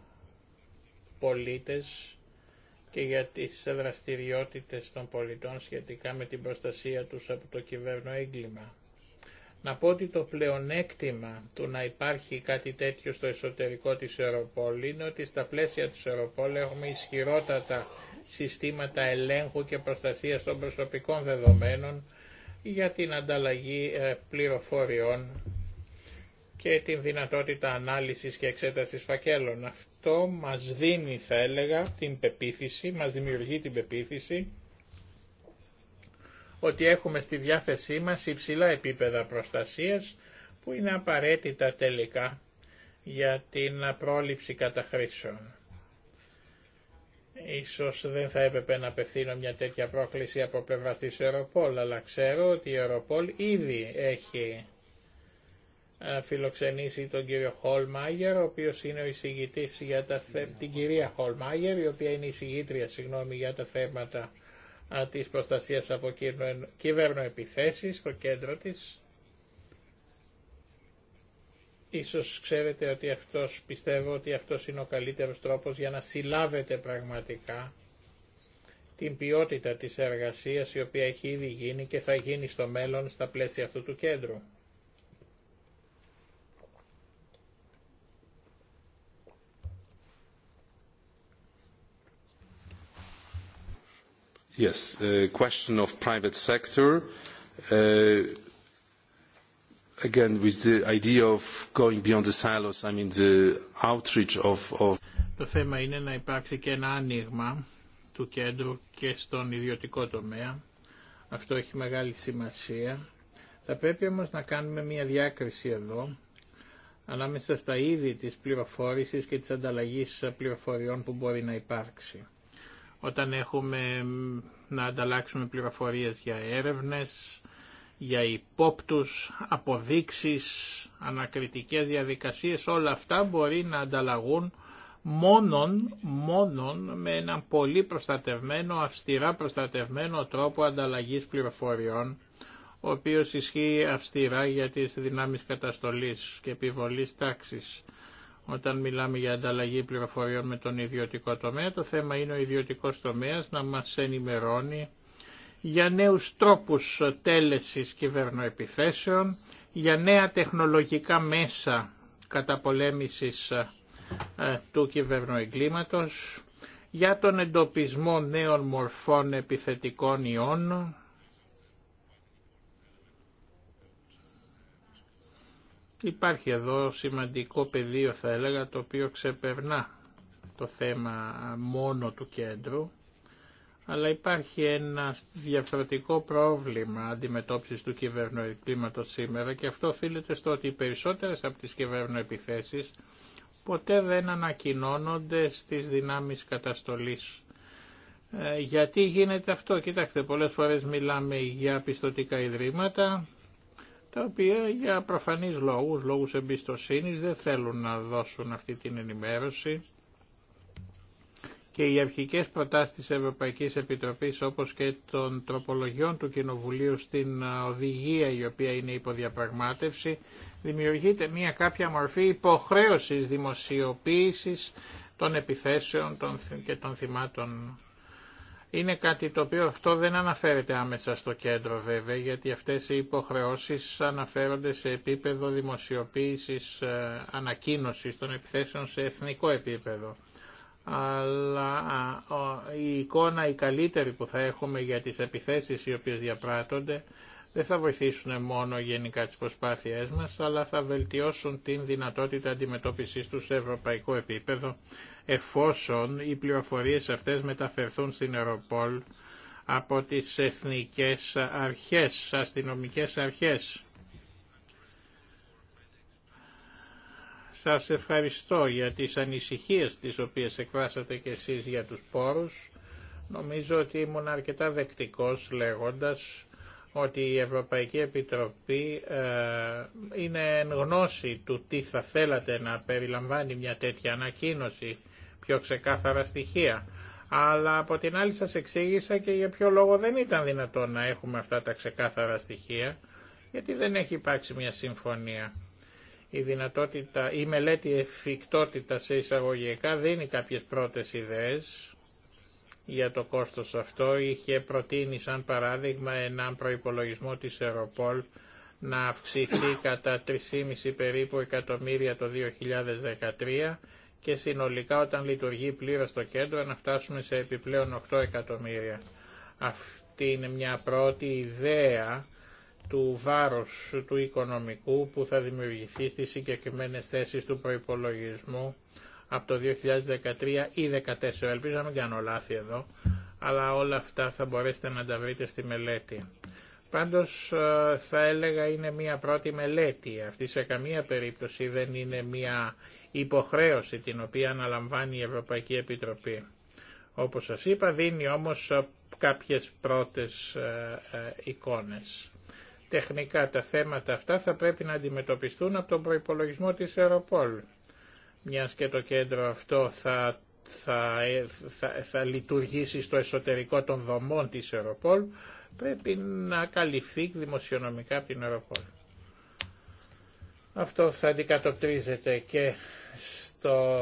πολίτες και για τις δραστηριότητες των πολιτών σχετικά με την προστασία τους από το κυβέρνο έγκλημα. Να πω ότι το πλεονέκτημα του να υπάρχει κάτι τέτοιο στο εσωτερικό της Ευρωπόλη είναι ότι στα πλαίσια της Ευρωπόλη έχουμε ισχυρότατα συστήματα ελέγχου και προστασίας των προσωπικών δεδομένων για την ανταλλαγή ε, πληροφοριών και την δυνατότητα ανάλυσης και εξέτασης φακέλων. Αυτό μας δίνει, θα έλεγα, την πεποίθηση, μας δημιουργεί την πεποίθηση ότι έχουμε στη διάθεσή μας υψηλά επίπεδα προστασίας που είναι απαραίτητα τελικά για την πρόληψη καταχρήσεων. Ίσως δεν θα έπρεπε να απευθύνω μια τέτοια πρόκληση από πλευρά τη Ευρωπόλ, αλλά ξέρω ότι η Ευρωπόλ ήδη έχει ε, φιλοξενήσει τον κύριο Χολμάγερ, ο οποίος είναι ο εισηγητής για τα θε... την κυρία Χολμάγερ, η οποία είναι η εισηγήτρια, για τα θέματα της προστασίας από επιθέσεις στο κέντρο της. Ίσως ξέρετε ότι αυτός, πιστεύω ότι αυτός είναι ο καλύτερος τρόπος για να συλλάβετε πραγματικά την ποιότητα της εργασίας η οποία έχει ήδη γίνει και θα γίνει στο μέλλον στα πλαίσια αυτού του κέντρου. Yes, question of private sector. Uh, of Το θέμα είναι να υπάρξει και ένα άνοιγμα του κέντρου και στον ιδιωτικό τομέα. Αυτό έχει μεγάλη σημασία. Θα πρέπει όμως να κάνουμε μια διάκριση εδώ ανάμεσα στα είδη της πληροφόρησης και της ανταλλαγής πληροφοριών που μπορεί να υπάρξει. Όταν έχουμε να ανταλλάξουμε πληροφορίες για έρευνες, για υπόπτους, αποδείξεις, ανακριτικές διαδικασίες, όλα αυτά μπορεί να ανταλλαγούν μόνον, μόνον με έναν πολύ προστατευμένο, αυστηρά προστατευμένο τρόπο ανταλλαγής πληροφοριών, ο οποίος ισχύει αυστηρά για τις δυνάμεις καταστολής και επιβολής τάξης. Όταν μιλάμε για ανταλλαγή πληροφοριών με τον ιδιωτικό τομέα, το θέμα είναι ο ιδιωτικός τομέας να μας ενημερώνει για νέους τρόπους τέλεσης κυβερνοεπιθέσεων, για νέα τεχνολογικά μέσα καταπολέμησης ε, του κυβερνοεγκλήματος, για τον εντοπισμό νέων μορφών επιθετικών ιών, Υπάρχει εδώ σημαντικό πεδίο θα έλεγα το οποίο ξεπερνά το θέμα μόνο του κέντρου αλλά υπάρχει ένα διαφορετικό πρόβλημα αντιμετώπισης του κυβερνοεκκλήματος σήμερα και αυτό οφείλεται στο ότι οι περισσότερες από τις κυβερνοεπιθέσεις ποτέ δεν ανακοινώνονται στις δυνάμεις καταστολής. Ε, γιατί γίνεται αυτό, κοιτάξτε, πολλές φορές μιλάμε για πιστοτικά ιδρύματα, τα οποία για προφανείς λόγους, λόγους εμπιστοσύνης, δεν θέλουν να δώσουν αυτή την ενημέρωση και οι αρχικές προτάσεις της Ευρωπαϊκής Επιτροπής όπως και των τροπολογιών του Κοινοβουλίου στην ε, οδηγία η οποία είναι υποδιαπραγμάτευση δημιουργείται μια κάποια μορφή υποχρέωσης δημοσιοποίησης των επιθέσεων και των θυμάτων. Είναι κάτι το οποίο αυτό δεν αναφέρεται άμεσα στο κέντρο βέβαια, γιατί αυτές οι υποχρεώσεις αναφέρονται σε επίπεδο δημοσιοποίησης ε, ανακοίνωσης των επιθέσεων σε εθνικό επίπεδο αλλά η εικόνα η καλύτερη που θα έχουμε για τις επιθέσεις οι οποίες διαπράττονται δεν θα βοηθήσουν μόνο γενικά τις προσπάθειές μας, αλλά θα βελτιώσουν την δυνατότητα αντιμετώπισης του σε ευρωπαϊκό επίπεδο, εφόσον οι πληροφορίες αυτές μεταφερθούν στην Ευρωπόλ από τις εθνικές αρχές, αστυνομικές αρχές. Σας ευχαριστώ για τις ανησυχίες τις οποίες εκφράσατε και εσείς για τους πόρους. Νομίζω ότι ήμουν αρκετά δεκτικός λέγοντας ότι η Ευρωπαϊκή Επιτροπή ε, είναι εν γνώση του τι θα θέλατε να περιλαμβάνει μια τέτοια ανακοίνωση, πιο ξεκάθαρα στοιχεία. Αλλά από την άλλη σας εξήγησα και για ποιο λόγο δεν ήταν δυνατόν να έχουμε αυτά τα ξεκάθαρα στοιχεία, γιατί δεν έχει υπάρξει μια συμφωνία η δυνατότητα, η μελέτη εφικτότητα σε εισαγωγικά δίνει κάποιες πρώτες ιδέες για το κόστος αυτό. Είχε προτείνει σαν παράδειγμα έναν προϋπολογισμό της Ευρωπόλ να αυξηθεί κατά 3,5 περίπου εκατομμύρια το 2013 και συνολικά όταν λειτουργεί πλήρως το κέντρο να φτάσουμε σε επιπλέον 8 εκατομμύρια. Αυτή είναι μια πρώτη ιδέα του βάρους του οικονομικού που θα δημιουργηθεί στις συγκεκριμένες θέσεις του προϋπολογισμού από το 2013 ή 2014. Ελπίζω να μην κάνω λάθη εδώ, αλλά όλα αυτά θα μπορέσετε να τα βρείτε στη μελέτη. Πάντως ε, θα έλεγα είναι μία πρώτη μελέτη. Αυτή σε καμία περίπτωση δεν είναι μία υποχρέωση την οποία αναλαμβάνει η Ευρωπαϊκή Επιτροπή. Όπως σας είπα δίνει όμως κάποιες πρώτες ε, ε, εικόνες τεχνικά τα θέματα αυτά θα πρέπει να αντιμετωπιστούν από τον προϋπολογισμό της Ευρωπόλ. Μιας και το κέντρο αυτό θα, θα, θα, λειτουργήσει στο εσωτερικό των δομών της Ευρωπόλ, πρέπει να καλυφθεί δημοσιονομικά από την Ευρωπόλ. Αυτό θα αντικατοπτρίζεται και στο,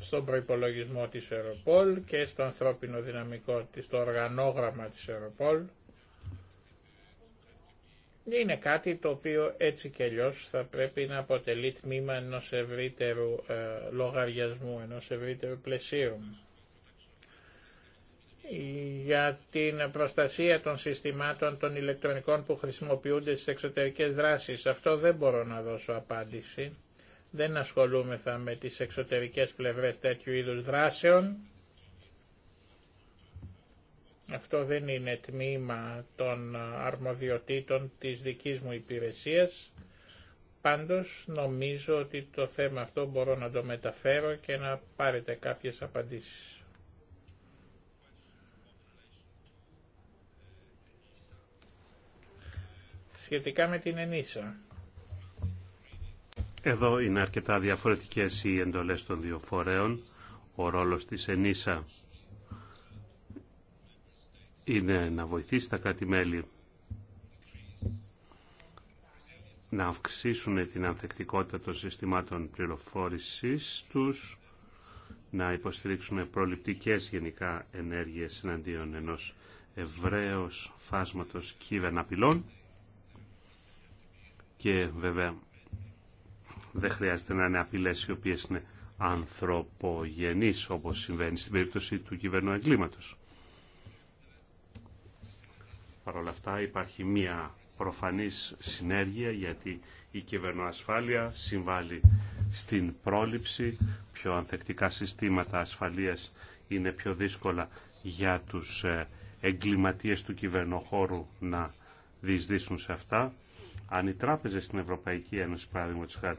στον προϋπολογισμό της Ευρωπόλ και στο ανθρώπινο δυναμικό στο οργανόγραμμα της Ευρωπόλ είναι κάτι το οποίο έτσι και αλλιώ θα πρέπει να αποτελεί τμήμα ενός ευρύτερου ε, λογαριασμού, ενός ευρύτερου πλαισίου. Για την προστασία των συστημάτων των ηλεκτρονικών που χρησιμοποιούνται στις εξωτερικές δράσεις, αυτό δεν μπορώ να δώσω απάντηση. Δεν ασχολούμεθα με τις εξωτερικές πλευρές τέτοιου είδους δράσεων αυτό δεν είναι τμήμα των αρμοδιοτήτων της δικής μου υπηρεσίας. Πάντως νομίζω ότι το θέμα αυτό μπορώ να το μεταφέρω και να πάρετε κάποιες απαντήσεις. Σχετικά με την ενίσα. Εδώ είναι αρκετά διαφορετικές οι εντολές των δύο φορέων. Ο ρόλος της ενίσα είναι να βοηθήσει τα κράτη-μέλη να αυξήσουν την ανθεκτικότητα των συστημάτων πληροφόρησης τους, να υποστηρίξουν προληπτικές γενικά ενέργειες εναντίον ενός ευραίως φάσματος κύβερναπηλών και βέβαια δεν χρειάζεται να είναι απειλές οι οποίες είναι ανθρωπογενείς όπως συμβαίνει στην περίπτωση του κυβερνοεγκλήματος. Παρ' όλα αυτά υπάρχει μία προφανής συνέργεια γιατί η κυβερνοασφάλεια συμβάλλει στην πρόληψη, πιο ανθεκτικά συστήματα ασφαλείας είναι πιο δύσκολα για τους ε, εγκληματίες του κυβερνοχώρου να διεισδύσουν σε αυτά. Αν οι τράπεζες στην Ευρωπαϊκή Ένωση, της χάρη,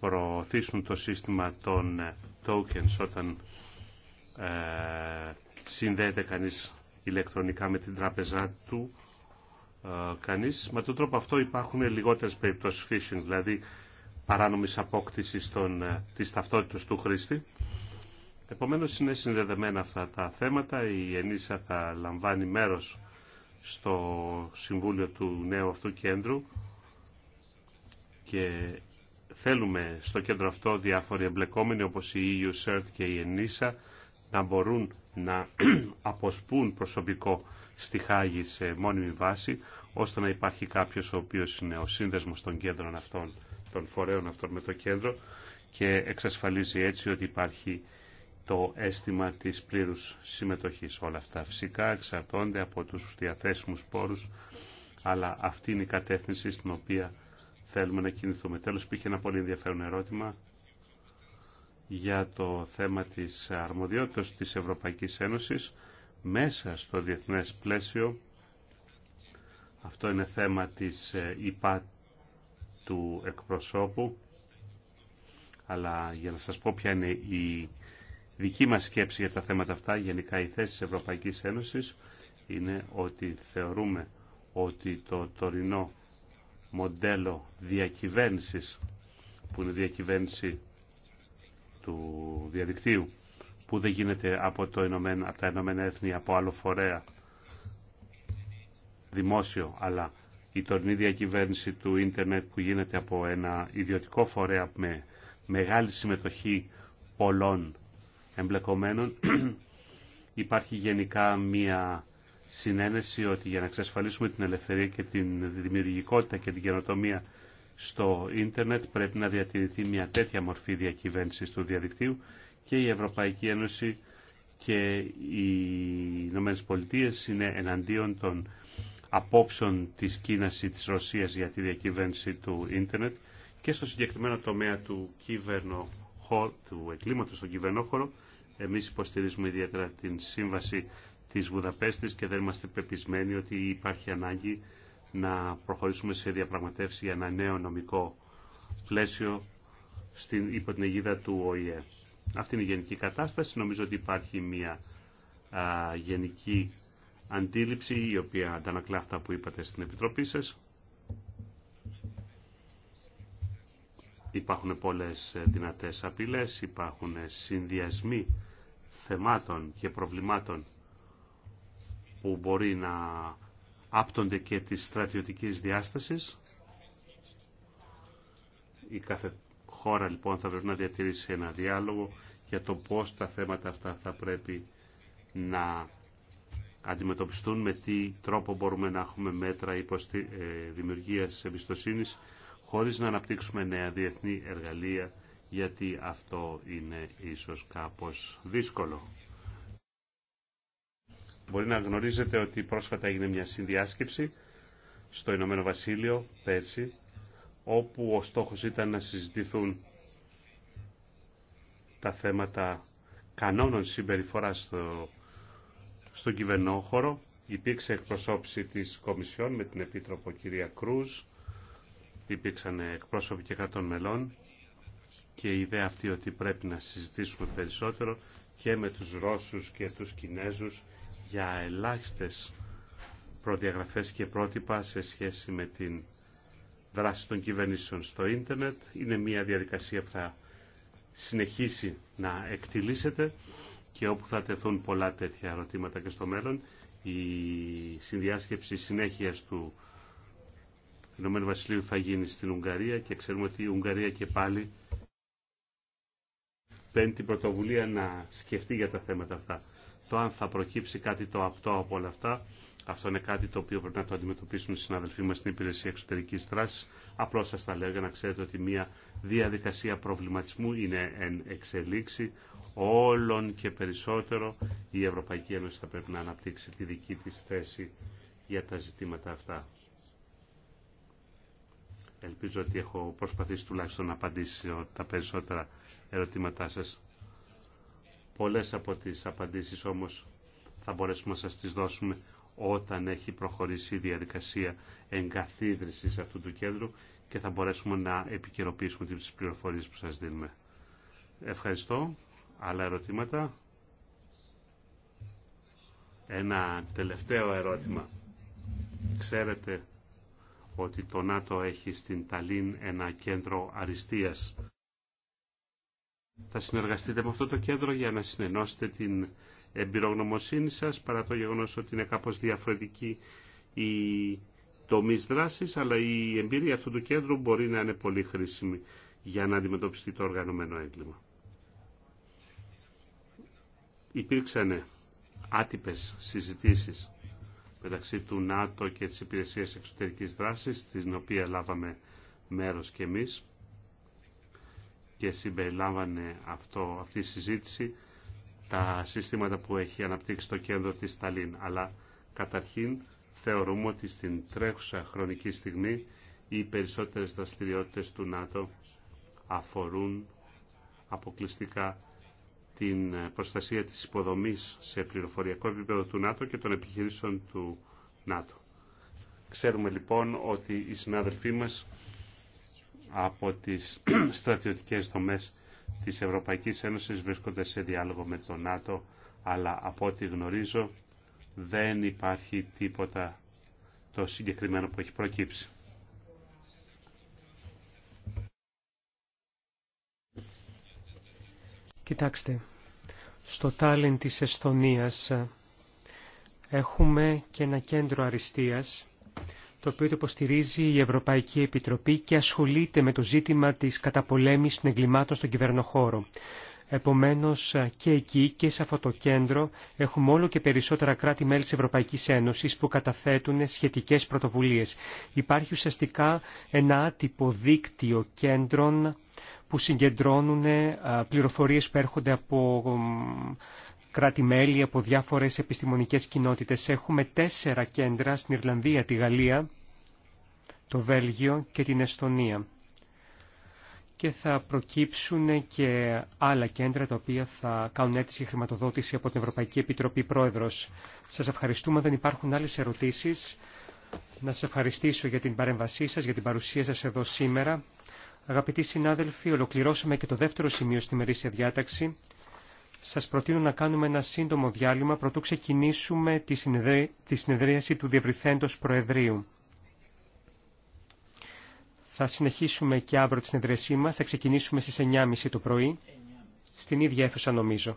προωθήσουν το σύστημα των ε, tokens όταν ε, συνδέεται κανείς ηλεκτρονικά με την τράπεζά του ε, κανείς. Με τον τρόπο αυτό υπάρχουν λιγότερες περιπτώσεις phishing, δηλαδή παράνομης απόκτησης των, ε, της ταυτότητας του χρήστη. Επομένως είναι συνδεδεμένα αυτά τα θέματα. Η Ενίσα θα λαμβάνει μέρος στο Συμβούλιο του νέου αυτού κέντρου και θέλουμε στο κέντρο αυτό διάφοροι εμπλεκόμενοι όπως η EU CERT και η ENISA να μπορούν να <clears throat> αποσπούν προσωπικό στη Χάγη σε μόνιμη βάση, ώστε να υπάρχει κάποιος ο οποίος είναι ο σύνδεσμος των κέντρων αυτών, των φορέων αυτών με το κέντρο και εξασφαλίζει έτσι ότι υπάρχει το αίσθημα της πλήρους συμμετοχής. Όλα αυτά φυσικά εξαρτώνται από τους διαθέσιμους πόρους, αλλά αυτή είναι η κατεύθυνση στην οποία θέλουμε να κινηθούμε. Τέλος, υπήρχε ένα πολύ ενδιαφέρον ερώτημα για το θέμα της αρμοδιότητας της Ευρωπαϊκής Ένωσης μέσα στο διεθνές πλαίσιο. Αυτό είναι θέμα της ΙΠΑ ε, του εκπροσώπου. Αλλά για να σας πω ποια είναι η δική μας σκέψη για τα θέματα αυτά, γενικά η θέση της Ευρωπαϊκής Ένωσης είναι ότι θεωρούμε ότι το τωρινό μοντέλο διακυβέρνησης που είναι διακυβέρνηση του διαδικτύου που δεν γίνεται από, το Ενωμένο, από τα ενωμένα Έθνη από άλλο φορέα δημόσιο αλλά η τωρινή διακυβέρνηση του ίντερνετ που γίνεται από ένα ιδιωτικό φορέα με μεγάλη συμμετοχή πολλών εμπλεκομένων <clears throat> υπάρχει γενικά μία συνένεση ότι για να εξασφαλίσουμε την ελευθερία και την δημιουργικότητα και την καινοτομία στο ίντερνετ πρέπει να διατηρηθεί μια τέτοια μορφή διακυβέρνησης του διαδικτύου και η Ευρωπαϊκή Ένωση και οι Ηνωμένε Πολιτείε είναι εναντίον των απόψεων της Κίνας ή της Ρωσίας για τη διακυβέρνηση του ίντερνετ και στο συγκεκριμένο τομέα του, κυβερνο, του εγκλήματος στον κυβερνόχωρο εμείς υποστηρίζουμε ιδιαίτερα την σύμβαση της Βουδαπέστης και δεν είμαστε πεπισμένοι ότι υπάρχει ανάγκη να προχωρήσουμε σε διαπραγματεύσει για ένα νέο νομικό πλαίσιο στην, υπό την αιγίδα του ΟΗΕ. Αυτή είναι η γενική κατάσταση. Νομίζω ότι υπάρχει μια γενική αντίληψη η οποία αντανακλά αυτά που είπατε στην Επιτροπή σας. Υπάρχουν πολλές δυνατές απειλές, υπάρχουν συνδυασμοί θεμάτων και προβλημάτων που μπορεί να άπτονται και της στρατιωτικής διάστασης. Η κάθε χώρα λοιπόν θα πρέπει να διατηρήσει ένα διάλογο για το πώς τα θέματα αυτά θα πρέπει να αντιμετωπιστούν, με τι τρόπο μπορούμε να έχουμε μέτρα υποστη... Ε, δημιουργίας εμπιστοσύνης χωρίς να αναπτύξουμε νέα διεθνή εργαλεία γιατί αυτό είναι ίσως κάπως δύσκολο. Μπορεί να γνωρίζετε ότι πρόσφατα έγινε μια συνδιάσκεψη στο Ηνωμένο Βασίλειο πέρσι, όπου ο στόχος ήταν να συζητηθούν τα θέματα κανόνων συμπεριφοράς στο, στο κυβερνόχωρο. Υπήρξε εκπροσώπηση της Κομισιόν με την Επίτροπο κυρία Κρούζ, υπήρξαν εκπρόσωποι και 100 μελών και η ιδέα αυτή ότι πρέπει να συζητήσουμε περισσότερο και με τους Ρώσους και τους Κινέζους για ελάχιστες προδιαγραφές και πρότυπα σε σχέση με την δράση των κυβερνήσεων στο ίντερνετ. Είναι μια διαδικασία που θα συνεχίσει να εκτιλήσεται και όπου θα τεθούν πολλά τέτοια ερωτήματα και στο μέλλον. Η συνδιάσκεψη συνέχειας του Ηνωμένου Βασιλείου θα γίνει στην Ουγγαρία και ξέρουμε ότι η Ουγγαρία και πάλι παίρνει την πρωτοβουλία να σκεφτεί για τα θέματα αυτά το αν θα προκύψει κάτι το απτό από όλα αυτά. Αυτό είναι κάτι το οποίο πρέπει να το αντιμετωπίσουν οι συναδελφοί μα στην υπηρεσία εξωτερική δράση. Απλώ σα τα λέω για να ξέρετε ότι μια διαδικασία προβληματισμού είναι εν εξελίξη. Όλων και περισσότερο η Ευρωπαϊκή Ένωση θα πρέπει να αναπτύξει τη δική τη θέση για τα ζητήματα αυτά. Ελπίζω ότι έχω προσπαθήσει τουλάχιστον να απαντήσω τα περισσότερα ερωτήματά σας. Πολλές από τις απαντήσεις όμως θα μπορέσουμε να σας τις δώσουμε όταν έχει προχωρήσει η διαδικασία εγκαθίδρυσης αυτού του κέντρου και θα μπορέσουμε να επικαιροποιήσουμε τις πληροφορίες που σας δίνουμε. Ευχαριστώ. Άλλα ερωτήματα. Ένα τελευταίο ερώτημα. Ξέρετε ότι το ΝΑΤΟ έχει στην Ταλίν ένα κέντρο αριστείας θα συνεργαστείτε με αυτό το κέντρο για να συνενώσετε την εμπειρογνωμοσύνη σας παρά το γεγονός ότι είναι κάπως διαφορετική η τομή δράση, αλλά η εμπειρία αυτού του κέντρου μπορεί να είναι πολύ χρήσιμη για να αντιμετωπιστεί το οργανωμένο έγκλημα. Υπήρξαν άτυπες συζητήσεις μεταξύ του ΝΑΤΟ και της Υπηρεσίας Εξωτερικής Δράσης, στην οποία λάβαμε μέρος και εμείς και συμπεριλάμβανε αυτό, αυτή η συζήτηση τα συστήματα που έχει αναπτύξει το κέντρο της Σταλίν. Αλλά καταρχήν θεωρούμε ότι στην τρέχουσα χρονική στιγμή οι περισσότερες δραστηριότητες του ΝΑΤΟ αφορούν αποκλειστικά την προστασία της υποδομής σε πληροφοριακό επίπεδο του ΝΑΤΟ και των επιχειρήσεων του ΝΑΤΟ. Ξέρουμε λοιπόν ότι οι συνάδελφοί μας από τις <clears throat> στρατιωτικές δομές της Ευρωπαϊκής Ένωσης βρίσκονται σε διάλογο με το ΝΑΤΟ, αλλά από ό,τι γνωρίζω δεν υπάρχει τίποτα το συγκεκριμένο που έχει προκύψει. Κοιτάξτε, στο Τάλιν της Εστονίας έχουμε και ένα κέντρο αριστείας το οποίο το υποστηρίζει η Ευρωπαϊκή Επιτροπή και ασχολείται με το ζήτημα της καταπολέμησης των εγκλημάτων στον κυβερνοχώρο. Επομένως και εκεί και σε αυτό το κέντρο έχουμε όλο και περισσότερα κράτη-μέλη της Ευρωπαϊκής Ένωσης που καταθέτουν σχετικές πρωτοβουλίες. Υπάρχει ουσιαστικά ένα άτυπο δίκτυο κέντρων που συγκεντρώνουν πληροφορίες που έρχονται από κράτη-μέλη, από διάφορες επιστημονικές κοινότητες. Έχουμε τέσσερα κέντρα στην Ιρλανδία, τη Γαλλία, το Βέλγιο και την Εστονία. Και θα προκύψουν και άλλα κέντρα τα οποία θα κάνουν αίτηση χρηματοδότηση από την Ευρωπαϊκή Επιτροπή Πρόεδρος. Σας ευχαριστούμε. Δεν υπάρχουν άλλες ερωτήσεις. Να σας ευχαριστήσω για την παρέμβασή σας, για την παρουσία σας εδώ σήμερα. Αγαπητοί συνάδελφοι, ολοκληρώσαμε και το δεύτερο σημείο στη μερίσια διάταξη σας προτείνω να κάνουμε ένα σύντομο διάλειμμα προτού ξεκινήσουμε τη, συνεδρίαση του Διευρυθέντος Προεδρίου. Θα συνεχίσουμε και αύριο τη συνεδρίασή μας. Θα ξεκινήσουμε στις 9.30 το πρωί, στην ίδια αίθουσα νομίζω.